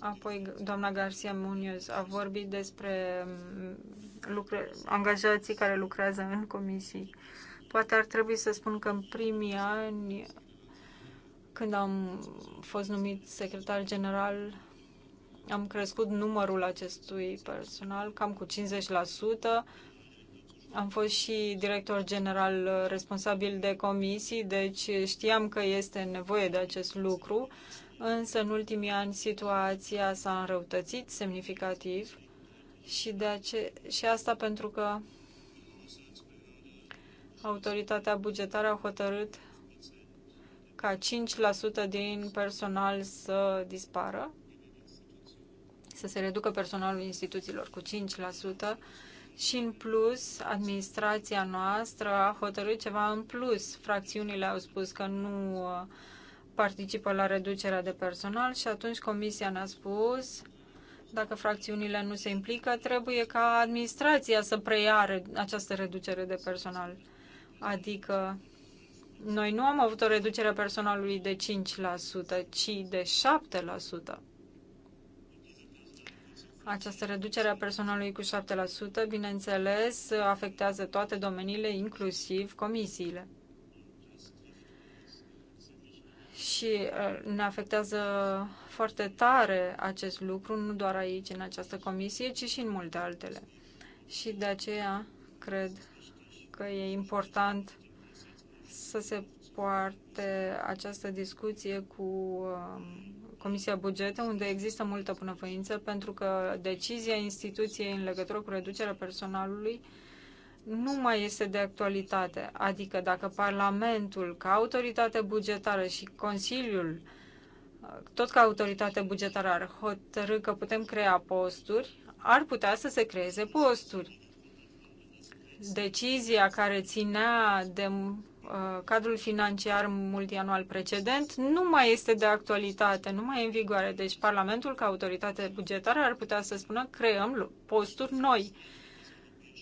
Apoi, doamna Garcia Munoz a vorbit despre um, lucre, angajații care lucrează în comisii. Poate ar trebui să spun că în primii ani, când am fost numit secretar general, am crescut numărul acestui personal cam cu 50%. Am fost și director general uh, responsabil de comisii, deci uh, știam că este nevoie de acest lucru, însă în ultimii ani situația s-a înrăutățit semnificativ și, de ace- și asta pentru că autoritatea bugetară a hotărât ca 5% din personal să dispară să se reducă personalul instituțiilor cu 5% și în plus administrația noastră a hotărât ceva în plus. Fracțiunile au spus că nu uh, participă la reducerea de personal și atunci comisia ne-a spus dacă fracțiunile nu se implică, trebuie ca administrația să preia această reducere de personal. Adică noi nu am avut o reducere personalului de 5%, ci de 7%. Această reducere a personalului cu 7%, bineînțeles, afectează toate domeniile, inclusiv comisiile. Și uh, ne afectează foarte tare acest lucru, nu doar aici, în această comisie, ci și în multe altele. Și de aceea cred că e important să se poarte această discuție cu um, Comisia Bugete, unde există multă bunăvoință, pentru că decizia instituției în legătură cu reducerea personalului nu mai este de actualitate. Adică dacă Parlamentul, ca autoritate bugetară și Consiliul, tot ca autoritate bugetară, ar hotărâ că putem crea posturi, ar putea să se creeze posturi. Decizia care ținea de Uh, cadrul financiar multianual precedent nu mai este de actualitate, nu mai e în vigoare. Deci Parlamentul, ca autoritate bugetară, ar putea să spună creăm posturi noi.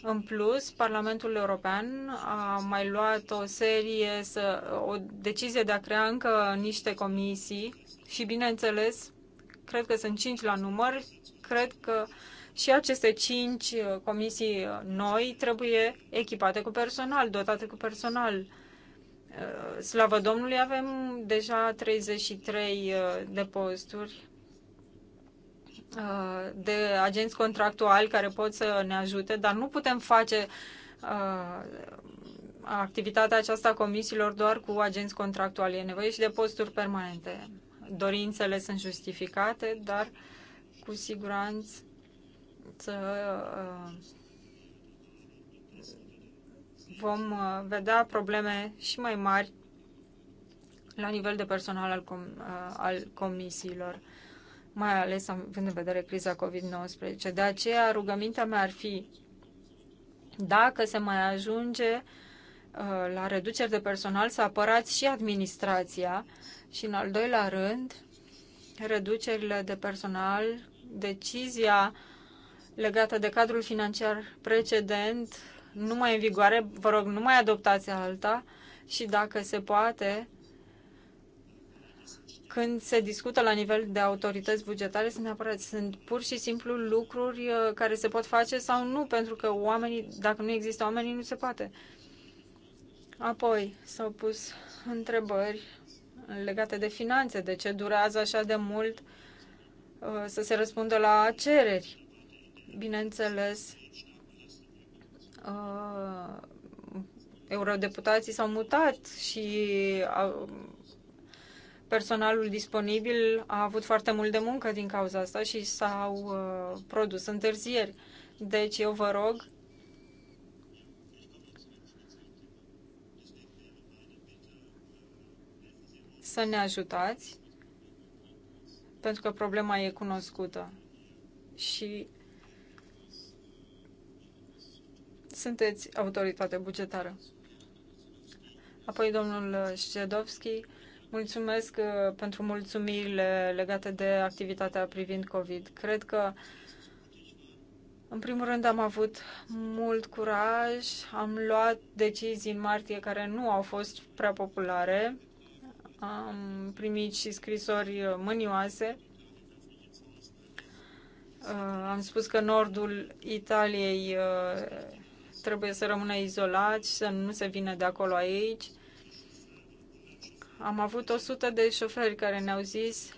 În plus, Parlamentul European a mai luat o serie, să, o decizie de a crea încă niște comisii și, bineînțeles, cred că sunt cinci la număr, cred că și aceste cinci comisii noi trebuie echipate cu personal, dotate cu personal. Eh, slavă Domnului, avem deja 33 eh, de posturi eh, de agenți contractuali care pot să ne ajute, dar nu putem face activitatea aceasta a comisiilor doar cu agenți contractuali. E nevoie și de posturi permanente. Dorințele sunt justificate, dar cu siguranță vom uh, vedea probleme și mai mari la nivel de personal al, com- uh, al comisiilor, mai ales având în vedere criza COVID-19. De aceea, rugămintea mea ar fi dacă se mai ajunge uh, la reduceri de personal, să apărați și administrația și, în al doilea rând, reducerile de personal, decizia legată de cadrul financiar precedent nu mai în vigoare, vă rog, nu mai adoptați alta și dacă se poate, când se discută la nivel de autorități bugetare, sunt neapărat, sunt pur și simplu lucruri uh, care se pot face sau nu, pentru că oamenii, dacă nu există oamenii, nu se poate. Apoi s-au pus întrebări legate de finanțe, de ce durează așa de mult uh, să se răspundă la cereri. Bineînțeles, uh, eurodeputații s-au mutat și uh, personalul disponibil a avut foarte mult de muncă din cauza asta și s-au uh, produs întârzieri. Deci eu vă rog să ne ajutați pentru că problema e cunoscută și sunteți autoritate bugetară. Apoi domnul Ședovski, mulțumesc uh, pentru mulțumirile legate de activitatea privind COVID. Cred că în primul rând am avut mult curaj, am luat decizii în martie care nu au fost prea populare, am primit și scrisori mânioase. Uh, am spus că nordul Italiei uh, trebuie să rămână izolați, să nu se vină de acolo aici. Am avut 100 de șoferi care ne-au zis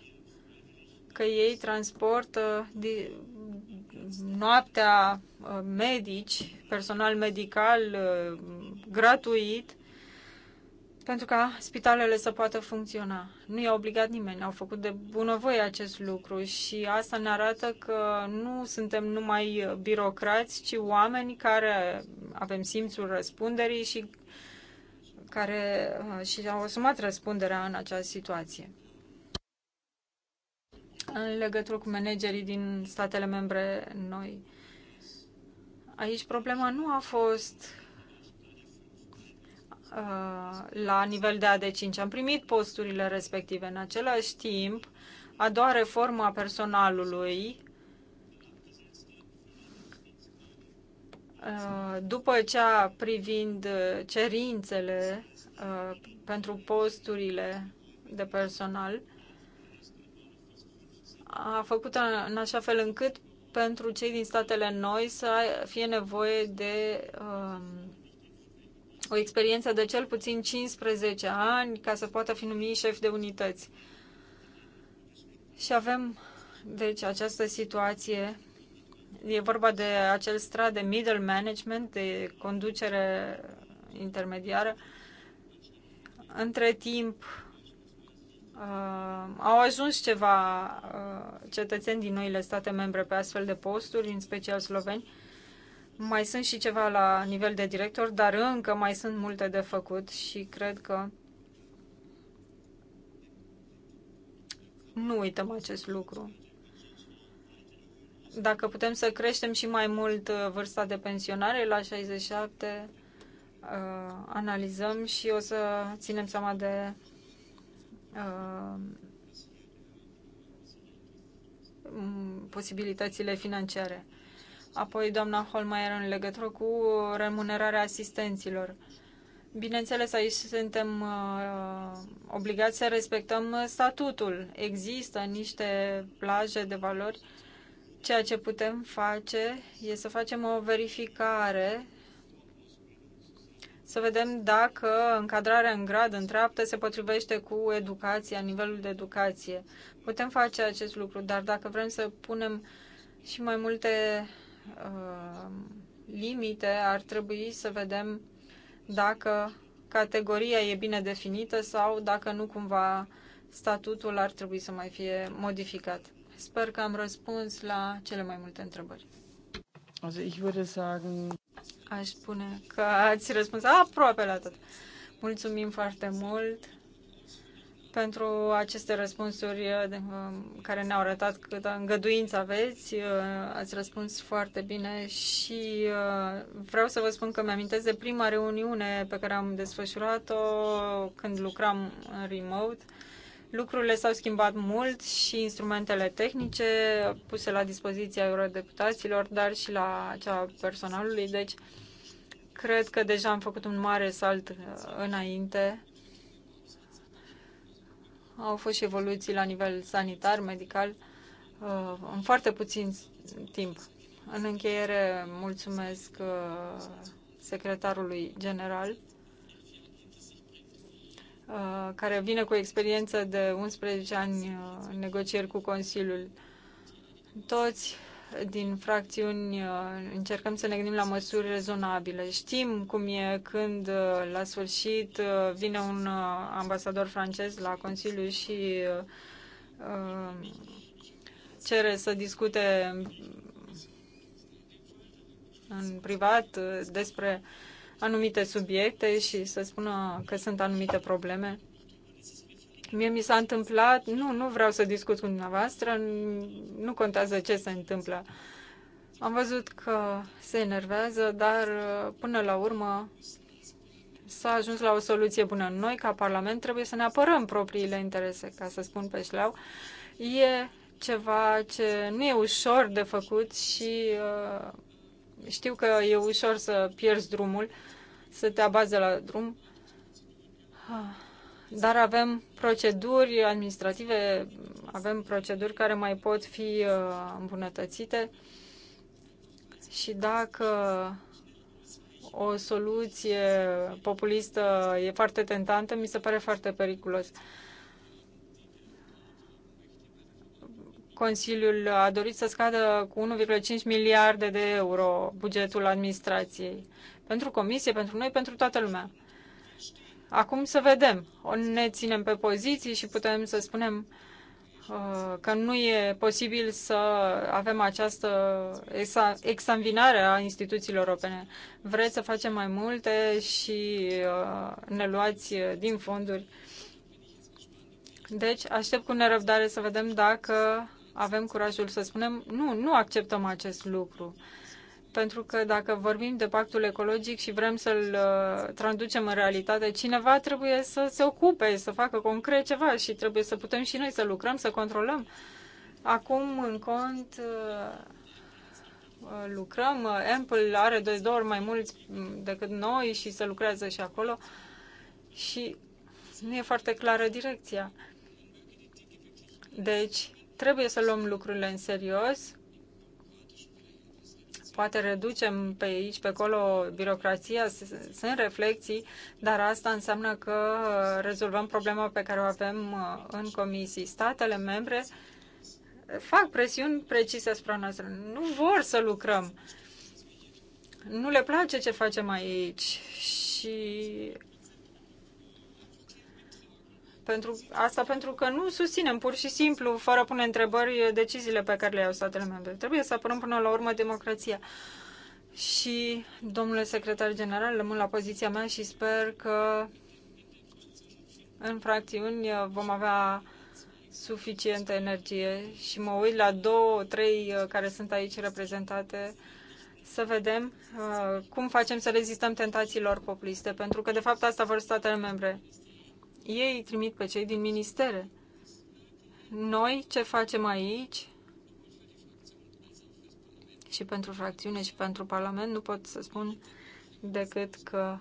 că ei transportă noaptea uh, medici, personal medical uh, gratuit pentru ca spitalele să poată funcționa. Nu i-a obligat nimeni, au făcut de bunăvoie acest lucru și asta ne arată că nu suntem numai birocrați, ci oameni care avem simțul răspunderii și care uh, și au asumat răspunderea în această situație. În legătură cu managerii din statele membre noi, aici problema nu a fost Uh, la nivel de AD5. Am primit posturile respective. În același timp, a doua reformă a personalului, uh, după cea privind cerințele uh, pentru posturile de personal, a făcut în așa fel încât pentru cei din statele noi să fie nevoie de um, o experiență de cel puțin 15 ani ca să poată fi numit șef de unități. Și avem, deci, această situație. E vorba de acel strat de middle management, de conducere intermediară. Între timp, Uh, au ajuns ceva uh, cetățeni din noile state membre pe astfel de posturi, în special sloveni, mai sunt și ceva la nivel de director, dar încă mai sunt multe de făcut și cred că nu uităm acest lucru. Dacă putem să creștem și mai mult uh, vârsta de pensionare la 67, uh, analizăm și o să ținem seama de uh, posibilitățile financiare. Apoi doamna Holmeier în legătură cu remunerarea asistenților. Bineînțeles, aici suntem uh, obligați să respectăm statutul. Există niște plaje de valori. Ceea ce putem face e să facem o verificare, să vedem dacă încadrarea în grad, în treaptă, se potrivește cu educația, nivelul de educație. Putem face acest lucru, dar dacă vrem să punem și mai multe Uh, limite ar trebui să vedem dacă categoria e bine definită sau dacă nu cumva statutul ar trebui să mai fie modificat. Sper că am răspuns la cele mai multe întrebări. Also ich würde sagen... Aș spune că ați răspuns aproape la tot. Mulțumim foarte mult! pentru aceste răspunsuri uh, uh, care ne-au arătat câtă îngăduință aveți. Uh, ați răspuns foarte bine și vreau să vă spun că mi-amintesc de prima reuniune pe care am desfășurat-o când lucram în remote. Lucrurile s-au schimbat mult și instrumentele tehnice puse la dispoziția eurodeputaților, dar și la cea personalului. Deci, cred că deja am făcut un mare salt înainte au fost și evoluții la nivel sanitar, medical, uh, în foarte puțin timp. În încheiere, mulțumesc uh, secretarului general uh, care vine cu experiență de 11 ani negocieri cu Consiliul. Toți din fracțiuni uh, încercăm să ne gândim la măsuri rezonabile. Știm cum e când uh, la sfârșit uh, vine un ambasador francez la Consiliu și cere să discute în privat despre anumite subiecte și să spună că sunt anumite probleme Mie mi s-a întâmplat, nu, nu vreau să discut cu dumneavoastră, nu contează ce se întâmplă. Am văzut că se enervează, dar uh, până la urmă s-a ajuns la o soluție bună. Noi, ca Parlament, trebuie să ne apărăm propriile interese, ca să spun pe șleau. E ceva ce nu e ușor de făcut și uh, știu că e ușor să pierzi drumul, să te abaze la drum. Uh, dar avem proceduri administrative, avem proceduri care mai pot fi uh, îmbunătățite și dacă o soluție populistă e foarte tentantă, mi se pare foarte periculos. Consiliul a dorit să scadă cu 1,5 miliarde de euro bugetul administrației. Pentru comisie, pentru noi, pentru toată lumea. Acum să vedem. Ne ținem pe poziții și putem să spunem uh, că nu e posibil să avem această examinare a instituțiilor europene. Vreți să facem mai multe și uh, ne luați uh, din fonduri. Deci aștept cu nerăbdare să vedem dacă avem curajul să spunem nu, nu acceptăm acest lucru pentru că dacă vorbim de pactul ecologic și vrem să-l uh, traducem în realitate, cineva trebuie să se ocupe, să facă concret ceva și trebuie să putem și noi să lucrăm, să controlăm. Acum, în cont, uh, uh, lucrăm. Ample are de două ori mai mulți mm, decât noi și se lucrează și acolo și nu e foarte clară direcția. Deci, trebuie să luăm lucrurile în serios poate reducem pe aici, pe acolo, birocrația, sunt reflexii, dar asta înseamnă că rezolvăm problema pe care o avem uh, în comisii. Statele membre fac presiuni precise asupra noastră. Nu vor să lucrăm. Nu le place ce facem aici și pentru, asta pentru că nu susținem pur și simplu, fără a pune întrebări, deciziile pe care le iau statele membre. Trebuie să apărăm până la urmă democrația. Și, domnule secretar general, rămân la poziția mea și sper că în fracțiuni vom avea suficientă energie și mă uit la două, trei uh, care sunt aici reprezentate să vedem uh, cum facem să rezistăm tentațiilor populiste, pentru că de fapt asta vor statele membre. Ei trimit pe cei din ministere. Noi ce facem aici și pentru fracțiune și pentru Parlament nu pot să spun decât că